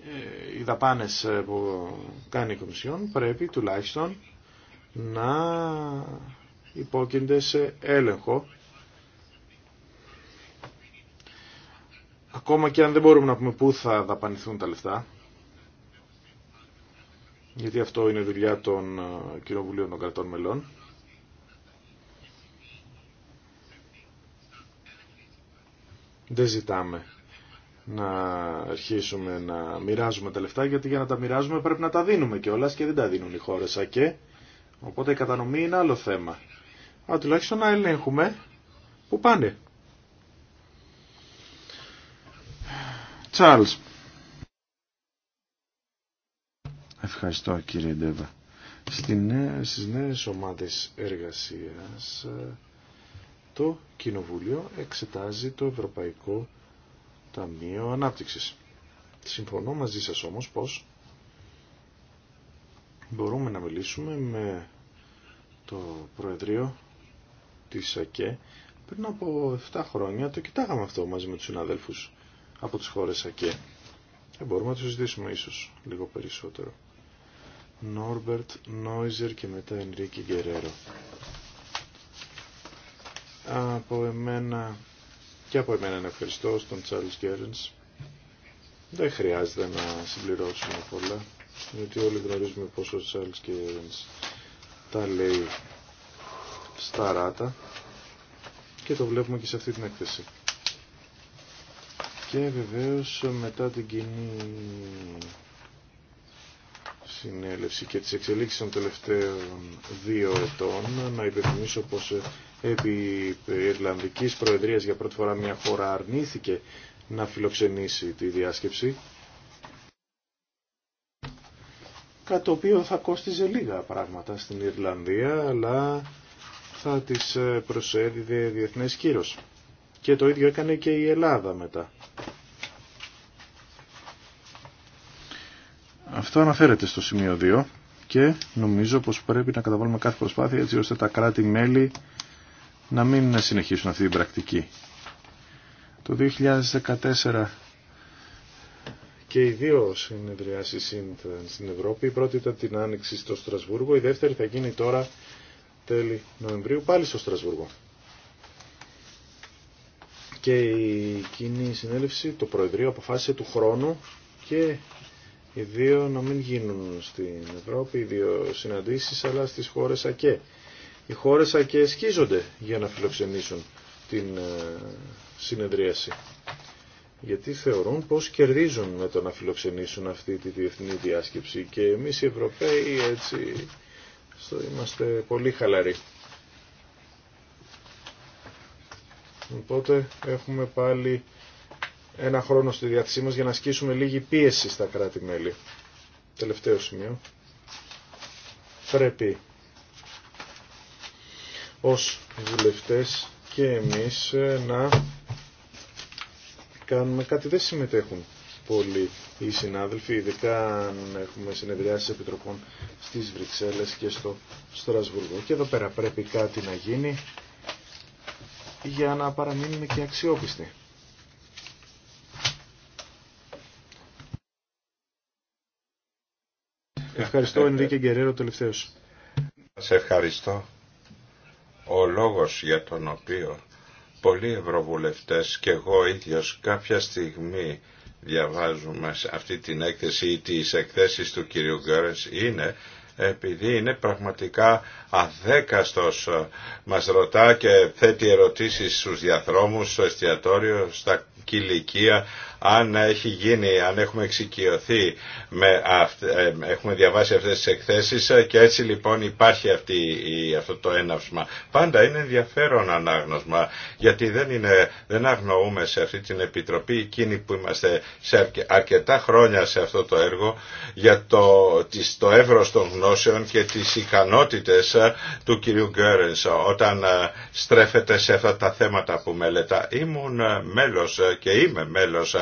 ε, οι δαπάνες ε, που κάνει η Κομισιόν πρέπει τουλάχιστον να υπόκεινται σε έλεγχο ακόμα και αν δεν μπορούμε να πούμε πού θα δαπανηθούν τα λεφτά γιατί αυτό είναι δουλειά των ε, κοινοβουλίων των κρατών μελών δεν ζητάμε να αρχίσουμε να μοιράζουμε τα λεφτά, γιατί για να τα μοιράζουμε πρέπει να τα δίνουμε όλα και δεν τα δίνουν οι χώρε ΑΚΕ. Οπότε η κατανομή είναι άλλο θέμα. αλλά τουλάχιστον να ελέγχουμε που πάνε. Τσαρλ! Ευχαριστώ κύριε Ντέβα. Στις νέες ομάδες εργασίας το Κοινοβούλιο εξετάζει το Ευρωπαϊκό Ταμείο Ανάπτυξης. Συμφωνώ μαζί σας όμως πως μπορούμε να μιλήσουμε με το Προεδρείο της ΑΚΕ πριν από 7 χρόνια το κοιτάγαμε αυτό μαζί με τους συναδέλφους από τις χώρες ΑΚΕ. Ε, μπορούμε να το συζητήσουμε ίσως λίγο περισσότερο. Νόρμπερτ Νόιζερ και μετά Ενρίκη Γκερέρο. Από εμένα και από εμένα να ευχαριστώ στον Τσάρλς Κέρνς. Δεν χρειάζεται να συμπληρώσουμε πολλά, γιατί όλοι γνωρίζουμε πόσο ο Τσάρλς Κέρνς τα λέει στα ράτα και το βλέπουμε και σε αυτή την έκθεση. Και βεβαίως μετά την κοινή συνέλευση και τις εξελίξεις των τελευταίων δύο ετών να υπενθυμίσω πως επί Ιρλανδικής Προεδρίας για πρώτη φορά μια χώρα αρνήθηκε να φιλοξενήσει τη διάσκεψη. Κάτι το οποίο θα κόστιζε λίγα πράγματα στην Ιρλανδία, αλλά θα τις ε, προσέδιδε διεθνές κύρος. Και το ίδιο έκανε και η Ελλάδα μετά. Αυτό αναφέρεται στο σημείο 2 και νομίζω πως πρέπει να καταβάλουμε κάθε προσπάθεια έτσι ώστε τα κράτη-μέλη να μην συνεχίσουν αυτή την πρακτική. Το 2014 και οι δύο συνεδριάσεις ήταν στην Ευρώπη. Η πρώτη ήταν την άνοιξη στο Στρασβούργο, η δεύτερη θα γίνει τώρα τέλη Νοεμβρίου πάλι στο Στρασβούργο. Και η κοινή συνέλευση, το Προεδρείο αποφάσισε του χρόνου και οι δύο να μην γίνουν στην Ευρώπη, οι δύο συναντήσεις, αλλά στις χώρες ΑΚΕ οι χώρες ακεσκίζονται για να φιλοξενήσουν την ε, συνεδρίαση. Γιατί θεωρούν πως κερδίζουν με το να φιλοξενήσουν αυτή τη διεθνή διάσκεψη και εμείς οι Ευρωπαίοι έτσι είμαστε πολύ χαλαροί. Οπότε έχουμε πάλι ένα χρόνο στη διάθεσή μας για να ασκήσουμε λίγη πίεση στα κράτη-μέλη. Τελευταίο σημείο. Πρέπει ως βουλευτές και εμείς ε, να κάνουμε κάτι. Δεν συμμετέχουν πολλοί οι συνάδελφοι, ειδικά αν έχουμε συνεδριάσει επιτροπών στις Βρυξέλλες και στο Στρασβούργο. Και εδώ πέρα πρέπει κάτι να γίνει για να παραμείνουμε και αξιόπιστοι. Ευχαριστώ και Γκερέρο τελευταίος. Σε ευχαριστώ ο λόγος για τον οποίο πολλοί ευρωβουλευτές και εγώ ίδιος κάποια στιγμή διαβάζουμε αυτή την έκθεση ή τις εκθέσεις του κυρίου Γκέρες είναι επειδή είναι πραγματικά αδέκαστος ε, μας ρωτά και θέτει ερωτήσεις στους διαθρόμους, στο εστιατόριο, στα κηλικία αν έχει γίνει, αν έχουμε εξοικειωθεί με ε, έχουμε διαβάσει αυτές τις εκθέσεις ε, και έτσι λοιπόν υπάρχει αυτή, αυτό το έναυσμα. Πάντα είναι ενδιαφέρον ανάγνωσμα γιατί δεν, είναι, δεν αγνοούμε σε αυτή την Επιτροπή εκείνοι που είμαστε σε αρκετά χρόνια σε αυτό το έργο για το, το εύρος των γνώσεων και τις ικανότητες ε, του κυρίου Γκέρενς όταν στρέφεται σε αυτά τα θέματα που μελετά. Ήμουν μέλος και είμαι μέλος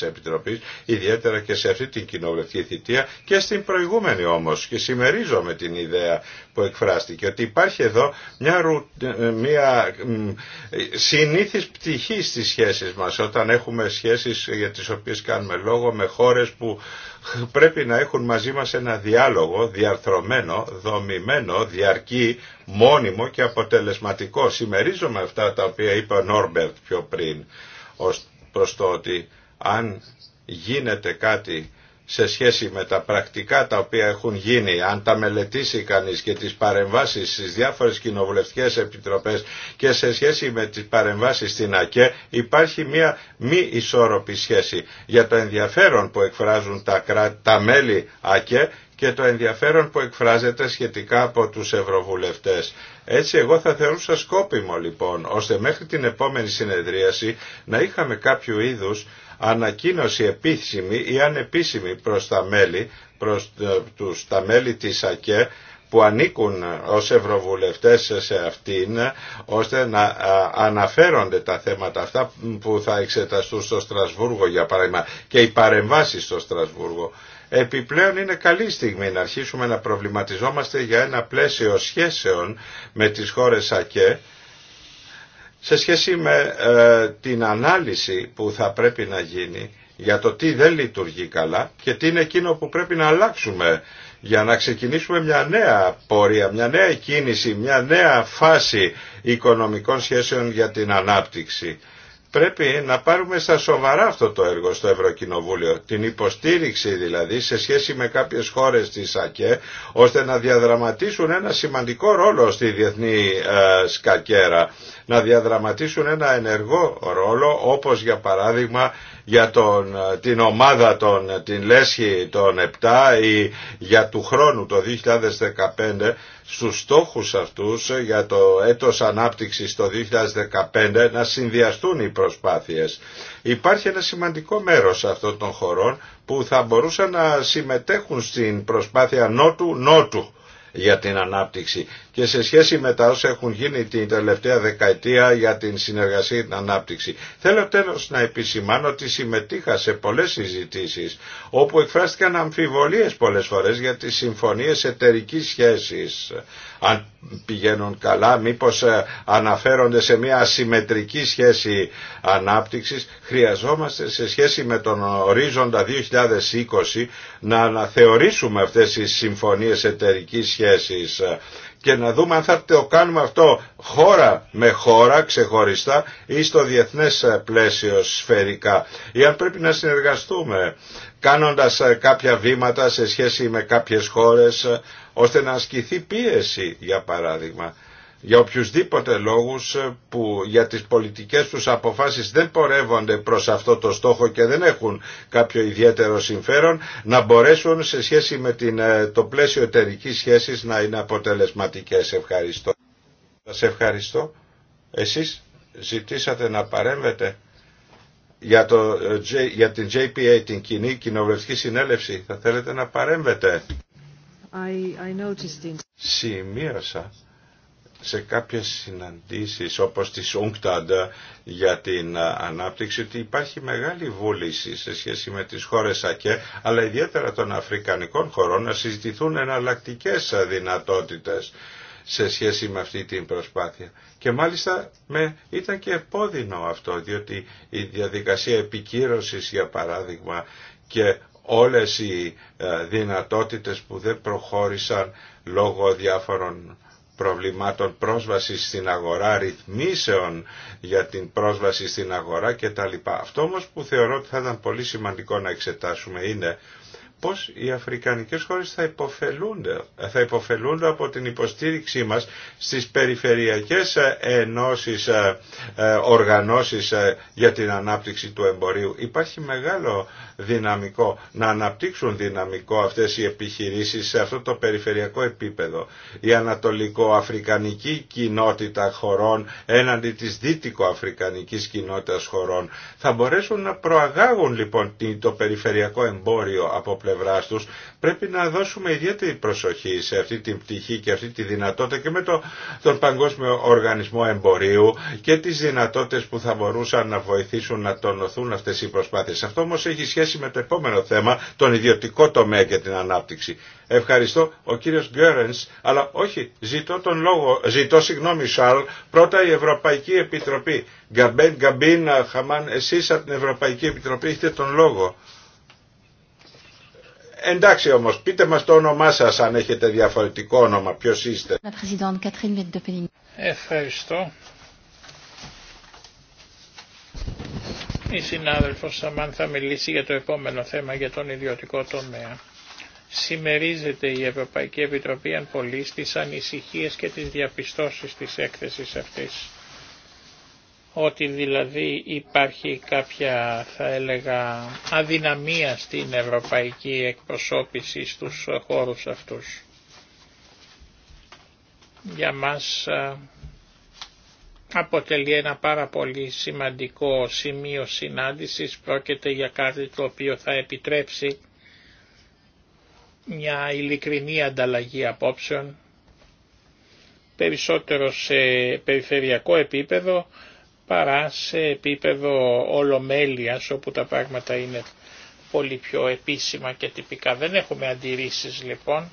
Επιτροπής, ιδιαίτερα και σε αυτή την κοινοβουλευτική θητεία και στην προηγούμενη όμως. Και συμμερίζομαι την ιδέα που εκφράστηκε ότι υπάρχει εδώ μια, ε, μια συνήθις πτυχή στις σχέσεις μα όταν έχουμε σχέσει για τι οποίε κάνουμε λόγο με χώρε που πρέπει να έχουν μαζί μας ένα διάλογο διαρθρωμένο, δομημένο, διαρκή, μόνιμο και αποτελεσματικό. Συμμερίζομαι αυτά τα οποία είπε ο Νόρμπερτ πιο πριν ως προς το ότι αν γίνεται κάτι σε σχέση με τα πρακτικά τα οποία έχουν γίνει, αν τα μελετήσει κανείς και τις παρεμβάσεις στις διάφορες κοινοβουλευτικές επιτροπές και σε σχέση με τις παρεμβάσεις στην ΑΚΕ υπάρχει μια μη ισόρροπη σχέση για το ενδιαφέρον που εκφράζουν τα, τα μέλη ΑΚΕ και το ενδιαφέρον που εκφράζεται σχετικά από τους ευρωβουλευτές. Έτσι εγώ θα θεωρούσα σκόπιμο λοιπόν, ώστε μέχρι την επόμενη συνεδρίαση να είχαμε κάποιο είδους ανακοίνωση επίσημη ή ανεπίσημη προς τα μέλη, προς ε, τους, τα μέλη της ΑΚΕ που ανήκουν ως ευρωβουλευτές σε αυτήν, ώστε να αναφέρονται τα θέματα αυτά που θα εξεταστούν στο Στρασβούργο για παράδειγμα και οι παρεμβάσεις στο Στρασβούργο. Επιπλέον είναι καλή στιγμή να αρχίσουμε να προβληματιζόμαστε για ένα πλαίσιο σχέσεων με τις χώρες ΑΚΕ σε σχέση με ε, την ανάλυση που θα πρέπει να γίνει για το τι δεν λειτουργεί καλά και τι είναι εκείνο που πρέπει να αλλάξουμε για να ξεκινήσουμε μια νέα πορεία, μια νέα κίνηση, μια νέα φάση οικονομικών σχέσεων για την ανάπτυξη. Πρέπει να πάρουμε στα σοβαρά αυτό το έργο στο Ευρωκοινοβούλιο, την υποστήριξη δηλαδή σε σχέση με κάποιες χώρες της ΑΚΕ, ώστε να διαδραματίσουν ένα σημαντικό ρόλο στη διεθνή ε, σκακέρα, να διαδραματίσουν ένα ενεργό ρόλο, όπως για παράδειγμα για τον, ε, την ομάδα των, ε, την Λέσχη των 7 ή για του χρόνου το 2015, στους στόχους αυτούς ε, για το έτος ανάπτυξης το 2015 να συνδυαστούν οι προσπάθειες. Υπάρχει ένα σημαντικό μέρος αυτών των χωρών που θα μπορούσαν να συμμετέχουν στην προσπάθεια νότου-νότου για την ανάπτυξη και σε σχέση με τα όσα έχουν γίνει την τελευταία δεκαετία για την συνεργασία και την ανάπτυξη. Θέλω τέλος να επισημάνω ότι συμμετείχα σε πολλές συζητήσεις όπου εκφράστηκαν αμφιβολίες πολλές φορές για τις συμφωνίες εταιρικής σχέση αν πηγαίνουν καλά, μήπως ε, αναφέρονται σε μια ασυμμετρική σχέση ανάπτυξης. Χρειαζόμαστε σε σχέση με τον ορίζοντα 2020 να αναθεωρήσουμε αυτές τις συμφωνίες εταιρικής σχέσης ε, και να δούμε αν θα το κάνουμε αυτό χώρα με χώρα ξεχωριστά ή στο διεθνές ε, πλαίσιο σφαιρικά ή αν πρέπει να συνεργαστούμε κάνοντας κάποια βήματα σε σχέση με κάποιες χώρες ώστε να ασκηθεί πίεση για παράδειγμα για οποιουσδήποτε λόγους που για τις πολιτικές τους αποφάσεις δεν πορεύονται προς αυτό το στόχο και δεν έχουν κάποιο ιδιαίτερο συμφέρον να μπορέσουν σε σχέση με την, ε, το πλαίσιο εταιρικής σχέσης να είναι αποτελεσματικές. Ευχαριστώ. Σας ευχαριστώ. Εσείς ζητήσατε να παρέμβετε για, ε, για την JPA, την Κοινή Κοινοβουλευτική Συνέλευση. Θα θέλετε να παρέμβετε. I, Σημείωσα σε κάποιες συναντήσεις όπως της UNCTAD για την ε, ανάπτυξη ότι υπάρχει μεγάλη βούληση σε σχέση με τις χώρες ΑΚΕ αλλά ιδιαίτερα των αφρικανικών χωρών να συζητηθούν εναλλακτικέ δυνατότητες σε σχέση με αυτή την προσπάθεια. Και μάλιστα με, ήταν και επώδυνο αυτό διότι η διαδικασία επικύρωσης για παράδειγμα και όλες οι ε, δυνατότητες που δεν προχώρησαν λόγω διάφορων προβλημάτων πρόσβασης στην αγορά, ρυθμίσεων για την πρόσβαση στην αγορά κτλ. Αυτό όμως που θεωρώ ότι θα ήταν πολύ σημαντικό να εξετάσουμε είναι πώς οι αφρικανικές χώρες θα υποφελούνται, θα υποφελούνται από την υποστήριξή μας στις περιφερειακές ε, ενώσεις, ε, οργανώσεις για την ανάπτυξη του εμπορίου. Υπάρχει μεγάλο δυναμικό, να αναπτύξουν δυναμικό αυτές οι επιχειρήσεις σε αυτό το περιφερειακό επίπεδο. Η ανατολικό-αφρικανική κοινότητα χωρών έναντι της δυτικο-αφρικανικής κοινότητας χωρών θα μπορέσουν να προαγάγουν λοιπόν το περιφερειακό εμπόριο από πλευράς τους Πρέπει να δώσουμε ιδιαίτερη προσοχή σε αυτή την πτυχή και αυτή τη δυνατότητα και με το, τον Παγκόσμιο Οργανισμό Εμπορίου και τις δυνατότητες που θα μπορούσαν να βοηθήσουν να τονωθούν αυτές οι προσπάθειες. Αυτό όμως έχει σχέση με το επόμενο θέμα, τον ιδιωτικό τομέα και την ανάπτυξη. Ευχαριστώ ο κύριος Γκέρενς, αλλά όχι, ζητώ τον λόγο, ζητώ συγγνώμη Σαρλ, πρώτα η Ευρωπαϊκή Επιτροπή. Γκαμπέν, Χαμάν, εσείς από την Ευρωπαϊκή Επιτροπή έχετε τον λόγο. Εντάξει όμως, πείτε μας το όνομά σας αν έχετε διαφορετικό όνομα, ποιος είστε. Ευχαριστώ. Η συνάδελφος Σαμάν θα μιλήσει για το επόμενο θέμα για τον ιδιωτικό τομέα. Σημερίζεται η Ευρωπαϊκή Επιτροπή αν πολύ στις ανησυχίες και τις διαπιστώσεις της έκθεσης αυτής ότι δηλαδή υπάρχει κάποια θα έλεγα αδυναμία στην ευρωπαϊκή εκπροσώπηση στους χώρους αυτούς. Για μας ε, αποτελεί ένα πάρα πολύ σημαντικό σημείο συνάντησης, πρόκειται για κάτι το οποίο θα επιτρέψει μια ειλικρινή ανταλλαγή απόψεων, περισσότερο σε περιφερειακό επίπεδο, παρά σε επίπεδο ολομέλειας όπου τα πράγματα είναι πολύ πιο επίσημα και τυπικά. Δεν έχουμε αντιρρήσεις λοιπόν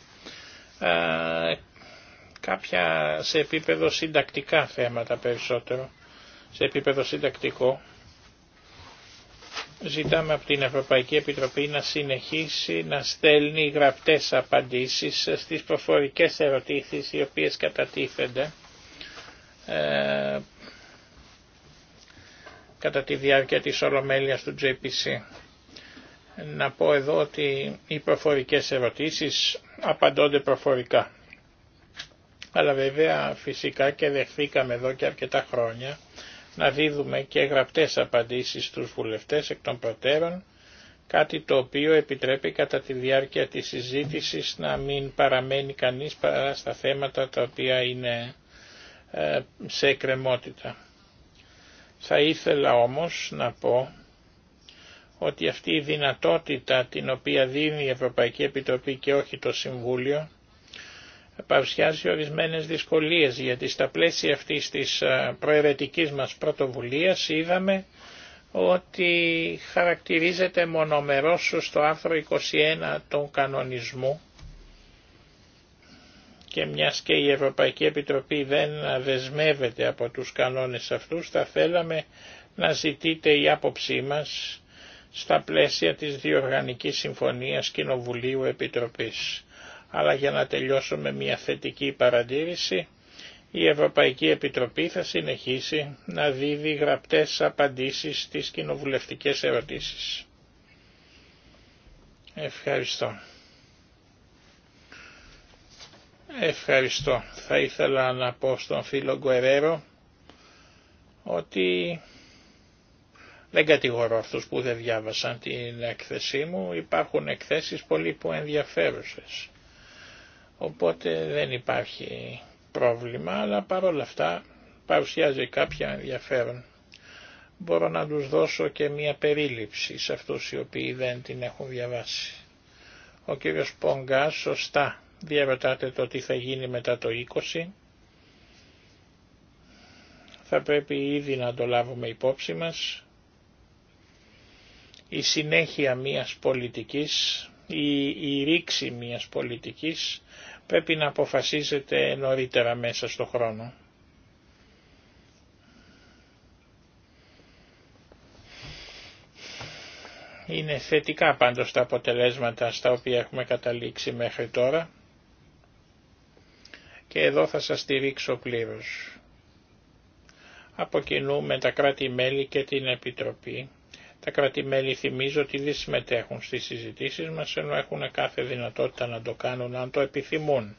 κάποια σε επίπεδο συντακτικά θέματα περισσότερο, σε επίπεδο συντακτικό. Ζητάμε από την Ευρωπαϊκή Επιτροπή να συνεχίσει να στέλνει γραπτές απαντήσεις στις προφορικές ερωτήσεις οι οποίες κατατίθενται ε, κατά τη διάρκεια της ολομέλειας του JPC. Να πω εδώ ότι οι προφορικές ερωτήσεις απαντώνται προφορικά. Αλλά βέβαια φυσικά και δεχθήκαμε εδώ και αρκετά χρόνια να δίδουμε και γραπτές απαντήσεις στους βουλευτές εκ των προτέρων, κάτι το οποίο επιτρέπει κατά τη διάρκεια της συζήτησης να μην παραμένει κανείς παρά στα θέματα τα οποία είναι ε, σε εκκρεμότητα. Θα ήθελα όμως να πω ότι αυτή η δυνατότητα την οποία δίνει η Ευρωπαϊκή Επιτροπή και όχι το Συμβούλιο παρουσιάζει ορισμένες δυσκολίες γιατί στα πλαίσια αυτής της προαιρετικής μας πρωτοβουλίας είδαμε ότι χαρακτηρίζεται μονομερός στο άρθρο 21 των κανονισμού και μιας και η Ευρωπαϊκή Επιτροπή δεν δεσμεύεται από τους κανόνες αυτούς, θα θέλαμε να ζητείτε η άποψή μας στα πλαίσια της Διοργανικής Συμφωνίας Κοινοβουλίου Επιτροπής. Αλλά για να τελειώσω μια θετική παρατήρηση, η Ευρωπαϊκή Επιτροπή θα συνεχίσει να δίδει γραπτές απαντήσεις στις κοινοβουλευτικές ερωτήσεις. Ευχαριστώ. Ευχαριστώ. Θα ήθελα να πω στον φίλο Γκουερέρο ότι δεν κατηγορώ αυτούς που δεν διάβασαν την έκθεσή μου. Υπάρχουν εκθέσεις πολύ που ενδιαφέρουσες. Οπότε δεν υπάρχει πρόβλημα, αλλά παρόλα αυτά παρουσιάζει κάποια ενδιαφέρον. Μπορώ να τους δώσω και μία περίληψη σε αυτούς οι οποίοι δεν την έχουν διαβάσει. Ο κύριος Πόγκας σωστά Διαρωτάτε το τι θα γίνει μετά το 20. Θα πρέπει ήδη να το λάβουμε υπόψη μας. Η συνέχεια μιας πολιτικής, η, η ρήξη μιας πολιτικής πρέπει να αποφασίζεται νωρίτερα μέσα στο χρόνο. Είναι θετικά πάντως τα αποτελέσματα στα οποία έχουμε καταλήξει μέχρι τώρα και εδώ θα σας στηρίξω πλήρως. Από κοινού με τα κράτη-μέλη και την Επιτροπή. Τα κράτη-μέλη θυμίζω ότι δεν συμμετέχουν στις συζητήσεις μας ενώ έχουν κάθε δυνατότητα να το κάνουν αν το επιθυμούν.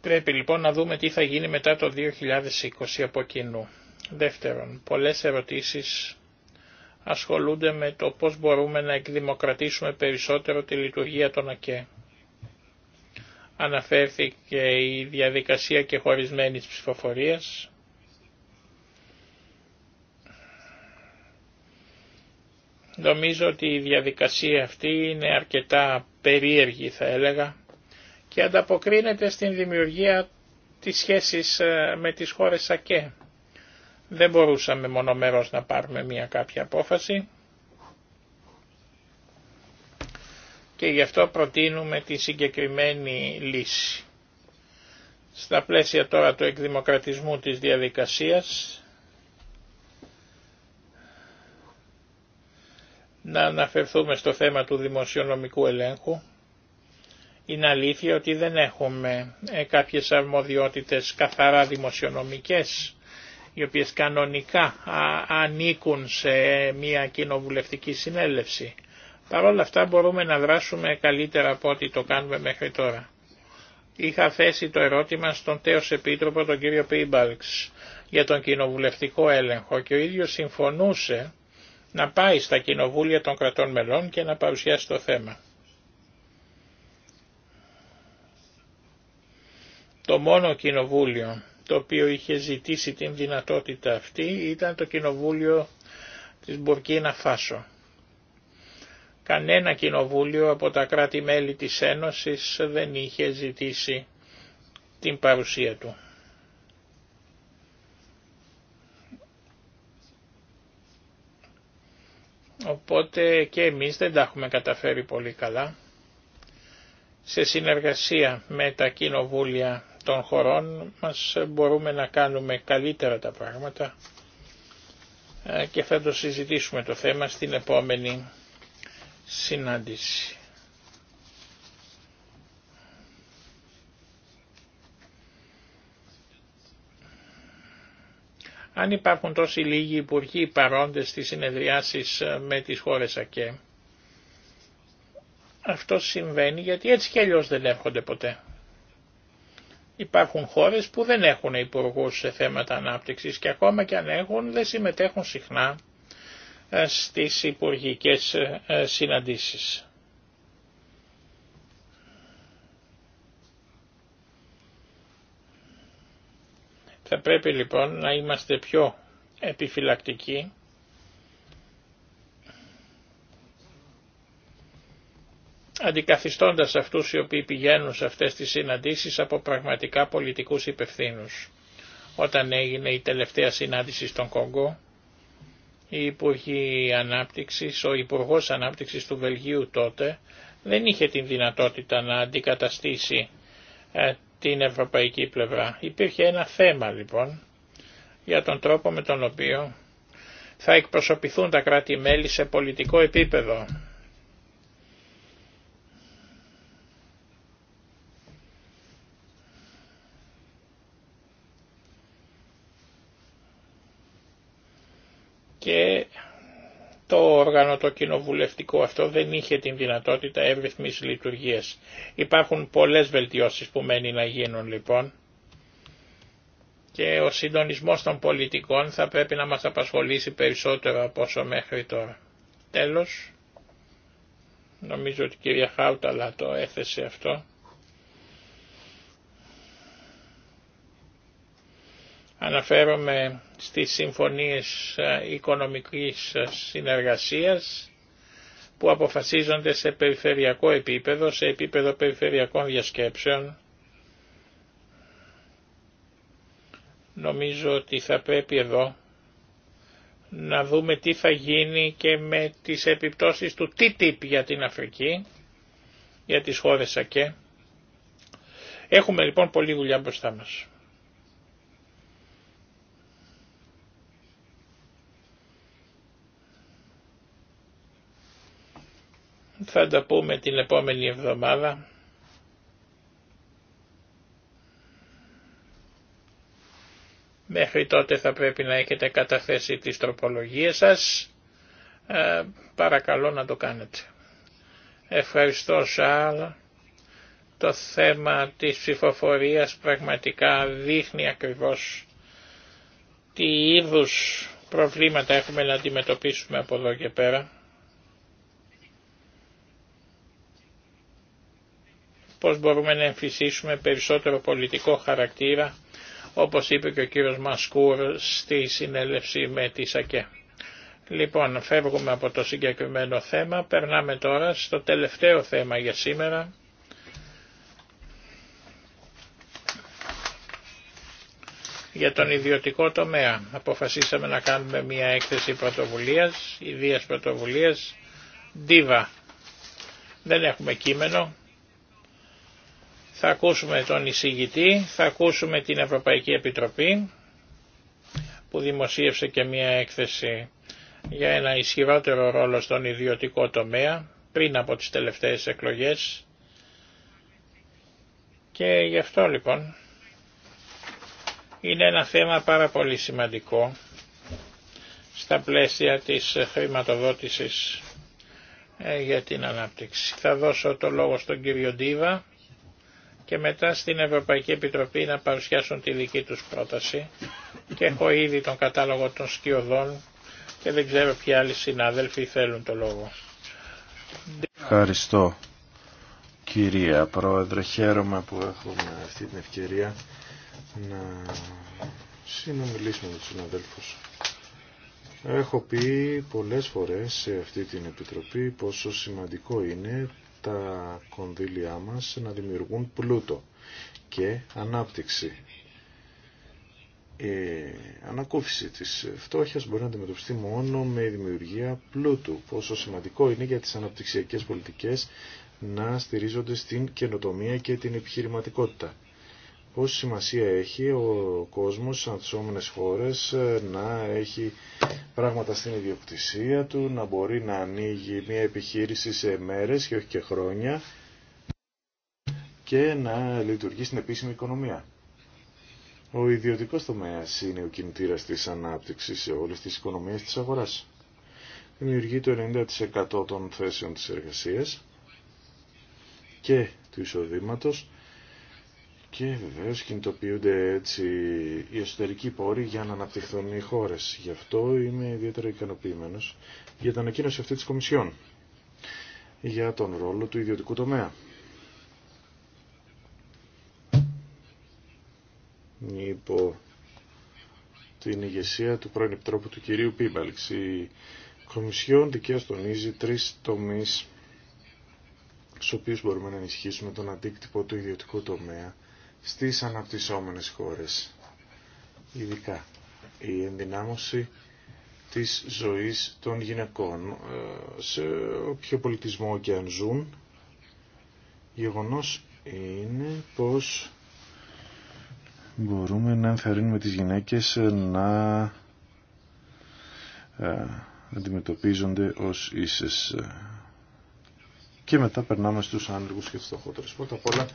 Πρέπει λοιπόν να δούμε τι θα γίνει μετά το 2020 από κοινού. Δεύτερον, πολλές ερωτήσεις ασχολούνται με το πώς μπορούμε να εκδημοκρατήσουμε περισσότερο τη λειτουργία των ΑΚΕ. Αναφέρθηκε η διαδικασία και χωρισμένης ψηφοφορίας. Νομίζω ότι η διαδικασία αυτή είναι αρκετά περίεργη θα έλεγα και ανταποκρίνεται στην δημιουργία της σχέσης ε, με τις χώρες ΑΚΕ. Δεν μπορούσαμε μονομερός να πάρουμε μια κάποια απόφαση και γι' αυτό προτείνουμε τη συγκεκριμένη λύση. Στα πλαίσια τώρα του εκδημοκρατισμού της διαδικασίας να αναφερθούμε στο θέμα του δημοσιονομικού ελέγχου. Είναι αλήθεια ότι δεν έχουμε ε, κάποιες αρμοδιότητες καθαρά δημοσιονομικές οι οποίες κανονικά ανήκουν σε μια κοινοβουλευτική συνέλευση. Παρ' όλα αυτά μπορούμε να δράσουμε καλύτερα από ό,τι το κάνουμε μέχρι τώρα. Είχα θέσει το ερώτημα στον τέος επίτροπο τον κύριο Πίμπαλξ για τον κοινοβουλευτικό έλεγχο και ο ίδιος συμφωνούσε να πάει στα κοινοβούλια των κρατών μελών και να παρουσιάσει το θέμα. Το μόνο κοινοβούλιο το οποίο είχε ζητήσει την δυνατότητα αυτή ήταν το κοινοβούλιο της Μπουρκίνα Φάσο. Κανένα κοινοβούλιο από τα κράτη-μέλη της Ένωσης δεν είχε ζητήσει την παρουσία του. Οπότε και εμείς δεν τα έχουμε καταφέρει πολύ καλά. Σε συνεργασία με τα κοινοβούλια των χωρών μας μπορούμε να κάνουμε καλύτερα τα πράγματα ε, και θα το συζητήσουμε το θέμα στην επόμενη συνάντηση. Αν υπάρχουν τόσοι λίγοι υπουργοί παρόντες στις συνεδριάσεις ε, με τις χώρες ΑΚΕ, αυτό συμβαίνει γιατί έτσι κι αλλιώς δεν έρχονται ποτέ. Υπάρχουν χώρες που δεν έχουν υπουργού σε θέματα ανάπτυξης και ακόμα και αν έχουν δεν συμμετέχουν συχνά ε, στις υπουργικές ε, ε, συναντήσεις. Θα πρέπει λοιπόν να είμαστε πιο επιφυλακτικοί αντικαθιστώντας αυτούς οι οποίοι πηγαίνουν σε αυτές τις συναντήσεις από πραγματικά πολιτικούς υπευθύνους. Όταν έγινε η τελευταία συνάντηση στον Κόγκο, η Υπουργή Ανάπτυξης, ο Υπουργός Ανάπτυξης του Βελγίου τότε δεν είχε την δυνατότητα να αντικαταστήσει ε, την ευρωπαϊκή πλευρά. Υπήρχε ένα θέμα λοιπόν για τον τρόπο με τον οποίο θα εκπροσωπηθούν τα κράτη-μέλη σε πολιτικό επίπεδο το όργανο το κοινοβουλευτικό αυτό δεν είχε την δυνατότητα εύρυθμης λειτουργίας. Υπάρχουν πολλές βελτιώσεις που μένει να γίνουν λοιπόν και ο συντονισμός των πολιτικών θα πρέπει να μας απασχολήσει περισσότερο από όσο μέχρι τώρα. Τέλος, νομίζω ότι η κυρία Χάουταλα το έθεσε αυτό. Αναφέρομαι στις συμφωνίες ε, οικονομικής ε, συνεργασίας που αποφασίζονται σε περιφερειακό επίπεδο, σε επίπεδο περιφερειακών διασκέψεων. Νομίζω ότι θα πρέπει εδώ να δούμε τι θα γίνει και με τις επιπτώσεις του TTIP για την Αφρική, για τις χώρες ΑΚΕ. Έχουμε λοιπόν πολλή δουλειά μπροστά μας. Θα τα πούμε την επόμενη εβδομάδα. Μέχρι τότε θα πρέπει να έχετε καταθέσει τις τροπολογίες σας. Ε, παρακαλώ να το κάνετε. Ευχαριστώ Σαρλ. Το θέμα της ψηφοφορίας πραγματικά δείχνει ακριβώς τι είδους προβλήματα έχουμε να αντιμετωπίσουμε από εδώ και πέρα. πώς μπορούμε να εμφυσίσουμε περισσότερο πολιτικό χαρακτήρα, όπως είπε και ο κύριος Μασκούρ στη συνέλευση με τη ΣΑΚΕ. Λοιπόν, φεύγουμε από το συγκεκριμένο θέμα, περνάμε τώρα στο τελευταίο θέμα για σήμερα. Για τον ιδιωτικό τομέα αποφασίσαμε να κάνουμε μια έκθεση πρωτοβουλίας, ιδίας πρωτοβουλίας, DIVA. Δεν έχουμε κείμενο. Θα ακούσουμε τον εισηγητή, θα ακούσουμε την Ευρωπαϊκή Επιτροπή που δημοσίευσε και μία έκθεση για ένα ισχυρότερο ρόλο στον ιδιωτικό τομέα πριν από τις τελευταίες εκλογές και γι' αυτό λοιπόν είναι ένα θέμα πάρα πολύ σημαντικό στα πλαίσια της χρηματοδότησης ε, για την ανάπτυξη. Θα δώσω το λόγο στον κύριο Ντίβα και μετά στην Ευρωπαϊκή Επιτροπή να παρουσιάσουν τη δική τους πρόταση και έχω ήδη τον κατάλογο των σκιωδών και δεν ξέρω ποιοι άλλοι συνάδελφοι θέλουν το λόγο. Ευχαριστώ κυρία Πρόεδρε, χαίρομαι που έχουμε αυτή την ευκαιρία να συνομιλήσουμε με τους συναδέλφους. Έχω πει πολλές φορές σε αυτή την Επιτροπή πόσο σημαντικό είναι τα κονδύλια μας να δημιουργούν πλούτο και ανάπτυξη. Η ε, ανακούφιση της φτώχειας μπορεί να αντιμετωπιστεί μόνο με δημιουργία πλούτου. Πόσο σημαντικό είναι για τις αναπτυξιακές πολιτικές να στηρίζονται στην καινοτομία και την επιχειρηματικότητα πόση σημασία έχει ο κόσμος στις ομένες χώρες ε, να έχει πράγματα στην ιδιοκτησία του, να μπορεί να ανοίγει μια επιχείρηση σε μέρες και όχι και χρόνια και να λειτουργεί στην επίσημη οικονομία. Ο ιδιωτικός τομέας είναι ο κινητήρας της ανάπτυξης σε όλες τις οικονομίες της αγοράς. Δημιουργεί το 90% των θέσεων της εργασίας και του εισοδήματος και βεβαίω κινητοποιούνται έτσι οι εσωτερικοί πόροι για να αναπτυχθούν οι χώρε. Γι' αυτό είμαι ιδιαίτερα ικανοποιημένο για την ανακοίνωση αυτή τη Κομισιόν για τον ρόλο του ιδιωτικού τομέα. Υπό την ηγεσία του πρώην επιτρόπου του κυρίου Πίμπαλξ, η Κομισιόν δικαίω τονίζει τρεις τομείς στου οποίου μπορούμε να ενισχύσουμε τον αντίκτυπο του ιδιωτικού τομέα στις αναπτυσσόμενες χώρες. Ειδικά η ενδυνάμωση της ζωής των γυναικών ε, σε όποιο πολιτισμό και αν ζουν. Γεγονός είναι πως μπορούμε να ενθαρρύνουμε τις γυναίκες να ε, αντιμετωπίζονται ως ίσες. Και μετά περνάμε στους άνεργους και στους φτωχότερους. Πρώτα απ' όλα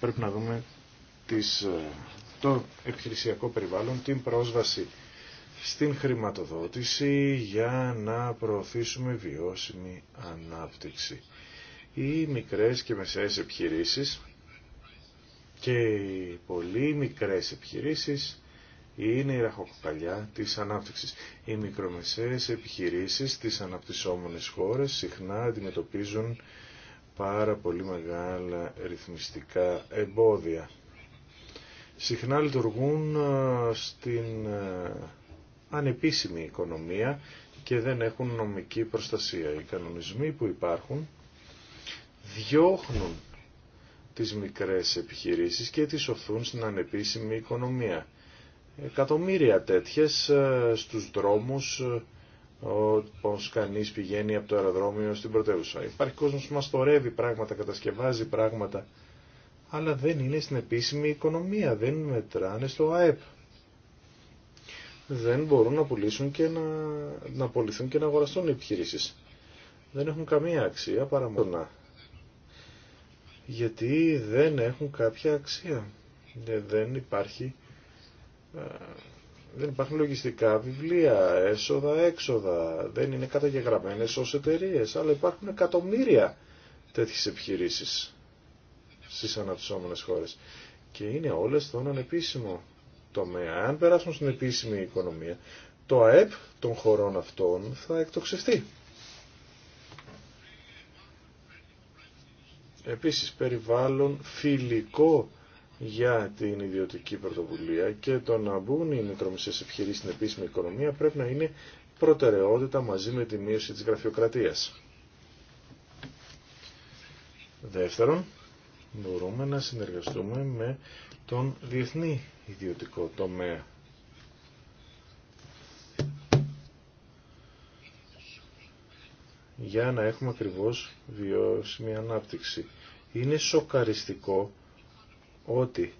πρέπει να δούμε της, ε, το επιχειρησιακό περιβάλλον, την πρόσβαση στην χρηματοδότηση για να προωθήσουμε βιώσιμη ανάπτυξη. Οι μικρές και μεσαίες επιχειρήσεις και οι πολύ μικρές επιχειρήσεις είναι η ραχοκοκαλιά της ανάπτυξης. Οι μικρομεσαίες επιχειρήσεις στις αναπτυσσόμενες χώρες συχνά αντιμετωπίζουν πάρα πολύ μεγάλα ρυθμιστικά εμπόδια συχνά λειτουργούν ε, στην ε, ανεπίσημη οικονομία και δεν έχουν νομική προστασία. Οι κανονισμοί που υπάρχουν διώχνουν τις μικρές επιχειρήσεις και τις οθούν στην ανεπίσημη οικονομία. Εκατομμύρια τέτοιες ε, στους δρόμους όπως κανείς πηγαίνει από το αεροδρόμιο στην πρωτεύουσα. Υπάρχει κόσμος που μαστορεύει πράγματα, κατασκευάζει πράγματα αλλά δεν είναι στην επίσημη οικονομία, δεν μετράνε στο ΑΕΠ. Δεν μπορούν να πουλήσουν και να, να και να αγοραστούν οι επιχειρήσει. Δεν έχουν καμία αξία παρά μόνο γιατί δεν έχουν κάποια αξία. Ε, δεν υπάρχει ε, δεν υπάρχουν λογιστικά βιβλία, έσοδα, έξοδα, δεν είναι καταγεγραμμένες ως εταιρείε, αλλά υπάρχουν εκατομμύρια τέτοιες επιχειρήσεις. Στι αναπτυσσόμενες χώρε. Και είναι όλες στον ανεπίσημο τομέα. Αν περάσουν στην επίσημη οικονομία, το ΑΕΠ των χωρών αυτών θα εκτοξευτεί. Επίσης, περιβάλλον φιλικό για την ιδιωτική πρωτοβουλία και το να μπουν οι μικρομεσαίες επιχειρήσεις στην επίσημη οικονομία πρέπει να είναι προτεραιότητα μαζί με τη μείωση της γραφειοκρατίας. Δεύτερον, μπορούμε να συνεργαστούμε με τον διεθνή ιδιωτικό τομέα. για να έχουμε ακριβώς βιώσιμη ανάπτυξη. Είναι σοκαριστικό ότι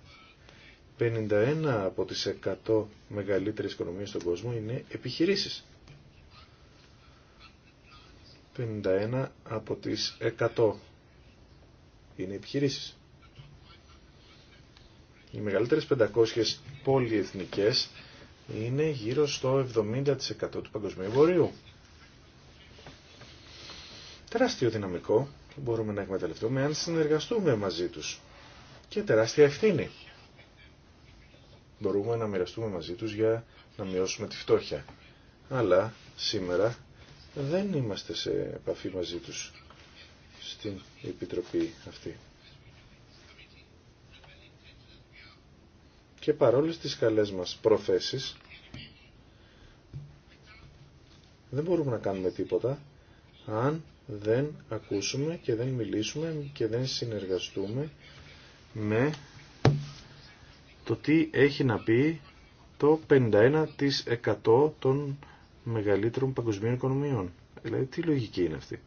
51 από τις 100 μεγαλύτερες οικονομίες στον κόσμο είναι επιχειρήσεις. 51 από τις 100 είναι επιχειρήσεις. Οι μεγαλύτερες 500 πολυεθνικές είναι γύρω στο 70% του παγκοσμίου εμπορίου. Τεράστιο δυναμικό μπορούμε να εκμεταλλευτούμε αν συνεργαστούμε μαζί τους. Και τεράστια ευθύνη. Μπορούμε να μοιραστούμε μαζί τους για να μειώσουμε τη φτώχεια. Αλλά σήμερα δεν είμαστε σε επαφή μαζί τους στην Επιτροπή αυτή. Και παρόλες τις καλές μας προθέσει δεν μπορούμε να κάνουμε τίποτα αν δεν ακούσουμε και δεν μιλήσουμε και δεν συνεργαστούμε με το τι έχει να πει το 51% των μεγαλύτερων παγκοσμίων οικονομιών. Ε, δηλαδή τι λογική είναι αυτή.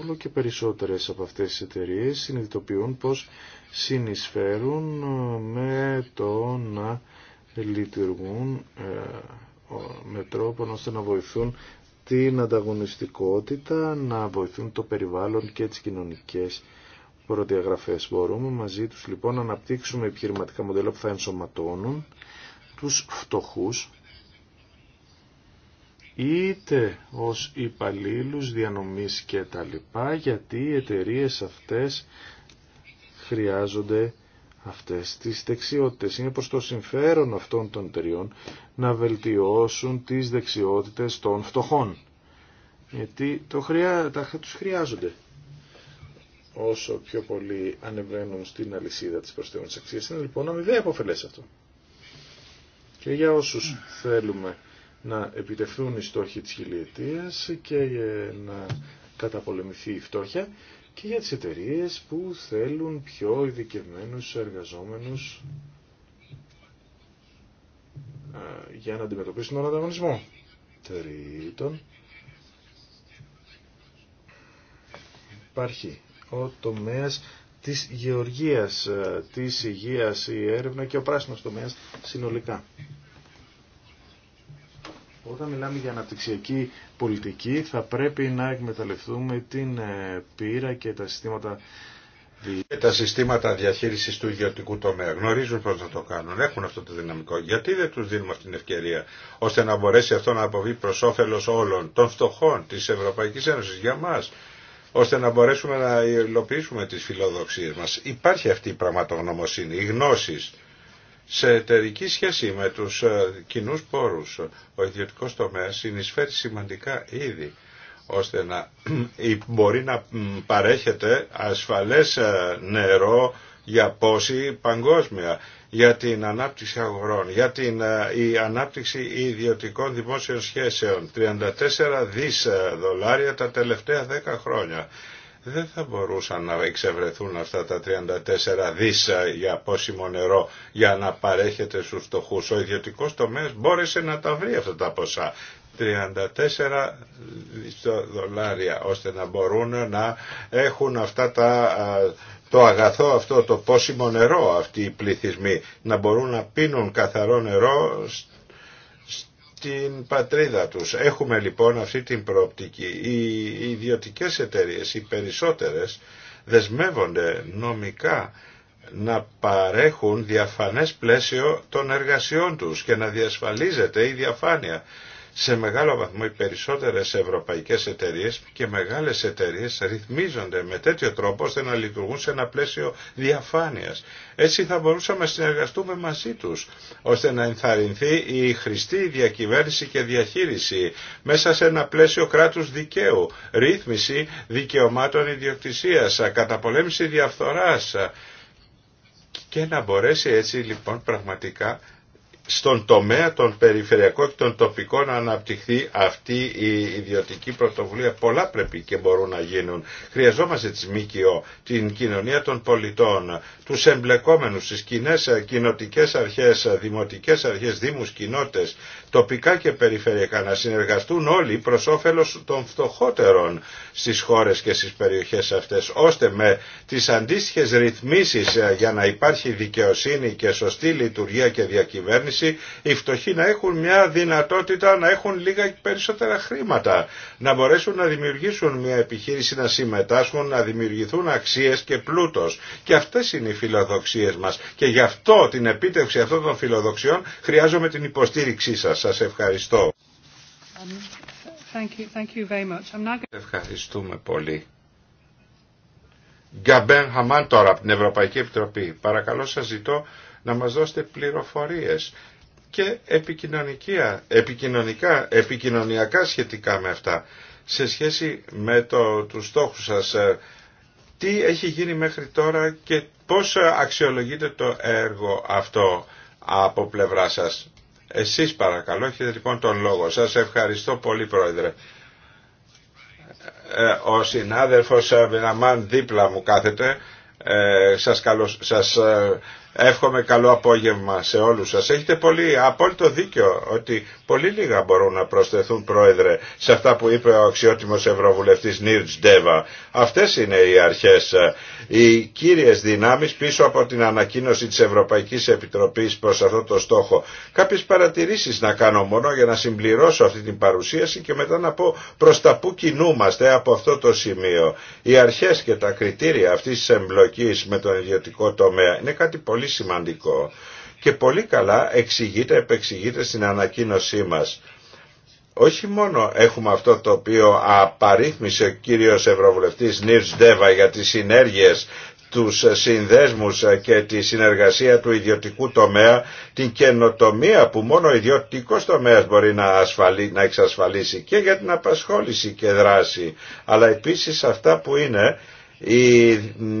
Όλο και περισσότερες από αυτές τις εταιρείες συνειδητοποιούν πως συνεισφέρουν ε, με το να λειτουργούν ε, με τρόπο ώστε να βοηθούν την ανταγωνιστικότητα, να βοηθούν το περιβάλλον και τις κοινωνικές προδιαγραφές. Μπορούμε μαζί τους λοιπόν να αναπτύξουμε επιχειρηματικά μοντέλα που θα ενσωματώνουν τους φτωχούς είτε ως υπαλλήλους διανομής και τα λοιπά, γιατί οι εταιρείε αυτές χρειάζονται αυτές τις δεξιότητες. Είναι προς το συμφέρον αυτών των εταιριών να βελτιώσουν τις δεξιότητες των φτωχών. Γιατί το τα, τους χρειάζονται. Όσο πιο πολύ ανεβαίνουν στην αλυσίδα της προσθέμενης αξίας, είναι λοιπόν αμοιβαία αποφελές αυτό. Και για όσους θέλουμε να επιτευθούν οι στόχοι της χιλιετίας και να καταπολεμηθεί η φτώχεια και για τις εταιρείε που θέλουν πιο ειδικευμένους εργαζόμενους ε, για να αντιμετωπίσουν τον ανταγωνισμό. Τρίτον, υπάρχει ο τομέας της γεωργίας, ε, της υγείας, η έρευνα και ο πράσινος τομέας συνολικά. Όταν μιλάμε για αναπτυξιακή πολιτική θα πρέπει να εκμεταλλευτούμε την ε, πείρα και τα συστήματα και τα συστήματα διαχείρισης του ιδιωτικού τομέα γνωρίζουν πώς να το κάνουν, έχουν αυτό το δυναμικό. Γιατί δεν τους δίνουμε αυτή την ευκαιρία, ώστε να μπορέσει αυτό να αποβεί προς όφελος όλων των φτωχών της Ευρωπαϊκής Ένωσης για μας, ώστε να μπορέσουμε να υλοποιήσουμε τις φιλοδοξίες μας. Υπάρχει αυτή η πραγματογνωμοσύνη, οι γνώσεις σε εταιρική σχέση με τους ε, κοινούς πόρους. Ο ιδιωτικός τομέας συνεισφέρει σημαντικά ήδη ώστε να μπορεί να παρέχεται ασφαλές ε, νερό για πόση παγκόσμια, για την ανάπτυξη αγορών, για την ε, η ανάπτυξη ιδιωτικών δημόσιων σχέσεων. 34 δις δολάρια τα τελευταία 10 χρόνια δεν θα μπορούσαν να εξευρεθούν αυτά τα 34 δις ε, για πόσιμο νερό για να παρέχεται στους φτωχούς. Ο ιδιωτικός τομέας μπόρεσε να τα βρει αυτά τα ποσά. 34 δολάρια ώστε να μπορούν να έχουν αυτά τα ε, το αγαθό αυτό, το πόσιμο νερό αυτοί οι πληθυσμοί, να μπορούν να πίνουν καθαρό νερό την πατρίδα τους. Έχουμε λοιπόν αυτή την προοπτική. Οι ιδιωτικές εταιρείες, οι περισσότερες, δεσμεύονται νομικά να παρέχουν διαφανές πλαίσιο των εργασιών τους και να διασφαλίζεται η διαφάνεια σε μεγάλο βαθμό οι περισσότερες ευρωπαϊκές εταιρείες και μεγάλες εταιρείες ρυθμίζονται με τέτοιο τρόπο ώστε να λειτουργούν σε ένα πλαίσιο διαφάνειας. Έτσι θα μπορούσαμε να συνεργαστούμε μαζί τους ώστε να ενθαρρυνθεί η χρηστή διακυβέρνηση και διαχείριση μέσα σε ένα πλαίσιο κράτους δικαίου, ρύθμιση δικαιωμάτων ιδιοκτησίας, καταπολέμηση διαφθοράς και να μπορέσει έτσι λοιπόν πραγματικά στον τομέα των περιφερειακών και των τοπικών να αναπτυχθεί αυτή η ιδιωτική πρωτοβουλία. Πολλά πρέπει και μπορούν να γίνουν. Χρειαζόμαστε τις ΜΚΟ, την κοινωνία των πολιτών, τους εμπλεκόμενους, τις κοινέ ε, κοινοτικές αρχές, ε, δημοτικές αρχές, δήμους, κοινότητες, τοπικά και περιφερειακά να συνεργαστούν όλοι προς όφελος των φτωχότερων στις χώρες και στις περιοχές αυτές, ώστε με τις αντίστοιχες ρυθμίσεις ε, για να υπάρχει δικαιοσύνη και σωστή λειτουργία και διακυβέρνηση οι φτωχοί να έχουν μια δυνατότητα να έχουν λίγα περισσότερα χρήματα, να μπορέσουν να δημιουργήσουν μια επιχείρηση, να συμμετάσχουν, να δημιουργηθούν αξίες και πλούτος. Και αυτές είναι οι φιλοδοξίες μας και γι' αυτό την επίτευξη αυτών των φιλοδοξιών χρειάζομαι την υποστήριξή σας. Σας ευχαριστώ. Ευχαριστούμε πολύ. Γκαμπέν Χαμάν τώρα από την Ευρωπαϊκή Επιτροπή. Παρακαλώ σας ζητώ να μας δώσετε πληροφορίες και επικοινωνικά, επικοινωνιακά σχετικά με αυτά. Σε σχέση με το, τους στόχους σας, ε, τι έχει γίνει μέχρι τώρα και πώς αξιολογείτε το έργο αυτό από πλευρά σας. Εσείς παρακαλώ, έχετε λοιπόν τον λόγο. Σας ευχαριστώ πολύ πρόεδρε. Ε, ο συνάδελφος Βιναμάν δίπλα μου κάθεται. Ε, σας, καλώς, σας Εύχομαι καλό απόγευμα σε όλους σας. Έχετε πολύ απόλυτο δίκιο ότι πολύ λίγα μπορούν να προσθεθούν πρόεδρε σε αυτά που είπε ο αξιότιμος Ευρωβουλευτής Νίρτς Ντέβα. Αυτές είναι οι αρχές, οι κύριες δυνάμεις πίσω από την ανακοίνωση της Ευρωπαϊκής Επιτροπής προς αυτό το στόχο. Κάποιες παρατηρήσεις να κάνω μόνο για να συμπληρώσω αυτή την παρουσίαση και μετά να πω προς τα που κινούμαστε από αυτό το σημείο. Οι αρχές και τα κριτήρια αυτής της εμπλοκής με τον ιδιωτικό τομέα είναι κάτι πολύ πολύ σημαντικό και πολύ καλά εξηγείται, επεξηγείται στην ανακοίνωσή μας. Όχι μόνο έχουμε αυτό το οποίο απαρίθμησε ο κύριος Ευρωβουλευτής Νίρς Ντέβα για τις συνέργειες τους συνδέσμους και τη συνεργασία του ιδιωτικού τομέα, την καινοτομία που μόνο ο ιδιωτικός τομέας μπορεί να, ασφαλί, να εξασφαλίσει και για την απασχόληση και δράση, αλλά επίσης αυτά που είναι η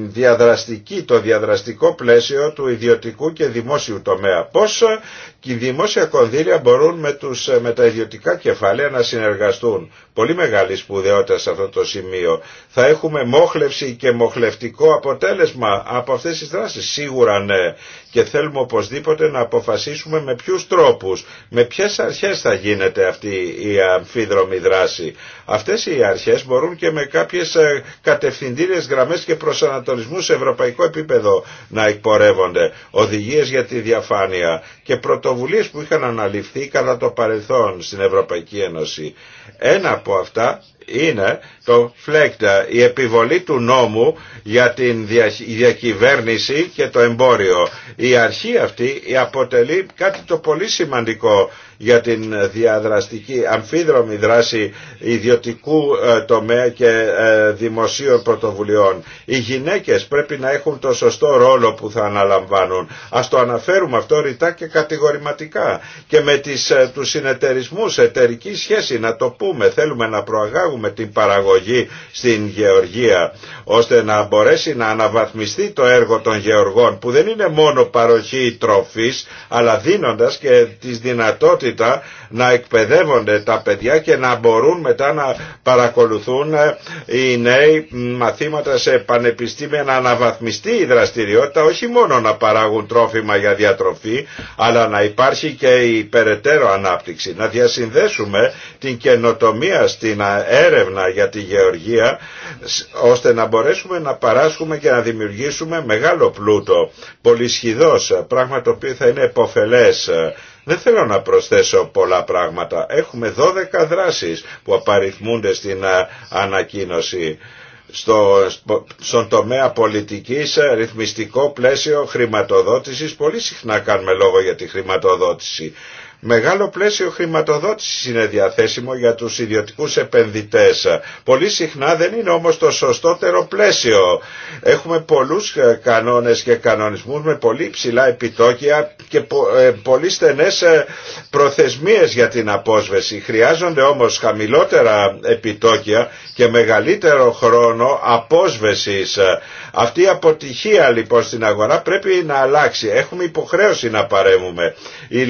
διαδραστική, το διαδραστικό πλαίσιο του ιδιωτικού και δημόσιου τομέα. Πώς και οι δημόσια κονδύλια μπορούν με, τους, ε, τα ιδιωτικά κεφάλαια να συνεργαστούν. Πολύ μεγάλη σπουδαιότητα σε αυτό το σημείο. Θα έχουμε μόχλευση και μοχλευτικό αποτέλεσμα από αυτές τις δράσεις. Σίγουρα ναι. Και θέλουμε οπωσδήποτε να αποφασίσουμε με ποιους τρόπους, με ποιες αρχές θα γίνεται αυτή η αμφίδρομη δράση. Αυτές οι αρχές μπορούν και με κάποιες ε, κατευθυντήριες γραμμές και προσανατολισμούς σε ευρωπαϊκό επίπεδο να εκπορεύονται. Οδηγίες για τη διαφάνεια και πρωτοβουλίες που είχαν αναλυφθεί κατά το παρελθόν στην Ευρωπαϊκή Ένωση. Ένα από αυτά είναι το φλέκτα, η επιβολή του νόμου για την διακυβέρνηση και το εμπόριο. Η αρχή αυτή αποτελεί κάτι το πολύ σημαντικό για την διαδραστική αμφίδρομη δράση ιδιωτικού ε, τομέα και ε, δημοσίων πρωτοβουλειών. Οι γυναίκες πρέπει να έχουν το σωστό ρόλο που θα αναλαμβάνουν. Ας το αναφέρουμε αυτό ρητά και κατηγορηματικά και με τις, ε, τους συνεταιρισμούς εταιρική σχέση να το πούμε θέλουμε να προαγάγουμε με την παραγωγή στην γεωργία ώστε να μπορέσει να αναβαθμιστεί το έργο των γεωργών που δεν είναι μόνο παροχή τροφής αλλά δίνοντας και τη δυνατότητα να εκπαιδεύονται τα παιδιά και να μπορούν μετά να παρακολουθούν ε, οι νέοι μαθήματα σε πανεπιστήμια να αναβαθμιστεί η δραστηριότητα όχι μόνο να παράγουν τρόφιμα για διατροφή αλλά να υπάρχει και η περαιτέρω ανάπτυξη να διασυνδέσουμε την καινοτομία στην έρευνα για τη γεωργία ώστε να μπορέσουμε να παράσχουμε και να δημιουργήσουμε μεγάλο πλούτο, πολυσχηδός, πράγμα το οποίο θα είναι εποφελές. Δεν θέλω να προσθέσω πολλά πράγματα. Έχουμε 12 δράσεις που απαριθμούνται στην ανακοίνωση στο, στον τομέα πολιτικής ρυθμιστικό πλαίσιο χρηματοδότησης πολύ συχνά κάνουμε λόγο για τη χρηματοδότηση Μεγάλο πλαίσιο χρηματοδότησης είναι διαθέσιμο για τους ιδιωτικούς επενδυτές. Πολύ συχνά δεν είναι όμως το σωστότερο πλαίσιο. Έχουμε πολλούς ε, κανόνες και κανονισμούς με πολύ ψηλά επιτόκια και ε, πολύ στενές ε, προθεσμίες για την απόσβεση. Χρειάζονται όμως χαμηλότερα επιτόκια και μεγαλύτερο χρόνο απόσβεσης. Αυτή η αποτυχία λοιπόν στην αγορά πρέπει να αλλάξει. Έχουμε υποχρέωση να παρέμβουμε. Η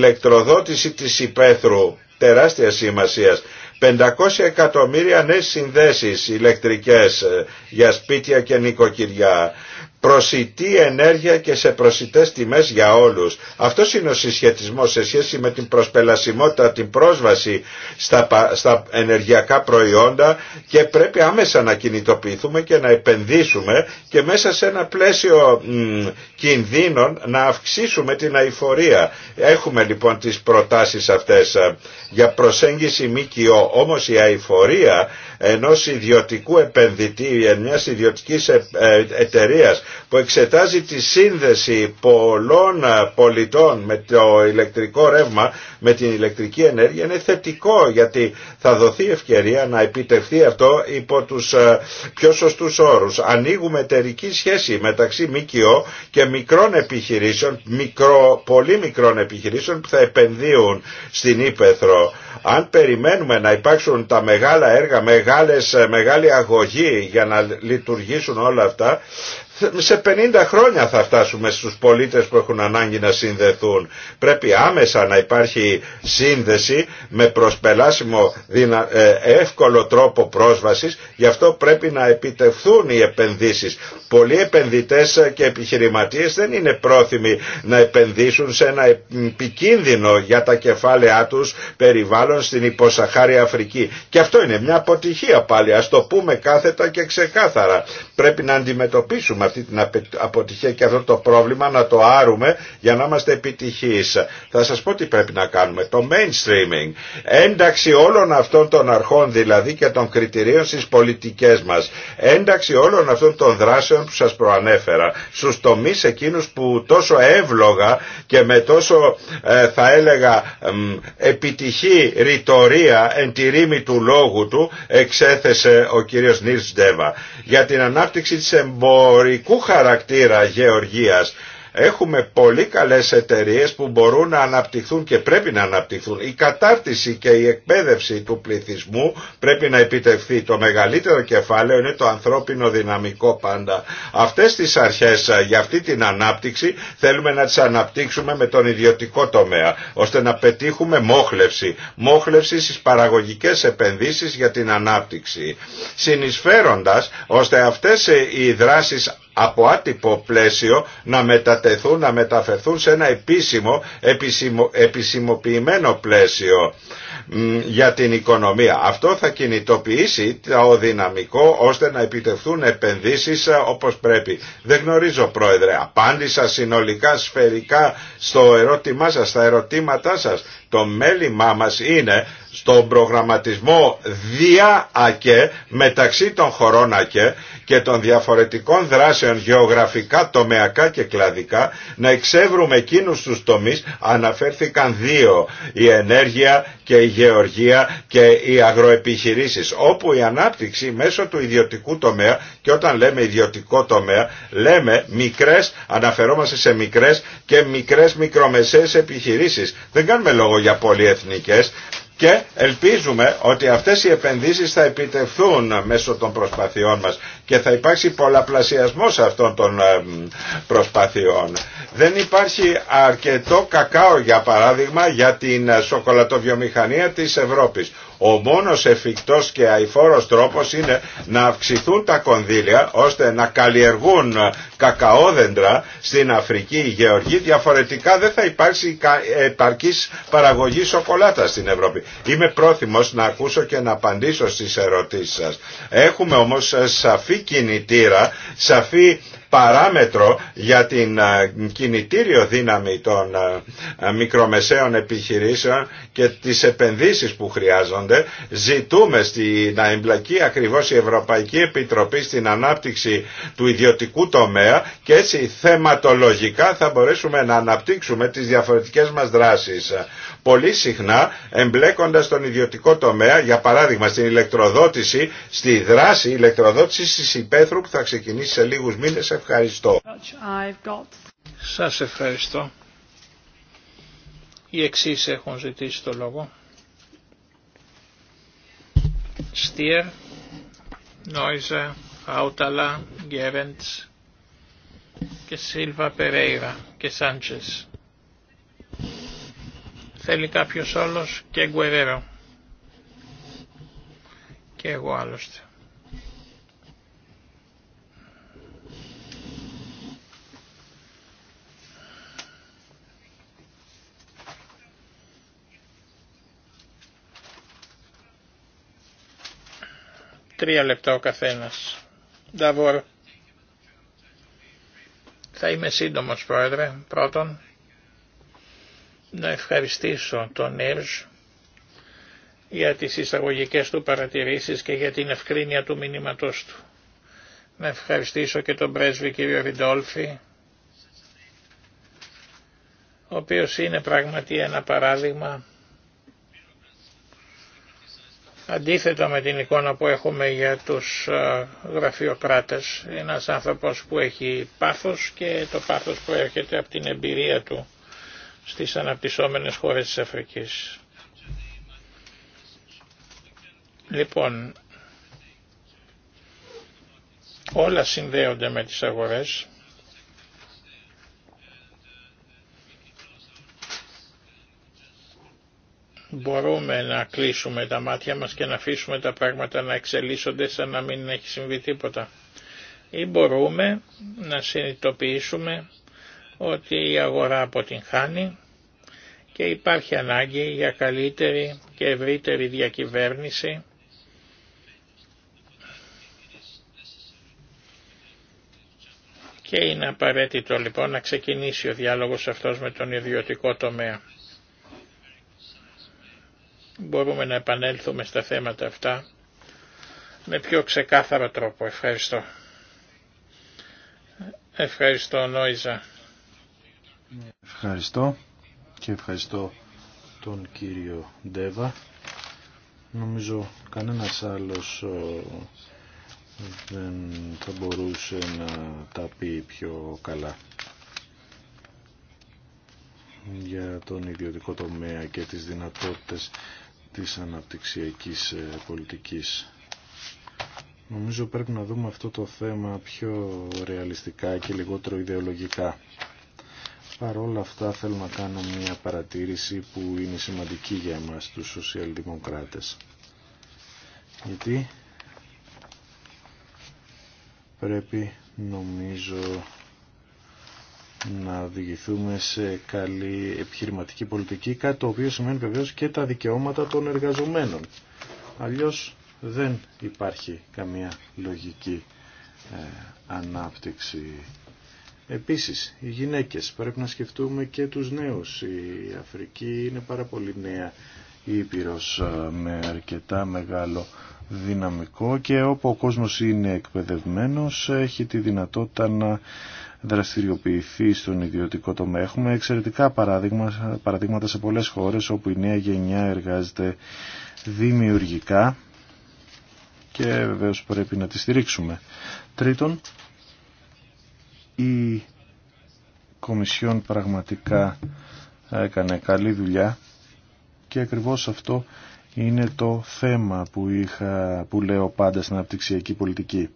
Τη της υπαίθρου τεράστια σημασίας. 500 εκατομμύρια νέες συνδέσεις ηλεκτρικές ε, για σπίτια και νοικοκυριά προσιτή ενέργεια και σε προσιτές τιμές για όλους. Αυτό είναι ο συσχετισμός σε σχέση με την προσπελασιμότητα, την πρόσβαση στα, ενεργειακά προϊόντα και πρέπει άμεσα να κινητοποιηθούμε και να επενδύσουμε και μέσα σε ένα πλαίσιο μ, κινδύνων να αυξήσουμε την αηφορία. Έχουμε λοιπόν τις προτάσεις αυτές ε, για προσέγγιση ΜΚΟ, όμως η αηφορία ενός ιδιωτικού επενδυτή, μιας ιδιωτικής ε, ε, εταιρείας που εξετάζει τη σύνδεση πολλών ε, πολιτών με το ηλεκτρικό ρεύμα με την ηλεκτρική ενέργεια είναι θετικό γιατί θα δοθεί ευκαιρία να επιτευχθεί αυτό υπό τους ε, πιο σωστούς όρους. Ανοίγουμε εταιρική σχέση μεταξύ ΜΚΟ και μικρών επιχειρήσεων, πολύ μικρών επιχειρήσεων που θα επενδύουν στην Ήπεθρο. Αν περιμένουμε να υπάρξουν τα μεγάλα έργα, μεγάλες, ε, μεγάλη αγωγή για να λειτουργήσουν όλα αυτά, σε 50 χρόνια θα φτάσουμε στους πολίτες που έχουν ανάγκη να συνδεθούν. Πρέπει άμεσα να υπάρχει σύνδεση με προσπελάσιμο ε, εύκολο τρόπο πρόσβασης. Γι' αυτό πρέπει να επιτευχθούν οι επενδύσεις. Πολλοί επενδυτές και επιχειρηματίες δεν είναι πρόθυμοι να επενδύσουν σε ένα επικίνδυνο για τα κεφάλαιά τους περιβάλλον στην υποσαχάρη Αφρική. Και αυτό είναι μια αποτυχία πάλι. Ας το πούμε κάθετα και ξεκάθαρα. Πρέπει να αντιμετωπίσουμε αυτή την αποτυχία και αυτό το πρόβλημα να το άρουμε για να είμαστε επιτυχείς. Θα σας πω τι πρέπει να κάνουμε. Το mainstreaming, ένταξη όλων αυτών των αρχών δηλαδή και των κριτηρίων στις πολιτικές μας. Ένταξη όλων αυτών των δράσεων που σας προανέφερα στους τομείς εκείνους που τόσο εύλογα και με τόσο ε, θα έλεγα επιτυχή ρητορία εν τη ρήμη του λόγου του εξέθεσε ο κύριος Νίλς Ντέβα για την ανάπτυξη της εμπορικής ειδικού χαρακτήρα γεωργίας έχουμε πολύ καλές εταιρείες που μπορούν να αναπτυχθούν και πρέπει να αναπτυχθούν. Η κατάρτιση και η εκπαίδευση του πληθυσμού πρέπει να επιτευχθεί. Το μεγαλύτερο κεφάλαιο είναι το ανθρώπινο δυναμικό πάντα. Αυτές τις αρχές ε, για αυτή την ανάπτυξη θέλουμε να τις αναπτύξουμε με τον ιδιωτικό τομέα, ώστε να πετύχουμε μόχλευση. Μόχλευση στις παραγωγικές επενδύσεις για την ανάπτυξη. Συνεισφέροντας ώστε αυτές ε, οι δράσεις από άτυπο πλαίσιο να μετατεθούν, να μεταφερθούν σε ένα επίσημο, επισημο, επισημοποιημένο πλαίσιο για την οικονομία. Αυτό θα κινητοποιήσει το δυναμικό ώστε να επιτευχθούν επενδύσεις ε, όπως πρέπει. Δεν γνωρίζω πρόεδρε, απάντησα συνολικά σφαιρικά στο ερώτημά σας, στα ερωτήματά σας. Το μέλημά μας είναι στον προγραμματισμό δια ΑΚΕ μεταξύ των χωρών ΑΚΕ και των διαφορετικών δράσεων γεωγραφικά, τομεακά και κλαδικά να εξεύρουμε εκείνου τους τομεί αναφέρθηκαν δύο η ενέργεια και η γεωργία και οι αγροεπιχειρήσεις όπου η ανάπτυξη μέσω του ιδιωτικού τομέα και όταν λέμε ιδιωτικό τομέα λέμε μικρές, αναφερόμαστε σε μικρές και μικρές μικρομεσαίες επιχειρήσεις. Δεν κάνουμε λόγο για πολυεθνικές και ελπίζουμε ότι αυτές οι επενδύσεις θα επιτευχθούν μέσω των προσπαθειών μας και θα υπάρξει πολλαπλασιασμός αυτών των ε, προσπαθειών. Δεν υπάρχει αρκετό κακάο για παράδειγμα για την σοκολατοβιομηχανία της Ευρώπης. Ο μόνος εφικτός και αηφόρος τρόπος είναι να αυξηθούν τα κονδύλια ώστε να καλλιεργούν κακαόδεντρα στην Αφρική η Διαφορετικά δεν θα υπάρξει επαρκής παραγωγή σοκολάτα στην Ευρώπη. Είμαι πρόθυμος να ακούσω και να απαντήσω στις ερωτήσεις σας. Έχουμε όμως σαφή κινητήρα, σαφή παράμετρο για την κινητήριο δύναμη των μικρομεσαίων επιχειρήσεων και τις επενδύσεις που χρειάζονται. Ζητούμε στη, να εμπλακεί ακριβώς η Ευρωπαϊκή Επιτροπή στην ανάπτυξη του ιδιωτικού τομέα και έτσι θεματολογικά θα μπορέσουμε να αναπτύξουμε τις διαφορετικές μας δράσεις πολύ συχνά εμπλέκοντας τον ιδιωτικό τομέα, για παράδειγμα στην ηλεκτροδότηση, στη δράση ηλεκτροδότησης της υπαίθρου που θα ξεκινήσει σε λίγους μήνες. Ευχαριστώ. Σας ευχαριστώ. Οι εξή έχουν ζητήσει το λόγο. Στιερ, Νόιζα, Άουταλα, Γκέρεντς και Σίλβα Περέιρα και Σάντσες. Θέλει κάποιος άλλος και Γκουερέρο. Και εγώ άλλωστε. Τρία λεπτά ο καθένας. Νταβόρ. Θα είμαι σύντομος πρόεδρε. Πρώτον, να ευχαριστήσω τον ΕΡΖ για τις εισαγωγικές του παρατηρήσεις και για την ευκρίνεια του μηνύματός του. Να ευχαριστήσω και τον πρέσβη κύριο Ριντόλφη, ο οποίος είναι πράγματι ένα παράδειγμα αντίθετο με την εικόνα που έχουμε για τους ε, γραφειοκράτες, ένας άνθρωπος που έχει πάθος και το πάθος έρχεται από την εμπειρία του στις αναπτυσσόμενες χώρες της Αφρικής. Λοιπόν, όλα συνδέονται με τις αγορές. Μπορούμε να κλείσουμε τα μάτια μας και να αφήσουμε τα πράγματα να εξελίσσονται σαν να μην έχει συμβεί τίποτα. Ή μπορούμε να συνειδητοποιήσουμε ότι η αγορά αποτυγχάνει και υπάρχει ανάγκη για καλύτερη και ευρύτερη διακυβέρνηση και είναι απαραίτητο λοιπόν να ξεκινήσει ο διάλογος αυτός με τον ιδιωτικό τομέα. Μπορούμε να επανέλθουμε στα θέματα αυτά με πιο ξεκάθαρο τρόπο. Ευχαριστώ. Ευχαριστώ Νόιζα. Ευχαριστώ και ευχαριστώ τον κύριο Ντέβα. Νομίζω κανένας άλλος δεν θα μπορούσε να τα πει πιο καλά για τον ιδιωτικό τομέα και τις δυνατότητες της αναπτυξιακής ε, πολιτικής. Νομίζω πρέπει να δούμε αυτό το θέμα πιο ρεαλιστικά και λιγότερο ιδεολογικά. Παρόλα αυτά θέλω να κάνω μια παρατήρηση που είναι σημαντική για εμάς τους σοσιαλδημοκράτες. Γιατί πρέπει νομίζω να οδηγηθούμε σε καλή επιχειρηματική πολιτική, κάτι το οποίο σημαίνει βεβαίω και τα δικαιώματα των εργαζομένων. Αλλιώς δεν υπάρχει καμία λογική ε, ανάπτυξη Επίσης, οι γυναίκες. Πρέπει να σκεφτούμε και τους νέους. Η Αφρική είναι πάρα πολύ νέα ήπειρος με αρκετά μεγάλο δυναμικό και όπου ο κόσμος είναι εκπαιδευμένος έχει τη δυνατότητα να δραστηριοποιηθεί στον ιδιωτικό τομέα. Έχουμε εξαιρετικά παραδείγματα σε πολλές χώρες όπου η νέα γενιά εργάζεται δημιουργικά και βεβαίως πρέπει να τη στηρίξουμε. Τρίτον, η Κομισιόν πραγματικά έκανε καλή δουλειά και ακριβώς αυτό είναι το θέμα που, είχα, που λέω πάντα στην αναπτυξιακή πολιτική.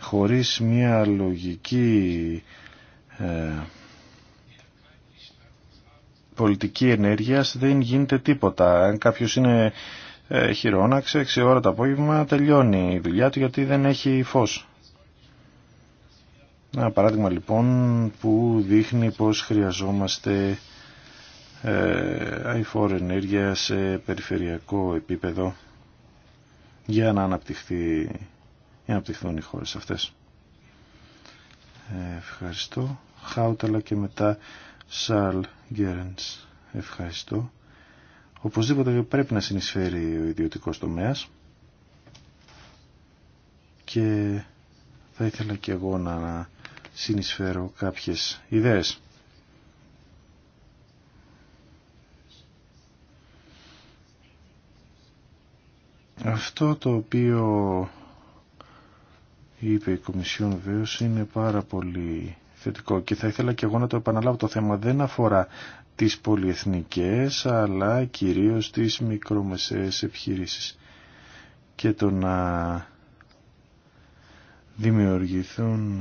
Χωρίς μια λογική ε, πολιτική ενέργειας δεν γίνεται τίποτα. Αν κάποιος είναι ε, χειρόναξε, 6 ώρα το απόγευμα τελειώνει η δουλειά του γιατί δεν έχει φως. Ένα παράδειγμα λοιπόν που δείχνει πως χρειαζόμαστε αηφόρο ε, ενέργεια σε περιφερειακό επίπεδο για να, αναπτυχθεί, για να αναπτυχθούν οι χώρες αυτές. Ε, ευχαριστώ. Χάουταλα και μετά Σαλ Γκέρενς. Ευχαριστώ. Οπωσδήποτε πρέπει να συνεισφέρει ο ιδιωτικός τομέας και θα ήθελα και εγώ να συνεισφέρω κάποιες ιδέες. Αυτό το οποίο είπε η Κομισιόν βεβαίω είναι πάρα πολύ θετικό και θα ήθελα και εγώ να το επαναλάβω το θέμα δεν αφορά τις πολυεθνικές αλλά κυρίως τις μικρομεσαίες επιχειρήσεις και το να δημιουργηθούν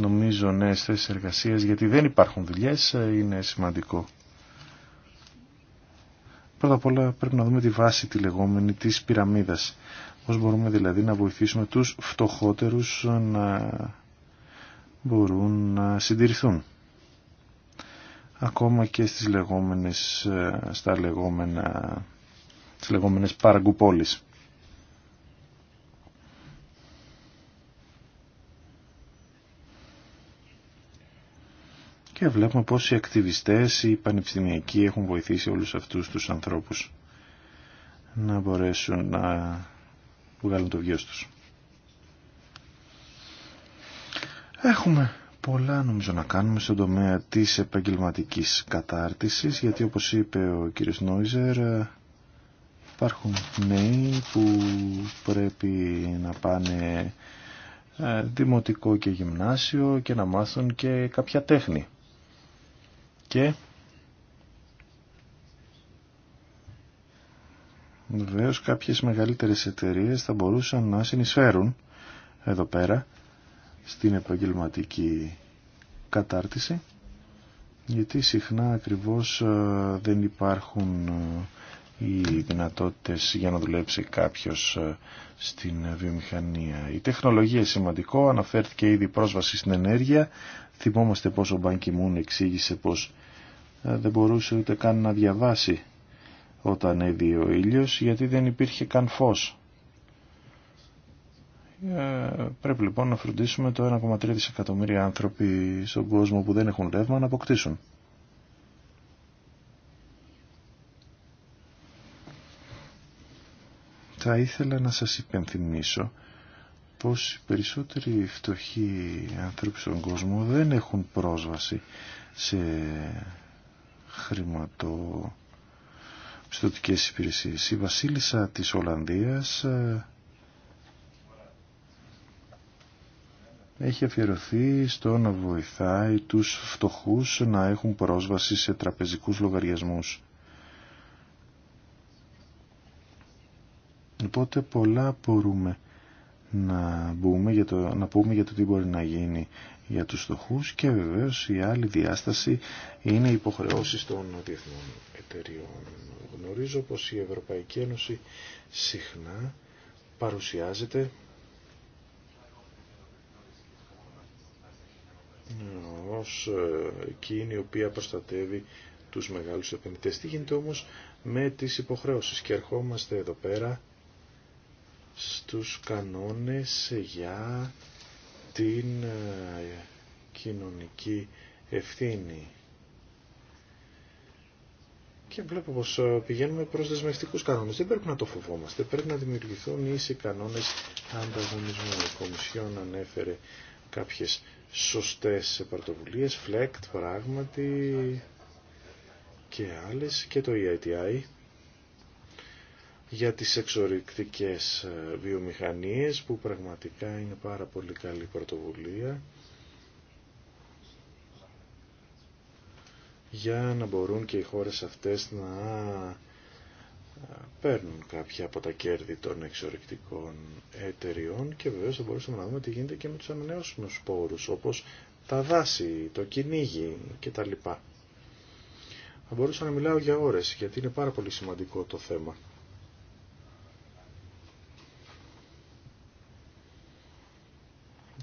νομίζω νέε θέσει εργασία γιατί δεν υπάρχουν δουλειέ, ε, είναι σημαντικό. Πρώτα απ' όλα πρέπει να δούμε τη βάση τη λεγόμενη της πυραμίδα. Πώ μπορούμε δηλαδή να βοηθήσουμε τους φτωχότερους να μπορούν να συντηρηθούν. Ακόμα και στις λεγόμενες, ε, στα λεγόμενα, λεγόμενες παραγκουπόλεις. και βλέπουμε πως οι ακτιβιστές, οι πανεπιστημιακοί έχουν βοηθήσει όλους αυτούς τους ανθρώπους να μπορέσουν να βγάλουν το βιός τους. Έχουμε πολλά νομίζω να κάνουμε στον τομέα της επαγγελματικής κατάρτισης γιατί όπως είπε ο κύριος Νόιζερ υπάρχουν νέοι που πρέπει να πάνε ε, δημοτικό και γυμνάσιο και να μάθουν και κάποια τέχνη. Και βεβαίω κάποιες μεγαλύτερες εταιρείες θα μπορούσαν να συνεισφέρουν εδώ πέρα στην επαγγελματική κατάρτιση γιατί συχνά ακριβώς ε, δεν υπάρχουν ε, οι δυνατότητες για να δουλέψει κάποιος ε, στην βιομηχανία. Η τεχνολογία είναι σημαντικό, αναφέρθηκε ήδη πρόσβαση στην ενέργεια. Θυμόμαστε πως ο Μούν εξήγησε πως ε, δεν μπορούσε ούτε καν να διαβάσει όταν έδιε ο ήλιος γιατί δεν υπήρχε καν φως. Ε, πρέπει λοιπόν να φροντίσουμε το 1,3 δισεκατομμύρια άνθρωποι στον κόσμο που δεν έχουν ρεύμα να αποκτήσουν. θα ήθελα να σας υπενθυμίσω πως οι περισσότεροι φτωχοί άνθρωποι στον κόσμο δεν έχουν πρόσβαση σε χρηματοπιστωτικές υπηρεσίες. Η βασίλισσα της Ολλανδίας ε, έχει αφιερωθεί στο να βοηθάει τους φτωχούς να έχουν πρόσβαση σε τραπεζικούς λογαριασμούς. Οπότε πολλά μπορούμε να, για το, να πούμε για το τι μπορεί να γίνει για τους στοχούς και βεβαίως η άλλη διάσταση είναι οι υποχρεώσεις των διεθνών εταιριών. Γνωρίζω πως η Ευρωπαϊκή Ένωση συχνά παρουσιάζεται ως ε, εκείνη η οποία προστατεύει τους μεγάλους επενδυτές. Τι γίνεται όμως με τις υποχρεώσεις και ερχόμαστε εδώ πέρα στους κανόνες για την ε, κοινωνική ευθύνη. Και βλέπω πως ε, πηγαίνουμε προς δεσμευτικούς κανόνες. Δεν πρέπει να το φοβόμαστε. Πρέπει να δημιουργηθούν ίσοι κανόνες ανταγωνισμού. Η Κομισιόν ανέφερε κάποιες σωστές πρωτοβουλίες, Φλεκτ, πράγματι και άλλες και το EITI για τις εξορρυκτικές ε, βιομηχανίες που πραγματικά είναι πάρα πολύ καλή πρωτοβουλία για να μπορούν και οι χώρες αυτές να ε, παίρνουν κάποια από τα κέρδη των εξορρυκτικών εταιριών και βεβαίως θα μπορούσαμε να δούμε τι γίνεται και με τους ανανεώσιμους πόρους όπως τα δάση, το κυνήγι κτλ. Θα μπορούσα να μιλάω για ώρες γιατί είναι πάρα πολύ σημαντικό το θέμα.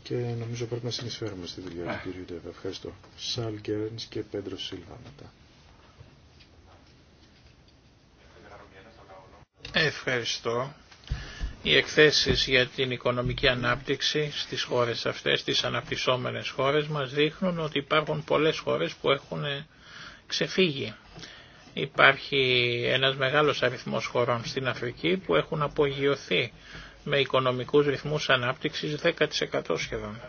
και νομίζω πρέπει να συνεισφέρουμε στη δουλειά του ε. κύριου Ντέβα. Ευχαριστώ. Σαλ Γκέρνς και Πέντρο Σίλβα Ευχαριστώ. Οι εκθέσεις για την οικονομική ανάπτυξη στις χώρες αυτές, στις αναπτυσσόμενες χώρες, μας δείχνουν ότι υπάρχουν πολλές χώρες που έχουν ξεφύγει. Υπάρχει ένας μεγάλος αριθμός χωρών στην Αφρική που έχουν απογειωθεί με οικονομικούς ρυθμούς ανάπτυξης 10% σχεδόν.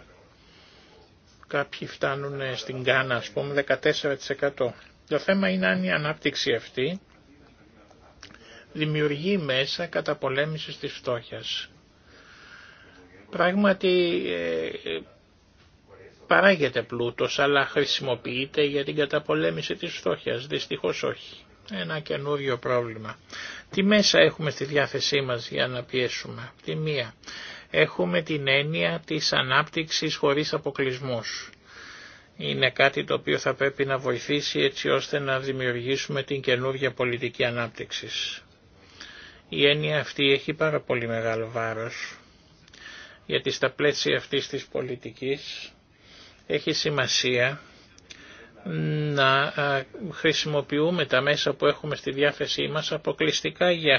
Κάποιοι φτάνουν στην Γκάνα, ας πούμε, 14%. Το θέμα είναι αν η ανάπτυξη αυτή δημιουργεί μέσα καταπολέμησης της φτώχειας. Πράγματι ε, παράγεται πλούτος, αλλά χρησιμοποιείται για την καταπολέμηση της φτώχειας. Δυστυχώς όχι ένα καινούριο πρόβλημα. Τι μέσα έχουμε στη διάθεσή μας για να πιέσουμε. Τι μία, έχουμε την έννοια της ανάπτυξης χωρίς αποκλεισμούς. Είναι κάτι το οποίο θα πρέπει να βοηθήσει έτσι ώστε να δημιουργήσουμε την καινούργια πολιτική ανάπτυξης. Η έννοια αυτή έχει πάρα πολύ μεγάλο βάρος, γιατί στα πλαίσια αυτής της πολιτικής έχει σημασία να ε, χρησιμοποιούμε τα μέσα που έχουμε στη διάθεσή μας αποκλειστικά για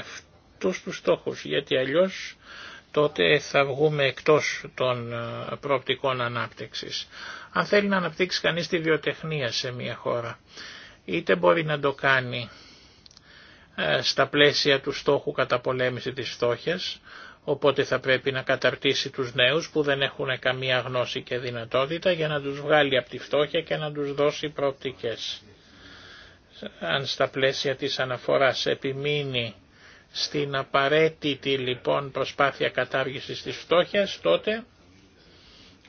αυτούς τους στόχους, γιατί αλλιώς τότε θα βγούμε εκτός των ε, προοπτικών ανάπτυξης. Αν θέλει να αναπτύξει κανείς τη βιοτεχνία σε μια χώρα, είτε μπορεί να το κάνει ε, στα πλαίσια του στόχου καταπολέμηση της φτώχειας, οπότε θα πρέπει να καταρτήσει τους νέους που δεν έχουν καμία γνώση και δυνατότητα για να τους βγάλει από τη φτώχεια και να τους δώσει προοπτικές. Αν στα πλαίσια της αναφοράς επιμείνει στην απαραίτητη λοιπόν προσπάθεια κατάργησης της φτώχειας, τότε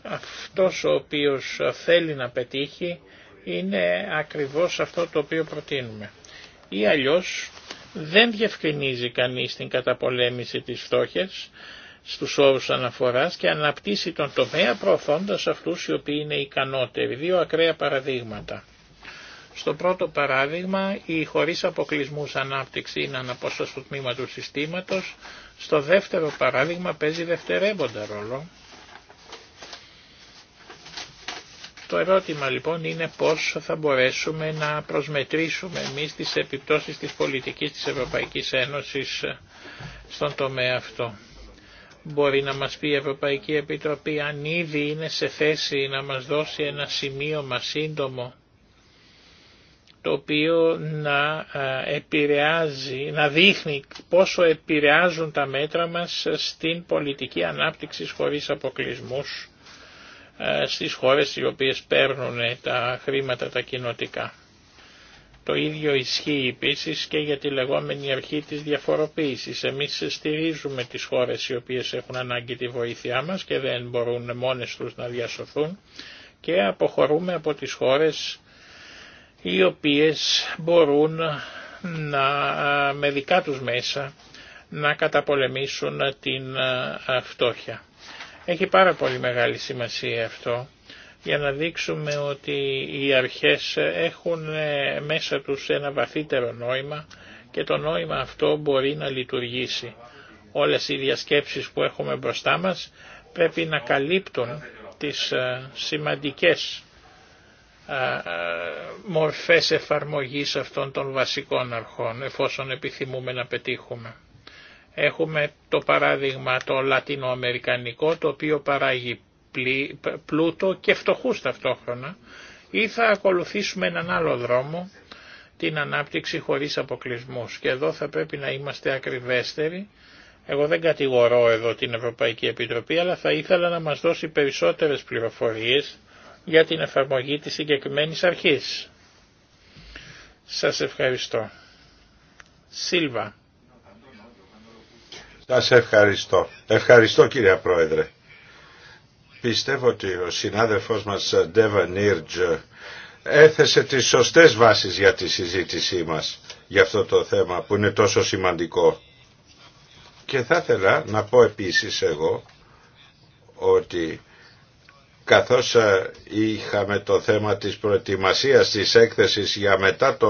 αυτός ο οποίος θέλει να πετύχει είναι ακριβώς αυτό το οποίο προτείνουμε. Ή αλλιώς δεν διευκρινίζει κανείς την καταπολέμηση της φτώχειας στους όρους αναφοράς και αναπτύσσει τον τομέα προωθώντας αυτούς οι οποίοι είναι ικανότεροι. Δύο ακραία παραδείγματα. Στο πρώτο παράδειγμα η χωρίς αποκλεισμούς ανάπτυξη είναι αναπόσταστο τμήμα του συστήματος. Στο δεύτερο παράδειγμα παίζει δευτερεύοντα ρόλο Το ερώτημα λοιπόν είναι πώς θα μπορέσουμε να προσμετρήσουμε εμείς τις επιπτώσεις της πολιτικής της Ευρωπαϊκής Ένωσης στον τομέα αυτό. Μπορεί να μας πει η Ευρωπαϊκή Επιτροπή αν ήδη είναι σε θέση να μας δώσει ένα μας σύντομο το οποίο να ε, επηρεάζει, να δείχνει πόσο επηρεάζουν τα μέτρα μας στην πολιτική ανάπτυξη χωρίς αποκλεισμούς ε, στις χώρες οι οποίες παίρνουν τα χρήματα τα κοινοτικά. Το ίδιο ισχύει επίσης και για τη λεγόμενη αρχή της διαφοροποίησης. Εμείς στηρίζουμε τις χώρες οι οποίες έχουν ανάγκη τη βοήθειά μας και δεν μπορούν μόνες τους να διασωθούν και αποχωρούμε από τις χώρες οι οποίες μπορούν να, ε, με δικά τους μέσα να καταπολεμήσουν την ε, φτώχεια. Έχει πάρα πολύ μεγάλη σημασία αυτό για να δείξουμε ότι οι αρχές έχουν ε, μέσα τους ένα βαθύτερο νόημα και το νόημα αυτό μπορεί να λειτουργήσει. Όλες οι διασκέψεις που έχουμε μπροστά μας πρέπει να καλύπτουν τις ε, σημαντικές ε, μορφές εφαρμογής αυτών των βασικών αρχών εφόσον επιθυμούμε να πετύχουμε. Έχουμε το παράδειγμα το λατινοαμερικανικό το οποίο παράγει πλούτο και φτωχούς ταυτόχρονα ή θα ακολουθήσουμε έναν άλλο δρόμο την ανάπτυξη χωρίς αποκλεισμούς. Και εδώ θα πρέπει να είμαστε ακριβέστεροι. Εγώ δεν κατηγορώ εδώ την Ευρωπαϊκή Επιτροπή, αλλά θα ήθελα να μας δώσει περισσότερες πληροφορίες για την εφαρμογή της συγκεκριμένη αρχής. Σας ευχαριστώ. Σίλβα σε ευχαριστώ. Ευχαριστώ κύριε Πρόεδρε. Πιστεύω ότι ο συνάδελφός μας Ντέβα Νίρτζ έθεσε τις σωστές βάσεις για τη συζήτησή μας για αυτό το θέμα που είναι τόσο σημαντικό. Και θα ήθελα να πω επίσης εγώ ότι καθώς ε, είχαμε το θέμα της προετοιμασίας της έκθεσης για μετά το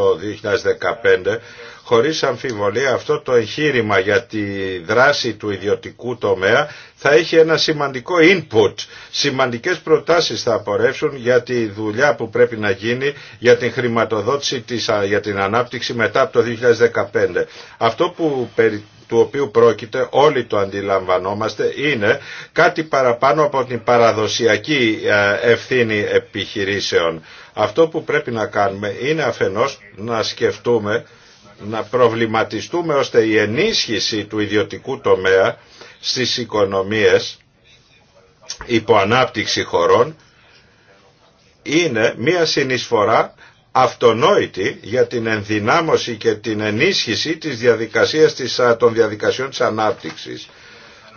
2015, χωρίς αμφιβολία αυτό το εγχείρημα για τη δράση του ιδιωτικού τομέα θα έχει ένα σημαντικό input. Σημαντικές προτάσεις θα απορρεύσουν για τη δουλειά που πρέπει να γίνει για την χρηματοδότηση για την ανάπτυξη μετά από το 2015. Αυτό που του οποίου πρόκειται, όλοι το αντιλαμβανόμαστε, είναι κάτι παραπάνω από την παραδοσιακή ε, ευθύνη επιχειρήσεων. Αυτό που πρέπει να κάνουμε είναι αφενός να σκεφτούμε, να προβληματιστούμε ώστε η ενίσχυση του ιδιωτικού τομέα στις οικονομίες υπό ανάπτυξη χωρών είναι μία συνεισφορά αυτονόητη για την ενδυνάμωση και την ενίσχυση της διαδικασίας της, των διαδικασιών της ανάπτυξης.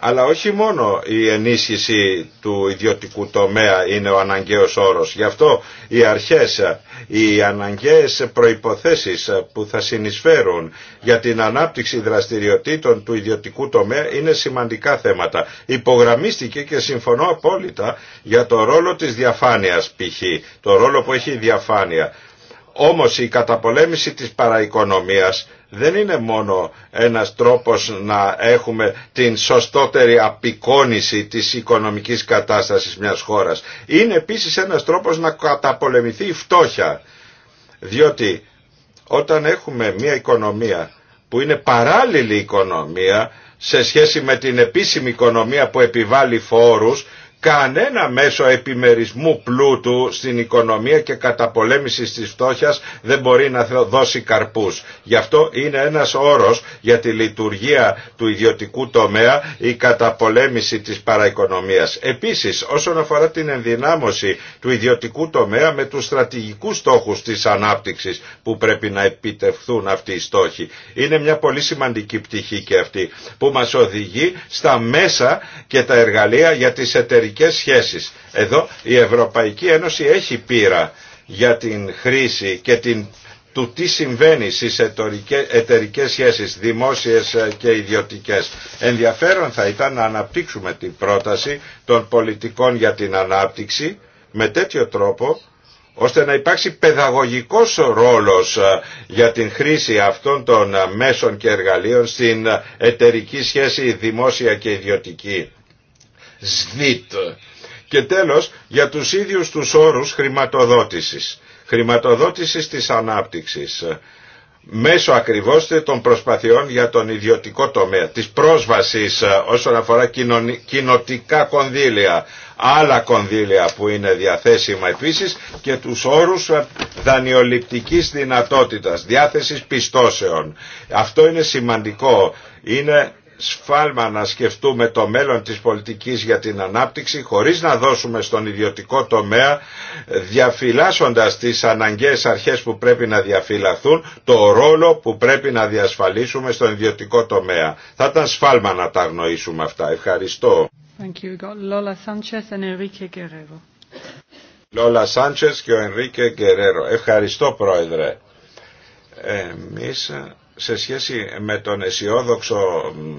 Αλλά όχι μόνο η ενίσχυση του ιδιωτικού τομέα είναι ο αναγκαίος όρος. Γι' αυτό οι αρχές, οι αναγκαίες προϋποθέσεις που θα συνεισφέρουν για την ανάπτυξη δραστηριοτήτων του ιδιωτικού τομέα είναι σημαντικά θέματα. Υπογραμμίστηκε και συμφωνώ απόλυτα για το ρόλο της διαφάνειας π.χ. Το ρόλο που έχει η διαφάνεια όμως η καταπολέμηση της παραοικονομίας δεν είναι μόνο ένας τρόπος να έχουμε την σωστότερη απεικόνηση της οικονομικής κατάστασης μιας χώρας. Είναι επίσης ένας τρόπος να καταπολεμηθεί η φτώχεια. Διότι όταν έχουμε μια οικονομία που είναι παράλληλη οικονομία σε σχέση με την επίσημη οικονομία που επιβάλλει φόρους Κανένα μέσο επιμερισμού πλούτου στην οικονομία και καταπολέμησης της φτώχειας δεν μπορεί να δώσει καρπούς. Γι' αυτό είναι ένας όρος για τη λειτουργία του ιδιωτικού τομέα η καταπολέμηση της παραοικονομίας. Επίσης, όσον αφορά την ενδυνάμωση του ιδιωτικού τομέα με τους στρατηγικούς στόχους της ανάπτυξης που πρέπει να επιτευχθούν αυτοί οι στόχοι. Είναι μια πολύ σημαντική πτυχή και αυτή που μας οδηγεί στα μέσα και τα εργαλεία για τις σχέσεις. Εδώ η Ευρωπαϊκή Ένωση έχει πείρα για την χρήση και την του τι συμβαίνει στις εταιρικές σχέσεις δημόσιες ε, και ιδιωτικές. Ενδιαφέρον θα ήταν να αναπτύξουμε την πρόταση των πολιτικών για την ανάπτυξη με τέτοιο τρόπο ώστε να υπάρξει παιδαγωγικός ρόλος ε, για την χρήση αυτών των ε, μέσων και εργαλείων στην εταιρική σχέση δημόσια και ιδιωτική. Και τέλος, για τους ίδιους τους όρους χρηματοδότησης. Χρηματοδότησης της ανάπτυξης μέσω ακριβώς των προσπαθειών για τον ιδιωτικό τομέα, της πρόσβασης ε, όσον αφορά κοινοτικά κονδύλια, άλλα κονδύλια που είναι διαθέσιμα επίσης και τους όρους ε, δανειοληπτικής δυνατότητας, διάθεσης πιστώσεων. Αυτό είναι σημαντικό, είναι σφάλμα να σκεφτούμε το μέλλον της πολιτικής για την ανάπτυξη χωρίς να δώσουμε στον ιδιωτικό τομέα διαφυλάσσοντας τις αναγκαίες αρχές που πρέπει να διαφυλαθούν το ρόλο που πρέπει να διασφαλίσουμε στον ιδιωτικό τομέα. Θα ήταν σφάλμα να τα αγνοήσουμε αυτά. Ευχαριστώ. Λόλα Σάντσες και ο Ενρίκε Γκερέρο. Ευχαριστώ πρόεδρε. Εμείς σε σχέση με τον αισιόδοξο,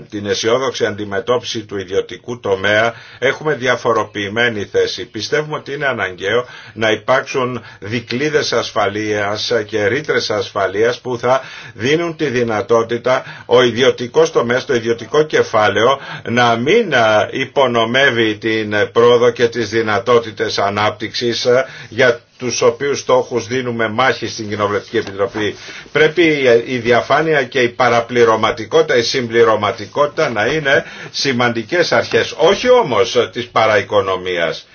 την αισιόδοξη αντιμετώπιση του ιδιωτικού τομέα έχουμε διαφοροποιημένη θέση. Πιστεύουμε ότι είναι αναγκαίο να υπάρξουν δικλείδες ασφαλείας και ρήτρε ασφαλείας που θα δίνουν τη δυνατότητα ο ιδιωτικός τομέας, το ιδιωτικό κεφάλαιο να μην υπονομεύει την πρόοδο και τις δυνατότητες ανάπτυξης για τους οποίους στόχους δίνουμε μάχη στην Κοινοβουλευτική Επιτροπή. Πρέπει η διαφάνεια και η παραπληρωματικότητα, η συμπληρωματικότητα να είναι σημαντικές αρχές, όχι όμως της παραοικονομίας.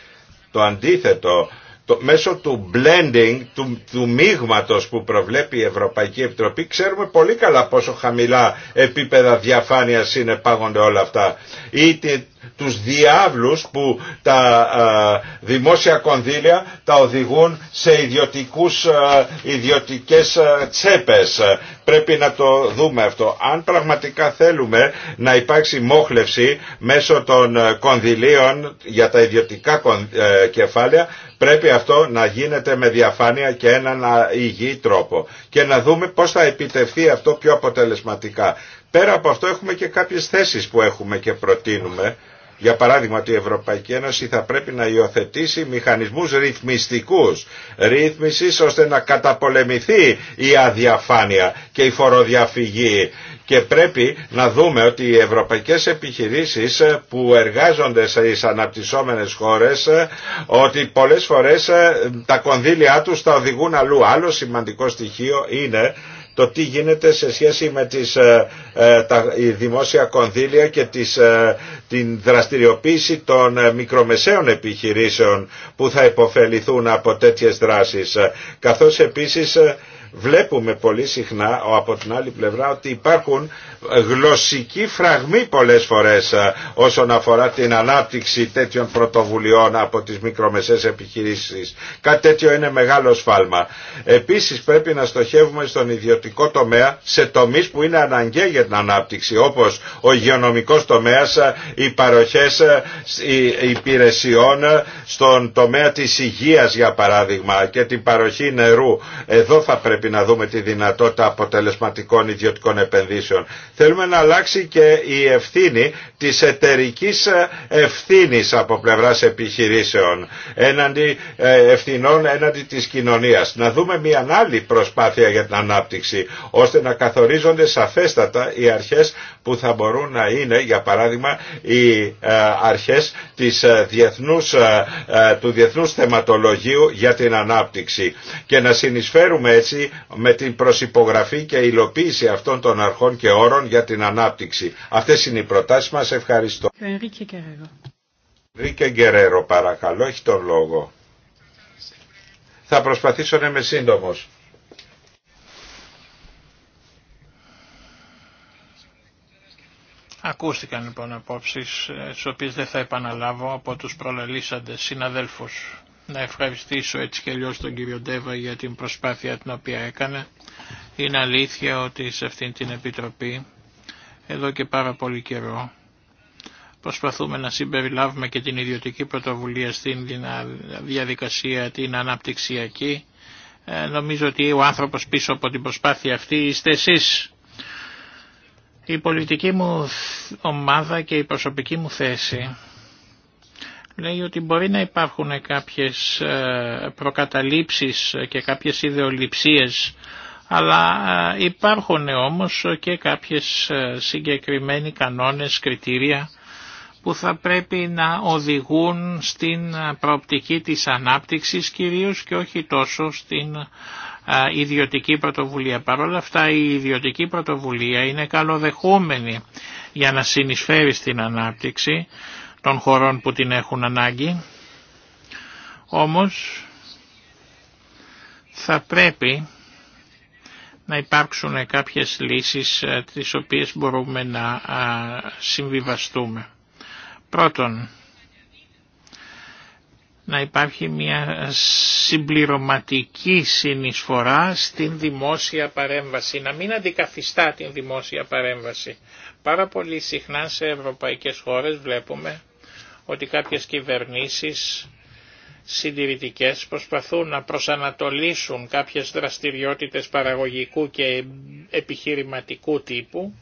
Το αντίθετο, το, μέσω του blending, του, του μείγματο που προβλέπει η Ευρωπαϊκή Επιτροπή, ξέρουμε πολύ καλά πόσο χαμηλά επίπεδα διαφάνειας πάγονται όλα αυτά. Ή τους διάβλους που τα δημόσια κονδύλια τα οδηγούν σε ιδιωτικούς, α, ιδιωτικές τσέπες. Πρέπει να το δούμε αυτό. Αν πραγματικά θέλουμε να υπάρξει μόχλευση μέσω των ε, κονδυλίων για τα ιδιωτικά ε, κεφάλαια, Πρέπει αυτό να γίνεται με διαφάνεια και έναν υγιή τρόπο και να δούμε πώς θα επιτευχθεί αυτό πιο αποτελεσματικά. Πέρα από αυτό έχουμε και κάποιες θέσεις που έχουμε και προτείνουμε για παράδειγμα, ότι η Ευρωπαϊκή Ένωση θα πρέπει να υιοθετήσει μηχανισμούς ρυθμιστικούς, ρύθμισης ώστε να καταπολεμηθεί η αδιαφάνεια και η φοροδιαφυγή και πρέπει να δούμε ότι οι ευρωπαϊκές επιχειρήσεις που εργάζονται στις αναπτυσσόμενες χώρες ότι πολλές φορές τα κονδύλια τους τα οδηγούν αλλού. Άλλο σημαντικό στοιχείο είναι το τι γίνεται σε σχέση με τις, ε, ε, τα δημόσια κονδύλια και τις, ε, την δραστηριοποίηση των μικρομεσαίων επιχειρήσεων που θα υποφεληθούν από τέτοιες δράσεις καθώς επίσης βλέπουμε πολύ συχνά από την άλλη πλευρά ότι υπάρχουν γλωσσικοί φραγμοί πολλές φορές ε, όσον αφορά την ανάπτυξη τέτοιων πρωτοβουλειών από τις μικρομεσαίες επιχειρήσεις. Κάτι τέτοιο είναι μεγάλο σφάλμα. Επίσης πρέπει να στοχεύουμε στον ιδιωτικό τομέα σε τομείς που είναι αναγκαίοι για την ανάπτυξη όπως ο υγειονομικός τομέας, ε, οι παροχές ε, υπηρεσιών στον τομέα της υγείας για παράδειγμα και την παροχή νερού. Εδώ θα πρέπει πρέπει να δούμε τη δυνατότητα αποτελεσματικών ιδιωτικών επενδύσεων. Θέλουμε να αλλάξει και η ευθύνη της εταιρική ε, ευθύνης από πλευράς επιχειρήσεων έναντι ε, ευθυνών έναντι της κοινωνίας. Να δούμε μια άλλη προσπάθεια για την ανάπτυξη ώστε να καθορίζονται σαφέστατα οι αρχές που θα μπορούν να είναι για παράδειγμα οι ε, αρχές της ε, διεθνούς, ε, ε, του διεθνούς θεματολογίου για την ανάπτυξη και να συνεισφέρουμε έτσι με την προσυπογραφή και υλοποίηση αυτών των αρχών και όρων για την ανάπτυξη. Αυτές είναι οι προτάσεις μας. Ευχαριστώ. Ρίκε Γκερέρο παρακαλώ, έχει τον λόγο. Θα προσπαθήσω να είμαι σύντομος. Ακούστηκαν λοιπόν απόψει ε, τις οποίε δεν θα επαναλάβω από τους προλαλήσαντε συναδέλφου Να ευχαριστήσω έτσι και αλλιώ τον κύριο Ντέβα για την προσπάθεια την οποία έκανε. Είναι αλήθεια ότι σε αυτήν την Επιτροπή, εδώ και πάρα πολύ καιρό, προσπαθούμε να συμπεριλάβουμε και την ιδιωτική πρωτοβουλία στην διαδικασία την αναπτυξιακή. Ε, νομίζω ότι ο άνθρωπος πίσω από την προσπάθεια αυτή είστε εσείς η πολιτική μου ομάδα και η προσωπική μου θέση λέει ότι μπορεί να υπάρχουν κάποιες ε, προκαταλήψεις και κάποιες ιδεολειψίες αλλά ε, υπάρχουν όμως και κάποιες ε, συγκεκριμένοι κανόνες, κριτήρια που θα πρέπει να οδηγούν στην προοπτική της ανάπτυξης κυρίως και όχι τόσο στην ιδιωτική πρωτοβουλία. Παρ' όλα αυτά η ιδιωτική πρωτοβουλία είναι καλοδεχούμενη για να συνεισφέρει στην ανάπτυξη των χωρών που την έχουν ανάγκη. Όμως θα πρέπει να υπάρξουν κάποιες λύσεις ε, τις οποίες μπορούμε να συμβιβαστούμε. Πρώτον, να υπάρχει μια συμπληρωματική συνεισφορά στην δημόσια παρέμβαση, να μην αντικαθιστά την δημόσια παρέμβαση. Πάρα πολύ συχνά σε ευρωπαϊκές χώρες βλέπουμε ότι κάποιες κυβερνήσεις συντηρητικές προσπαθούν να προσανατολίσουν κάποιες δραστηριότητες παραγωγικού και επιχειρηματικού τύπου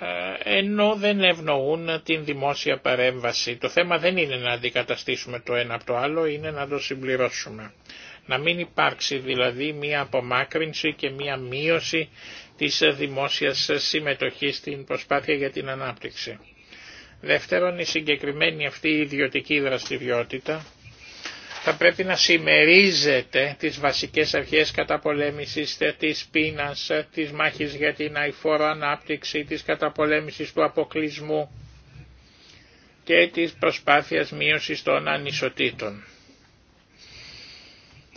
ε, ενώ δεν ευνοούν την δημόσια παρέμβαση. Το θέμα δεν είναι να αντικαταστήσουμε το ένα από το άλλο, είναι να το συμπληρώσουμε. Να μην υπάρξει δηλαδή μία απομάκρυνση και μία μείωση της δημόσιας συμμετοχής στην προσπάθεια για την ανάπτυξη. Δεύτερον, η συγκεκριμένη αυτή ιδιωτική δραστηριότητα θα πρέπει να συμμερίζεται τις βασικές αρχές καταπολέμησης της πείνας, της μάχης για την αηφόρο ανάπτυξη, της καταπολέμησης του αποκλεισμού και της προσπάθειας μείωσης των ανισοτήτων.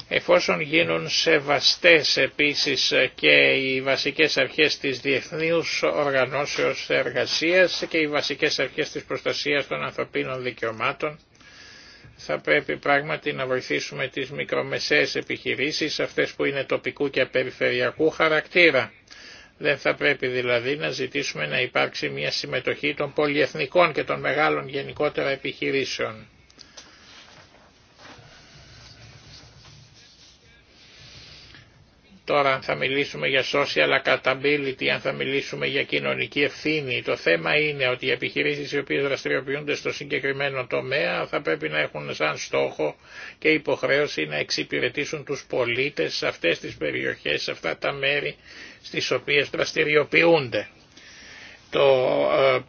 Εφόσον γίνουν σεβαστές επίσης και οι βασικές αρχές της Διεθνούς Οργανώσεως Εργασίας και οι βασικές αρχές της προστασίας των ανθρωπίνων δικαιωμάτων, θα πρέπει πράγματι να βοηθήσουμε τις μικρομεσαίες επιχειρήσεις, αυτές που είναι τοπικού και περιφερειακού χαρακτήρα. Δεν θα πρέπει δηλαδή να ζητήσουμε να υπάρξει μια συμμετοχή των πολυεθνικών και των μεγάλων γενικότερα επιχειρήσεων. Τώρα αν θα μιλήσουμε για social accountability, αν θα μιλήσουμε για κοινωνική ευθύνη, το θέμα είναι ότι οι επιχειρήσεις οι οποίες δραστηριοποιούνται στο συγκεκριμένο τομέα θα πρέπει να έχουν σαν στόχο και υποχρέωση να εξυπηρετήσουν τους πολίτες σε αυτές τις περιοχές, σε αυτά τα μέρη στις οποίες δραστηριοποιούνται. Το ε,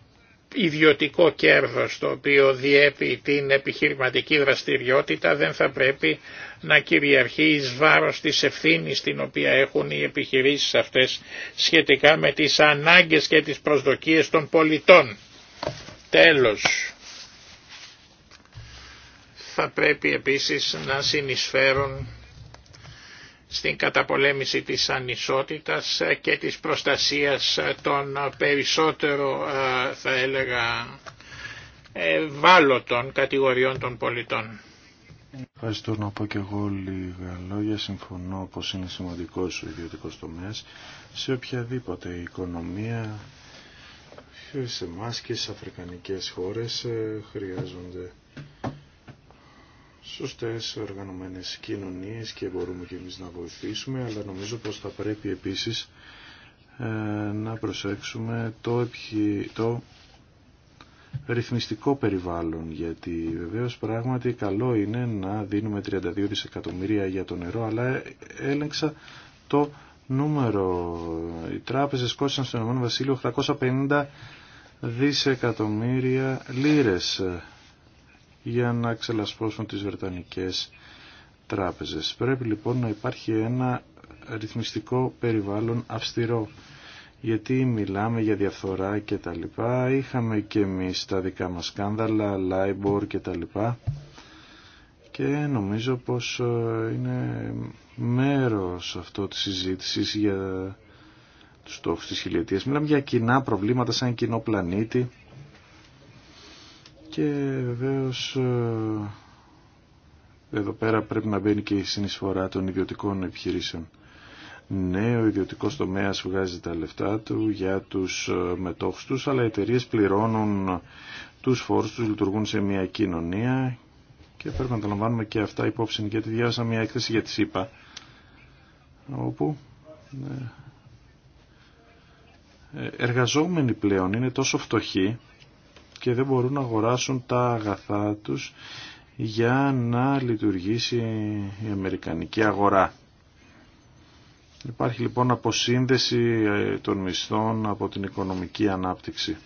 ιδιωτικό κέρδος το οποίο διέπει την επιχειρηματική δραστηριότητα δεν θα πρέπει να κυριαρχεί εις βάρος της ευθύνης την οποία έχουν οι επιχειρήσεις αυτές σχετικά με τις ανάγκες και τις προσδοκίες των πολιτών. Τέλος, θα πρέπει επίσης να συνεισφέρουν στην καταπολέμηση της ανισότητας και της προστασίας των περισσότερο ε, θα έλεγα ε, ευάλωτων κατηγοριών των πολιτών. Ευχαριστώ να πω και εγώ λίγα λόγια. Συμφωνώ πως είναι σημαντικός ο ιδιωτικός τομέας σε οποιαδήποτε οικονομία σε εμά και αφρικανικές χώρες ε, χρειάζονται σωστές οργανωμένες κοινωνίες και μπορούμε και εμείς να βοηθήσουμε, αλλά νομίζω πως θα πρέπει επίσης ε, να προσέξουμε το, το ρυθμιστικό περιβάλλον, γιατί βεβαίως πράγματι καλό είναι να δίνουμε 32 δισεκατομμύρια για το νερό, αλλά έλεγξα το νούμερο. Οι τράπεζες κόστησαν στον Ηνωμένο Βασίλειο 850 δισεκατομμύρια λίρες για να ξελασπώσουν τις Βρετανικές τράπεζες. Πρέπει λοιπόν να υπάρχει ένα ρυθμιστικό περιβάλλον αυστηρό γιατί μιλάμε για διαφθορά και τα λοιπά. Είχαμε και εμείς τα δικά μας σκάνδαλα, Λάιμπορ και τα λοιπά. Και νομίζω πως ε, είναι μέρος αυτό της συζήτησης για τους στόχους της χιλιετίας. Μιλάμε για κοινά προβλήματα σαν κοινό πλανήτη και βεβαίω ε, εδώ πέρα πρέπει να μπαίνει και η συνεισφορά των ιδιωτικών επιχειρήσεων. Ναι, ο ιδιωτικό τομέας βγάζει τα λεφτά του για του ε, μετόχους του, αλλά οι εταιρείε πληρώνουν του φόρου του, λειτουργούν σε μια κοινωνία και πρέπει να τα λαμβάνουμε και αυτά υπόψη. Γιατί διάβασα μια έκθεση για τη ΣΥΠΑ, όπου ε, εργαζόμενοι πλέον είναι τόσο φτωχοί και δεν μπορούν να αγοράσουν τα αγαθά τους για να λειτουργήσει η Αμερικανική αγορά. Υπάρχει λοιπόν αποσύνδεση ε, των μισθών από την οικονομική ανάπτυξη.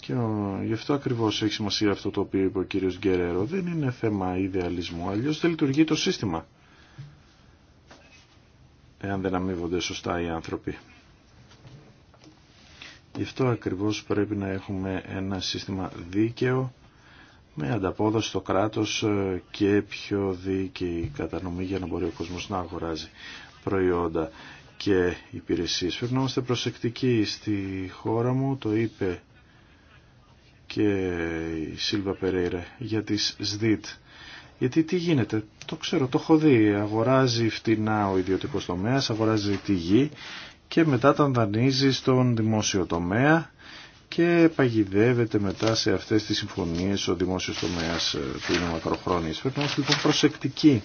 Και ε, γι' αυτό ακριβώς έχει σημασία αυτό το οποίο είπε ο κύριος Γκερέρο. Δεν είναι θέμα ιδεαλισμού, αλλιώς δεν λειτουργεί το σύστημα. Εάν δεν αμείβονται σωστά οι άνθρωποι. Γι' αυτό ακριβώς πρέπει να έχουμε ένα σύστημα δίκαιο με ανταπόδοση στο κράτος ε, και πιο δίκαιη κατανομή για να μπορεί ο κόσμος να αγοράζει προϊόντα και υπηρεσίες. Φερνόμαστε προσεκτικοί στη χώρα μου, το είπε και η Σίλβα Περέιρα για τις ΣΔΙΤ. Γιατί τι γίνεται, το ξέρω, το έχω δει, αγοράζει φτηνά ο ιδιωτικός τομέας, αγοράζει τη γη και μετά τον δανείζει στον δημόσιο τομέα και παγιδεύεται μετά σε αυτές τις συμφωνίες ο δημόσιος τομέας ε, που είναι μακροχρόνιες. Πρέπει να είμαστε λοιπόν προσεκτικοί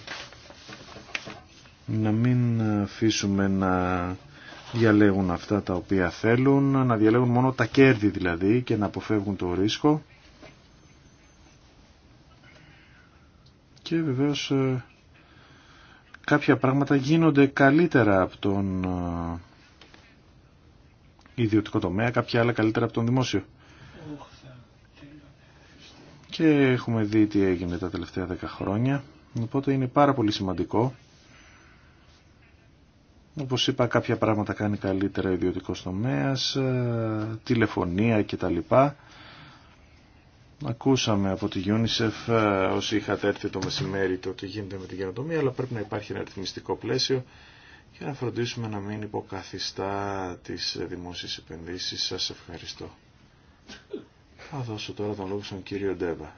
να μην αφήσουμε να διαλέγουν αυτά τα οποία θέλουν, να διαλέγουν μόνο τα κέρδη δηλαδή και να αποφεύγουν το ρίσκο. Και βεβαίως ε, κάποια πράγματα γίνονται καλύτερα από τον ε, ιδιωτικό τομέα, κάποια άλλα καλύτερα από τον δημόσιο. Και έχουμε δει τι έγινε τα τελευταία δέκα χρόνια. Οπότε είναι πάρα πολύ σημαντικό. Όπως είπα κάποια πράγματα κάνει καλύτερα ιδιωτικό τομέα, ε, τηλεφωνία κτλ. Ακούσαμε από τη UNICEF ε, όσοι είχατε έρθει το μεσημέρι το τι γίνεται με την καινοτομία, αλλά πρέπει να υπάρχει ένα ρυθμιστικό πλαίσιο και να φροντίσουμε να μην υποκαθιστά τις δημόσιες επενδύσεις. Σας ευχαριστώ. Θα δώσω τώρα τον λόγο στον κύριο Ντέβα.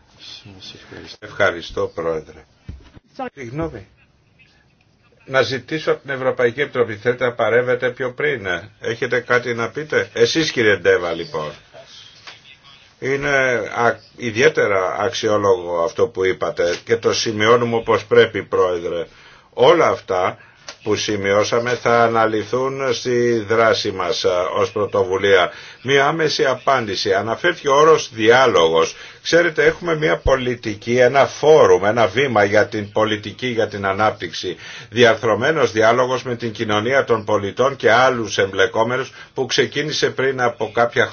Σας ευχαριστώ. Ευχαριστώ πρόεδρε. Συγγνώμη. Να ζητήσω από την Ευρωπαϊκή Επιτροπή, θέλετε να παρεύετε πιο πριν. Έχετε κάτι να πείτε. Εσείς κύριε Ντέβα λοιπόν. Είναι ιδιαίτερα αξιόλογο αυτό που είπατε και το σημειώνουμε όπως πρέπει πρόεδρε. Όλα αυτά που σημειώσαμε θα αναλυθούν στη δράση μας ε, ως πρωτοβουλία μια άμεση απάντηση. Αναφέρθηκε ο όρος διάλογος. Ξέρετε έχουμε μια πολιτική, ένα φόρουμ, ένα βήμα για την πολιτική, για την ανάπτυξη. Διαρθρωμένος διάλογος με την κοινωνία των πολιτών και άλλους εμπλεκόμενους που ξεκίνησε πριν από κάποια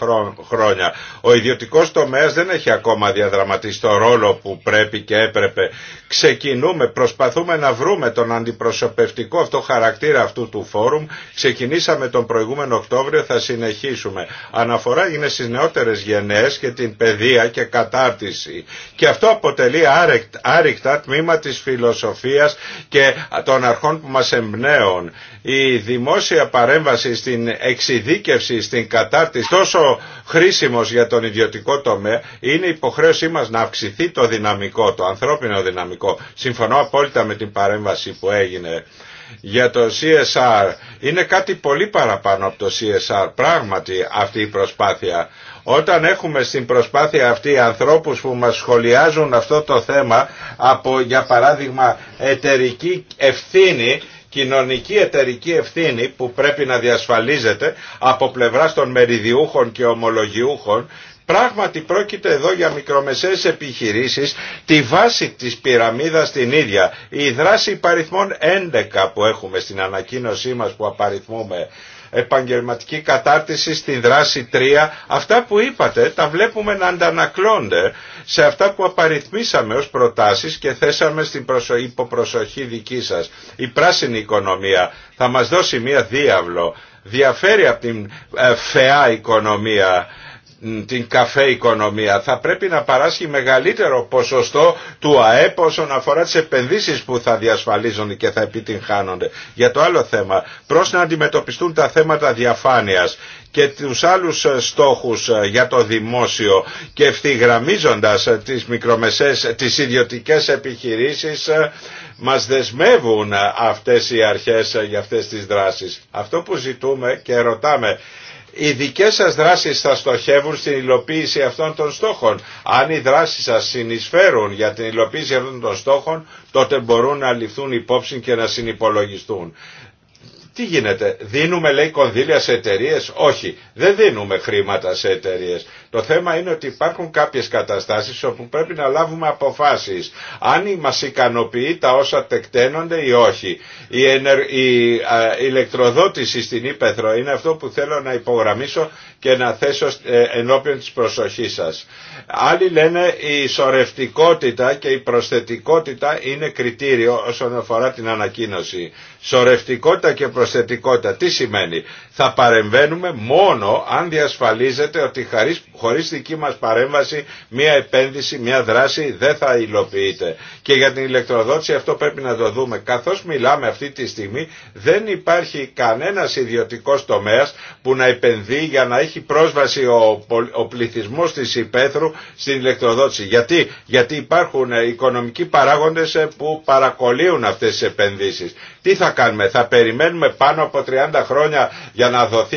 χρόνια. Ο ιδιωτικός τομέας δεν έχει ακόμα διαδραματίσει το ρόλο που πρέπει και έπρεπε. Ξεκινούμε, προσπαθούμε να βρούμε τον αντιπροσωπευτικό αυτό χαρακτήρα αυτού του φόρουμ. Ξεκινήσαμε τον προηγούμενο Οκτώβριο, θα συνεχίσουμε αναφορά είναι στις νεότερες γενναίες και την παιδεία και κατάρτιση. Και αυτό αποτελεί άρρηκτα τμήμα της φιλοσοφίας και των αρχών που μας εμπνέουν. Η δημόσια παρέμβαση στην εξειδίκευση, στην κατάρτιση τόσο χρήσιμος για τον ιδιωτικό τομέα είναι υποχρέωσή μας να αυξηθεί το δυναμικό, το ανθρώπινο δυναμικό. Συμφωνώ απόλυτα με την παρέμβαση που έγινε για το CSR. Είναι κάτι πολύ παραπάνω από το CSR πράγματι αυτή η προσπάθεια. Όταν έχουμε στην προσπάθεια αυτή ανθρώπους που μας σχολιάζουν αυτό το θέμα από για παράδειγμα εταιρική ευθύνη κοινωνική εταιρική ευθύνη που πρέπει να διασφαλίζεται από πλευράς των μεριδιούχων και ομολογιούχων Πράγματι πρόκειται εδώ για μικρομεσαίες επιχειρήσεις, τη βάση της πυραμίδας την ίδια. Η δράση υπαριθμών 11 που έχουμε στην ανακοίνωσή μας που απαριθμούμε επαγγελματική κατάρτιση στην δράση 3. Αυτά που είπατε τα βλέπουμε να αντανακλώνται σε αυτά που απαριθμίσαμε ως προτάσεις και θέσαμε στην προσοχή, υποπροσοχή δική σας. Η πράσινη οικονομία θα μας δώσει μία διάβλο. Διαφέρει από την ε, φεά οικονομία την καφέ οικονομία. Θα πρέπει να παράσχει μεγαλύτερο ποσοστό του ΑΕΠ όσον αφορά τις επενδύσεις που θα διασφαλίζονται και θα επιτυγχάνονται. Για το άλλο θέμα, προς να αντιμετωπιστούν τα θέματα διαφάνειας και τους άλλους ε, στόχους ε, για το δημόσιο και ευθυγραμμίζοντας ε, τις μικρομεσές, τις ιδιωτικές επιχειρήσεις μας δεσμεύουν αυτές οι αρχές για αυτές τις δράσεις. Αυτό που ζητούμε και ρωτάμε οι δικές σας δράσεις θα στοχεύουν στην υλοποίηση αυτών των στόχων. Αν οι δράσεις σας συνεισφέρουν για την υλοποίηση αυτών των στόχων, τότε μπορούν να ληφθούν υπόψη και να συνυπολογιστούν τι γίνεται, δίνουμε λέει κονδύλια σε εταιρείε. Όχι, δεν δίνουμε χρήματα σε εταιρείε. Το θέμα είναι ότι υπάρχουν κάποιε καταστάσει όπου πρέπει να λάβουμε αποφάσει. Αν μα ικανοποιεί τα όσα τεκταίνονται ή όχι. Η, η ηλεκτροδότηση στην Ήπεθρο είναι αυτό που θέλω να υπογραμμίσω και να θέσω ε, ενώπιον τη προσοχή σα. Άλλοι λένε η σορευτικότητα και η προσθετικότητα είναι κριτήριο όσον αφορά την ανακοίνωση. Σορευτικότητα και προσθετικότητα τι σημαίνει. Θα παρεμβαίνουμε μόνο αν διασφαλίζεται ότι χωρίς δική μας παρέμβαση μια επένδυση, μια δράση δεν θα υλοποιείται. Και για την ηλεκτροδότηση αυτό πρέπει να το δούμε. Καθώς μιλάμε αυτή τη στιγμή δεν υπάρχει κανένας ιδιωτικός τομέας που να επενδύει για να έχει πρόσβαση ο πληθυσμός της υπαίθρου στην ηλεκτροδότηση. Γιατί, Γιατί υπάρχουν ε, οικονομικοί παράγοντες ε, που παρακολύουν αυτές τις επενδύσεις. Τι θα κάνουμε, θα περιμένουμε πάνω από 30 χρόνια για να δοθεί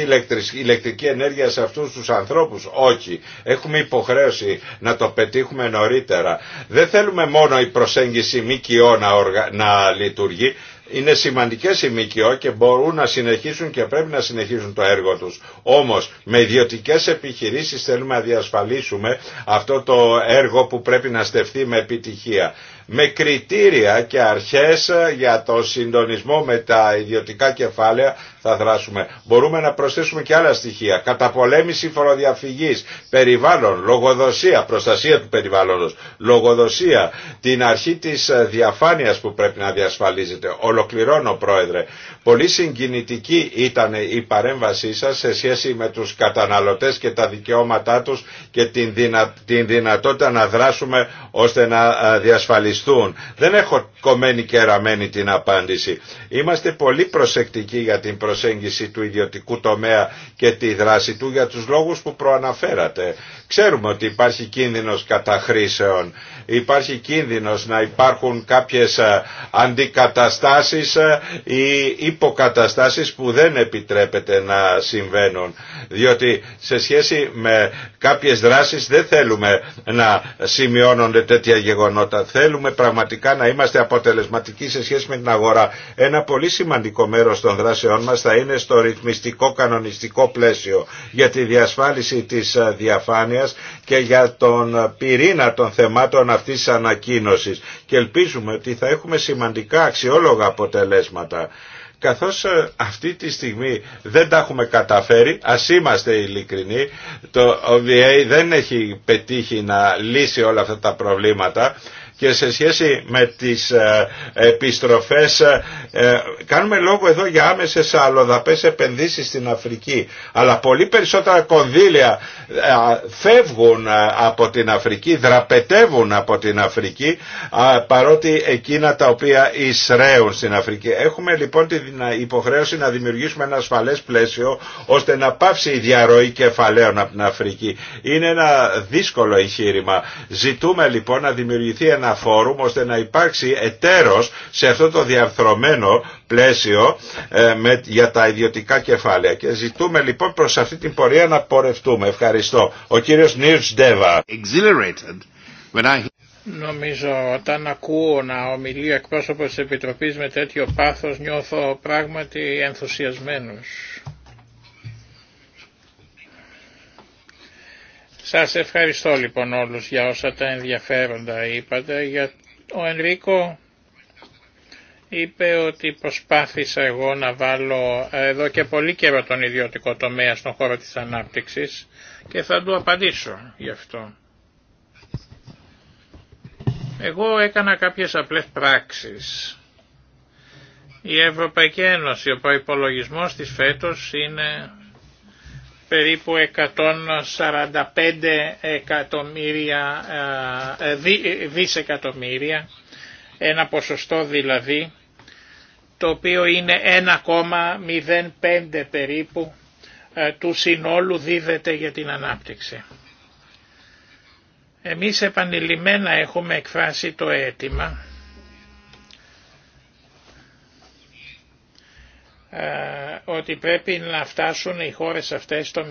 ηλεκτρική ενέργεια σε αυτούς τους ανθρώπους. Όχι, έχουμε υποχρέωση να το πετύχουμε νωρίτερα. Δεν θέλουμε μόνο η προσέγγιση ΜΚΟ να, να λειτουργεί, είναι σημαντικές οι ΜΚΟ και μπορούν να συνεχίσουν και πρέπει να συνεχίσουν το έργο τους. Όμως με ιδιωτικέ επιχειρήσεις θέλουμε να διασφαλίσουμε αυτό το έργο που πρέπει να στεφθεί με επιτυχία με κριτήρια και αρχές για το συντονισμό με τα ιδιωτικά κεφάλαια θα δράσουμε. Μπορούμε να προσθέσουμε και άλλα στοιχεία. Καταπολέμηση φοροδιαφυγής, περιβάλλον, λογοδοσία, προστασία του περιβάλλοντος, λογοδοσία, την αρχή της διαφάνειας που πρέπει να διασφαλίζεται. Ολοκληρώνω πρόεδρε. Πολύ συγκινητική ήταν η παρέμβασή σας σε σχέση με τους καταναλωτές και τα δικαιώματά τους και την, την δυνατότητα να δράσουμε ώστε να διασφαλιστούν. Δεν έχω κομμένη και ραμμένη την απάντηση. Είμαστε πολύ προσεκτικοί για την προσέγγιση του ιδιωτικού τομέα και τη δράση του για τους λόγους που προαναφέρατε. Ξέρουμε ότι υπάρχει κίνδυνος καταχρήσεων, υπάρχει κίνδυνος να υπάρχουν κάποιες αντικαταστάσεις ή υποκαταστάσεις που δεν επιτρέπεται να συμβαίνουν. Διότι σε σχέση με κάποιες δράσεις δεν θέλουμε να σημειώνονται τέτοια γεγονότα. Θέλουμε πραγματικά να είμαστε αποτελεσματικοί σε σχέση με την αγορά. Ένα πολύ σημαντικό μέρος των δράσεών μας θα είναι στο ρυθμιστικό κανονιστικό πλαίσιο για τη διασφάλιση της διαφάνειας και για τον πυρήνα των θεμάτων αυτής της ανακοίνωσης. Και ελπίζουμε ότι θα έχουμε σημαντικά αξιόλογα αποτελέσματα καθώς ε, αυτή τη στιγμή δεν τα έχουμε καταφέρει, ας είμαστε ειλικρινοί, το OVA δεν έχει πετύχει να λύσει όλα αυτά τα προβλήματα και σε σχέση με τις ε, επιστροφές ε, ε, κάνουμε λόγο εδώ για άμεσες αλλοδαπές επενδύσεις στην Αφρική αλλά πολύ περισσότερα κονδύλια φεύγουν από την Αφρική, δραπετεύουν από την Αφρική παρότι εκείνα τα οποία εισραίουν στην Αφρική. Έχουμε λοιπόν την υποχρέωση να δημιουργήσουμε ένα ασφαλές πλαίσιο ώστε να πάψει η διαρροή κεφαλαίων από την Αφρική. Είναι ένα δύσκολο εγχείρημα. Ζητούμε λοιπόν να δημιουργηθεί ένα ώστε να υπάρξει εταίρος σε αυτό το διαρθρωμένο πλαίσιο ε, με, για τα ιδιωτικά κεφάλαια. Και ζητούμε λοιπόν προς αυτή την πορεία να πορευτούμε. Ευχαριστώ. Ο κύριος Νίρτς Ντέβα. Νομίζω όταν ακούω να ομιλεί εκπρόσωπος της Επιτροπής με τέτοιο πάθος νιώθω πράγματι ενθουσιασμένος. Σας ευχαριστώ λοιπόν όλους για όσα τα ενδιαφέροντα είπατε. Για... Ο Ενρίκο είπε ότι προσπάθησα εγώ να βάλω ε, εδώ και πολύ καιρό τον ιδιωτικό τομέα στον χώρο της ανάπτυξης και θα του απαντήσω γι' αυτό. Εγώ έκανα κάποιες απλές πράξεις. Η Ευρωπαϊκή Ένωση, ο προϋπολογισμός της φέτος είναι περίπου 145 εκατομμύρια, ε, δισεκατομμύρια, ένα ποσοστό δηλαδή, το οποίο είναι 1,05 περίπου ε, του συνόλου δίδεται για την ανάπτυξη. Εμείς επανειλημμένα έχουμε εκφράσει το αίτημα Ε, ότι πρέπει να φτάσουν οι χώρες αυτές το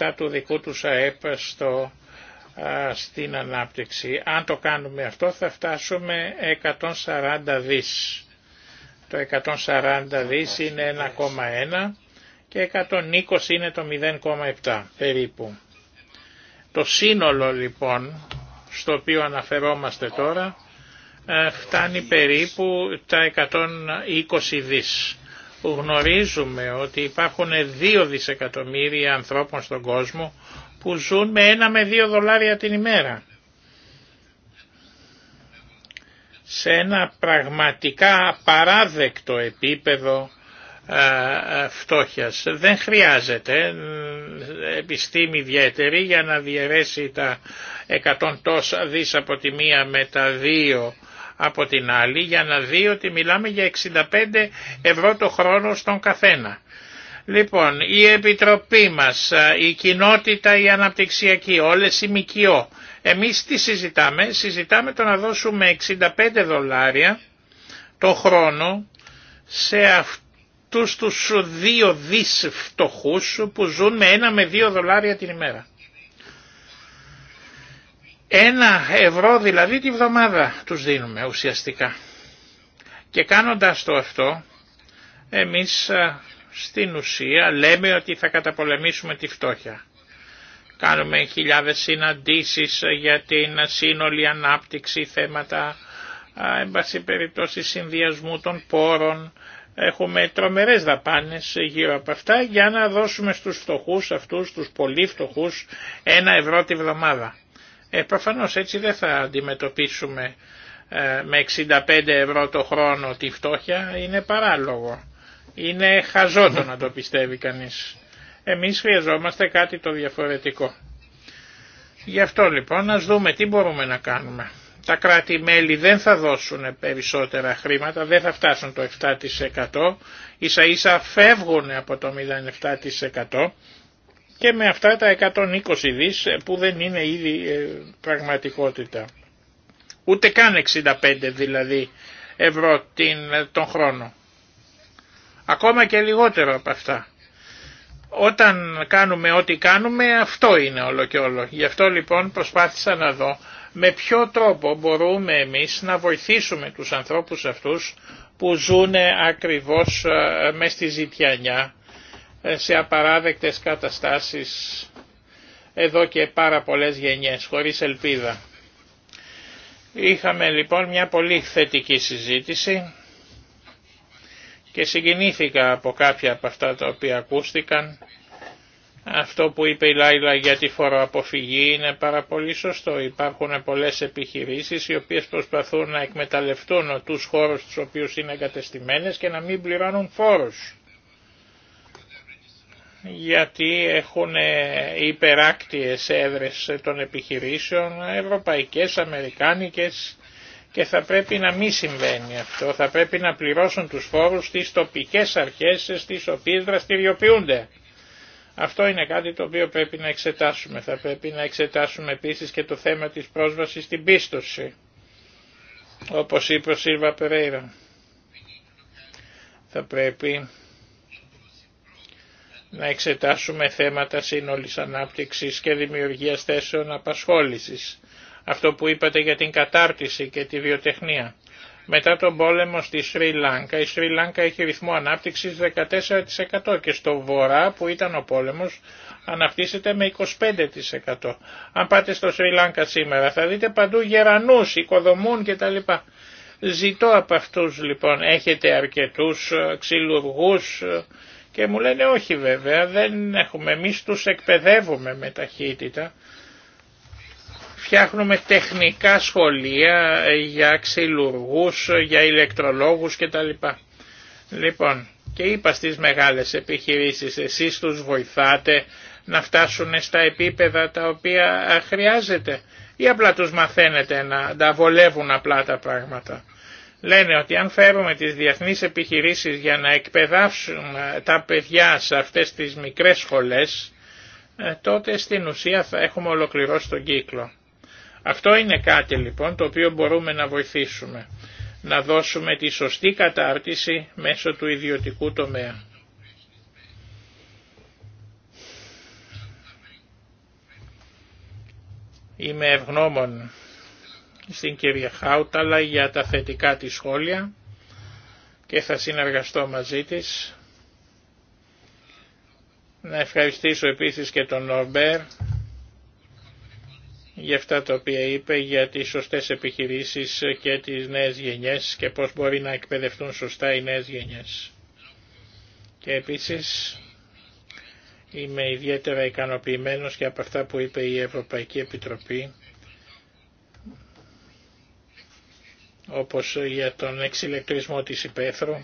0,7 του δικού του ΑΕΠ στο, ε, στην ανάπτυξη. Αν το κάνουμε αυτό θα φτάσουμε 140 δις. Το 140 δις είναι 1,1 και 120 είναι το 0,7 περίπου. Το σύνολο λοιπόν στο οποίο αναφερόμαστε τώρα ε, φτάνει περίπου τα 120 δις γνωρίζουμε ότι υπάρχουν δύο δισεκατομμύρια ανθρώπων στον κόσμο που ζουν με ένα με δύο δολάρια την ημέρα. Σε ένα πραγματικά παράδεκτο επίπεδο φτώχειας. Δεν χρειάζεται ε, επιστήμη ιδιαίτερη για να διαιρέσει τα 100 τόσα δις από τη μία με τα δύο από την άλλη για να δει ότι μιλάμε για 65 ευρώ το χρόνο στον καθένα. Λοιπόν, η Επιτροπή μας, η κοινότητα, η αναπτυξιακή, όλες οι ΜΚΟ, εμείς τι συζητάμε, συζητάμε το να δώσουμε 65 δολάρια το χρόνο σε αυτούς τους δύο δις φτωχούς που ζουν με ένα με δύο δολάρια την ημέρα. Ένα ευρώ δηλαδή τη βδομάδα τους δίνουμε ουσιαστικά. Και κάνοντας το αυτό, εμείς στην ουσία λέμε ότι θα καταπολεμήσουμε τη φτώχεια. Κάνουμε χιλιάδες συναντήσεις ε, για την σύνολη ανάπτυξη, θέματα εν πάση περιπτώσει συνδυασμού των πόρων. Έχουμε τρομερές δαπάνες γύρω από αυτά για να δώσουμε στους φτωχούς αυτούς, τους πολύ φτωχούς, ένα ευρώ τη βδομάδα. Ε, έτσι δεν θα αντιμετωπίσουμε ε, με 65 ευρώ το χρόνο τη φτώχεια, είναι παράλογο. Είναι χαζότο να το πιστεύει κανείς. Εμείς χρειαζόμαστε κάτι το διαφορετικό. Γι' αυτό λοιπόν ας δούμε τι μπορούμε να κάνουμε. Τα κράτη-μέλη δεν θα δώσουν περισσότερα χρήματα, δεν θα φτάσουν το 7%, ίσα ίσα φεύγουν από το 0,7% και με αυτά τα 120 δις ε, που δεν είναι ήδη ε, πραγματικότητα. Ούτε καν 65 δηλαδή ευρώ ε, τον χρόνο. Ακόμα και λιγότερο από αυτά. Όταν κάνουμε ό,τι κάνουμε αυτό είναι όλο και όλο. Γι' αυτό λοιπόν προσπάθησα να δω με ποιο τρόπο μπορούμε εμείς να βοηθήσουμε τους ανθρώπους αυτούς που ζουν ακριβώς με στη ζητιανιά ε, σε απαράδεκτες καταστάσεις εδώ και πάρα πολλές γενιές, χωρίς ελπίδα. Είχαμε λοιπόν μια πολύ θετική συζήτηση και συγκινήθηκα από κάποια από αυτά τα οποία ακούστηκαν. Αυτό που είπε η Λάιλα για τη φοροαποφυγή είναι πάρα πολύ σωστό. Υπάρχουν πολλές επιχειρήσεις οι οποίες προσπαθούν να εκμεταλλευτούν τους χώρους τους οποίους είναι εγκατεστημένες και να μην πληρώνουν φόρους γιατί έχουν ε, υπεράκτιες έδρες των επιχειρήσεων ευρωπαϊκές, αμερικάνικες και θα πρέπει να μην συμβαίνει αυτό. Θα πρέπει να πληρώσουν τους φόρους στις τοπικές αρχές στις οποίες δραστηριοποιούνται. Αυτό είναι κάτι το οποίο πρέπει να εξετάσουμε. Θα πρέπει να εξετάσουμε επίσης και το θέμα της πρόσβασης στην πίστοση, όπως είπε ο Σίλβα Περέιρα. Θα πρέπει να εξετάσουμε θέματα σύνολης ανάπτυξης και δημιουργίας θέσεων απασχόλησης. Αυτό που είπατε για την κατάρτιση και τη βιοτεχνία. Μετά τον πόλεμο στη Σρι Λάνκα, η Σρι Λάνκα έχει ρυθμό ανάπτυξης 14% και στο βορρά που ήταν ο πόλεμος αναπτύσσεται με 25%. Αν πάτε στο Σρι Λάνκα σήμερα θα δείτε παντού γερανούς, οικοδομούν κτλ. Ζητώ από αυτούς λοιπόν, έχετε αρκετούς ξυλουργούς, και μου λένε όχι βέβαια, δεν έχουμε, εμείς τους εκπαιδεύουμε με ταχύτητα. Φτιάχνουμε τεχνικά σχολεία για ξυλουργούς, για ηλεκτρολόγους κτλ. Λοιπόν, και είπα στις μεγάλες επιχειρήσεις, εσείς τους βοηθάτε να φτάσουν στα επίπεδα τα οποία χρειάζεται ή απλά τους μαθαίνετε να τα βολεύουν απλά τα πράγματα λένε ότι αν φέρουμε τις διεθνείς επιχειρήσεις για να εκπαιδεύσουν ε, τα παιδιά σε αυτές τις μικρές σχολές, ε, τότε στην ουσία θα έχουμε ολοκληρώσει τον κύκλο. Αυτό είναι κάτι λοιπόν το οποίο μπορούμε να βοηθήσουμε. Να δώσουμε τη σωστή κατάρτιση μέσω του ιδιωτικού τομέα. Είμαι ευγνώμων στην κυρία Χάουταλα για τα θετικά της σχόλια και θα συνεργαστώ μαζί της. Να ευχαριστήσω επίσης και τον Νορμπέρ για αυτά τα οποία είπε για τις σωστές επιχειρήσεις και τις νέες γενιές και πώς μπορεί να εκπαιδευτούν σωστά οι νέες γενιές. Και επίσης είμαι ιδιαίτερα ικανοποιημένος και από αυτά που είπε η Ευρωπαϊκή Επιτροπή όπως για τον εξηλεκτρισμό της Υπέθρου.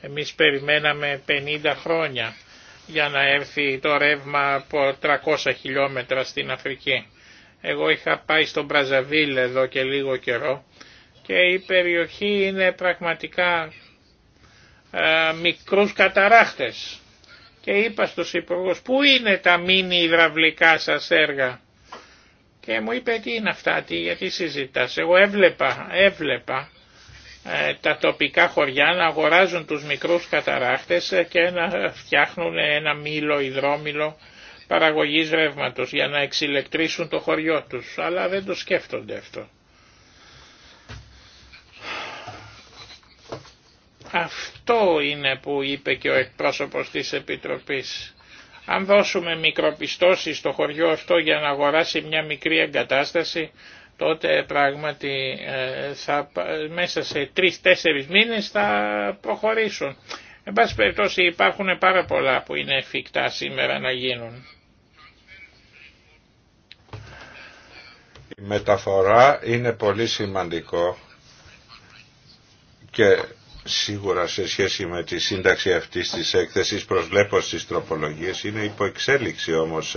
Εμείς περιμέναμε 50 χρόνια για να έρθει το ρεύμα από 300 χιλιόμετρα στην Αφρική. Εγώ είχα πάει στον Μπραζαβίλ εδώ και λίγο καιρό και η περιοχή είναι πραγματικά μικρούς καταράχτες. Και είπα στους υπουργούς, πού είναι τα μήνυ υδραυλικά σας έργα και μου είπε τι είναι αυτά, γιατί συζητάς. Εγώ έβλεπα, έβλεπα ε, τα τοπικά χωριά να αγοράζουν τους μικρούς καταράχτες ε, και να φτιάχνουν ένα μήλο υδρόμηλο παραγωγής ρεύματος για να εξηλεκτρήσουν το χωριό τους, αλλά δεν το σκέφτονται αυτό. Αυτό είναι που είπε και ο εκπρόσωπος της Επιτροπής. Αν δώσουμε μικροπιστώσει στο χωριό αυτό για να αγοράσει μια μικρή εγκατάσταση, τότε πράγματι ε, μέσα σε τρεις-τέσσερις μήνες θα προχωρήσουν. Εν πάση περιπτώσει υπάρχουν πάρα πολλά που είναι εφικτά σήμερα να γίνουν. Η μεταφορά είναι πολύ σημαντικό και σίγουρα σε σχέση με τη σύνταξη αυτής της έκθεσης προσβλέπω στις τροπολογίες είναι υποεξέλιξη όμως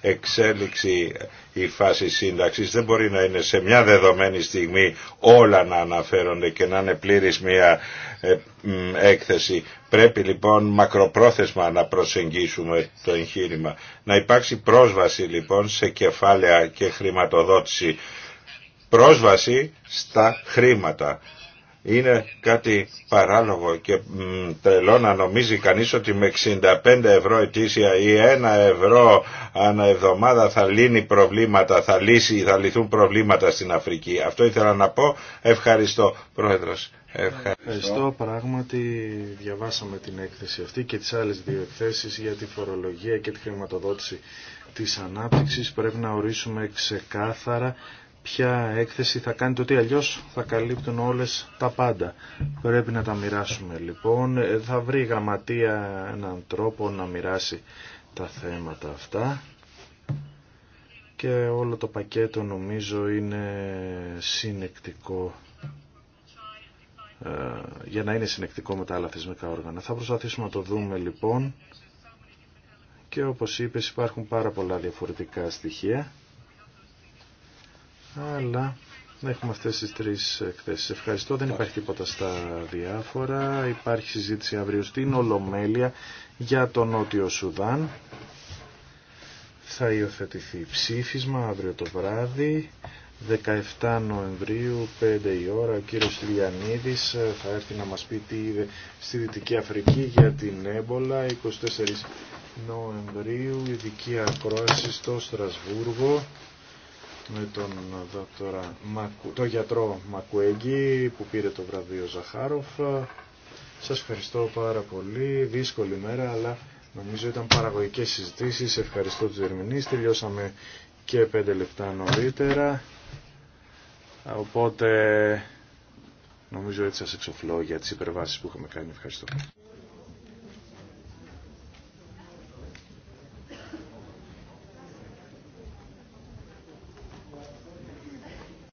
εξέλιξη η φάση σύνταξης δεν μπορεί να είναι σε μια δεδομένη στιγμή όλα να αναφέρονται και να είναι πλήρης μια ε, έκθεση πρέπει λοιπόν μακροπρόθεσμα να προσεγγίσουμε το εγχείρημα να υπάρξει πρόσβαση λοιπόν σε κεφάλαια και χρηματοδότηση πρόσβαση στα χρήματα είναι κάτι παράλογο και τρελό να νομίζει κανείς ότι με 65 ευρώ ετήσια ή 1 ευρώ ανά εβδομάδα θα λύνει προβλήματα, θα λύσει, θα λυθούν προβλήματα στην Αφρική. Αυτό ήθελα να πω. Ευχαριστώ Πρόεδρος. Ευχαριστώ. Ευχαριστώ. Πράγματι διαβάσαμε την έκθεση αυτή και τις άλλες δύο εκθέσεις για τη φορολογία και τη χρηματοδότηση της ανάπτυξης. Πρέπει να ορίσουμε ξεκάθαρα ποια έκθεση θα κάνει το τι αλλιώς θα καλύπτουν όλες τα πάντα. Πρέπει να τα μοιράσουμε λοιπόν. Ε, θα βρει η γραμματεία έναν τρόπο να μοιράσει τα θέματα αυτά και όλο το πακέτο νομίζω είναι συνεκτικό ε, για να είναι συνεκτικό με τα άλλα θεσμικά όργανα. Θα προσπαθήσουμε να το δούμε λοιπόν και όπως είπες υπάρχουν πάρα πολλά διαφορετικά στοιχεία αλλά έχουμε αυτές τις τρεις εκθέσεις. Ευχαριστώ. Δεν υπάρχει τίποτα στα διάφορα. Υπάρχει συζήτηση αύριο στην Ολομέλεια για το Νότιο Σουδάν. Θα υιοθετηθεί ψήφισμα αύριο το βράδυ. 17 Νοεμβρίου, 5 η ώρα, ο κύριος Λιανίδης θα έρθει να μας πει τι είδε στη Δυτική Αφρική για την έμπολα. 24 Νοεμβρίου, ειδική ακρόαση στο Στρασβούργο με τον ε, δόκτωρα Μακου, το γιατρό Μακουέγγι που πήρε το βραβείο Ζαχάροφ. Σας ευχαριστώ πάρα πολύ. Δύσκολη μέρα, αλλά νομίζω ήταν παραγωγικές συζητήσεις. Ευχαριστώ τους ερμηνείς. Τελειώσαμε και πέντε λεπτά νωρίτερα. Οπότε νομίζω έτσι σας εξοφλώ για τις υπερβάσεις που είχαμε κάνει. Ευχαριστώ.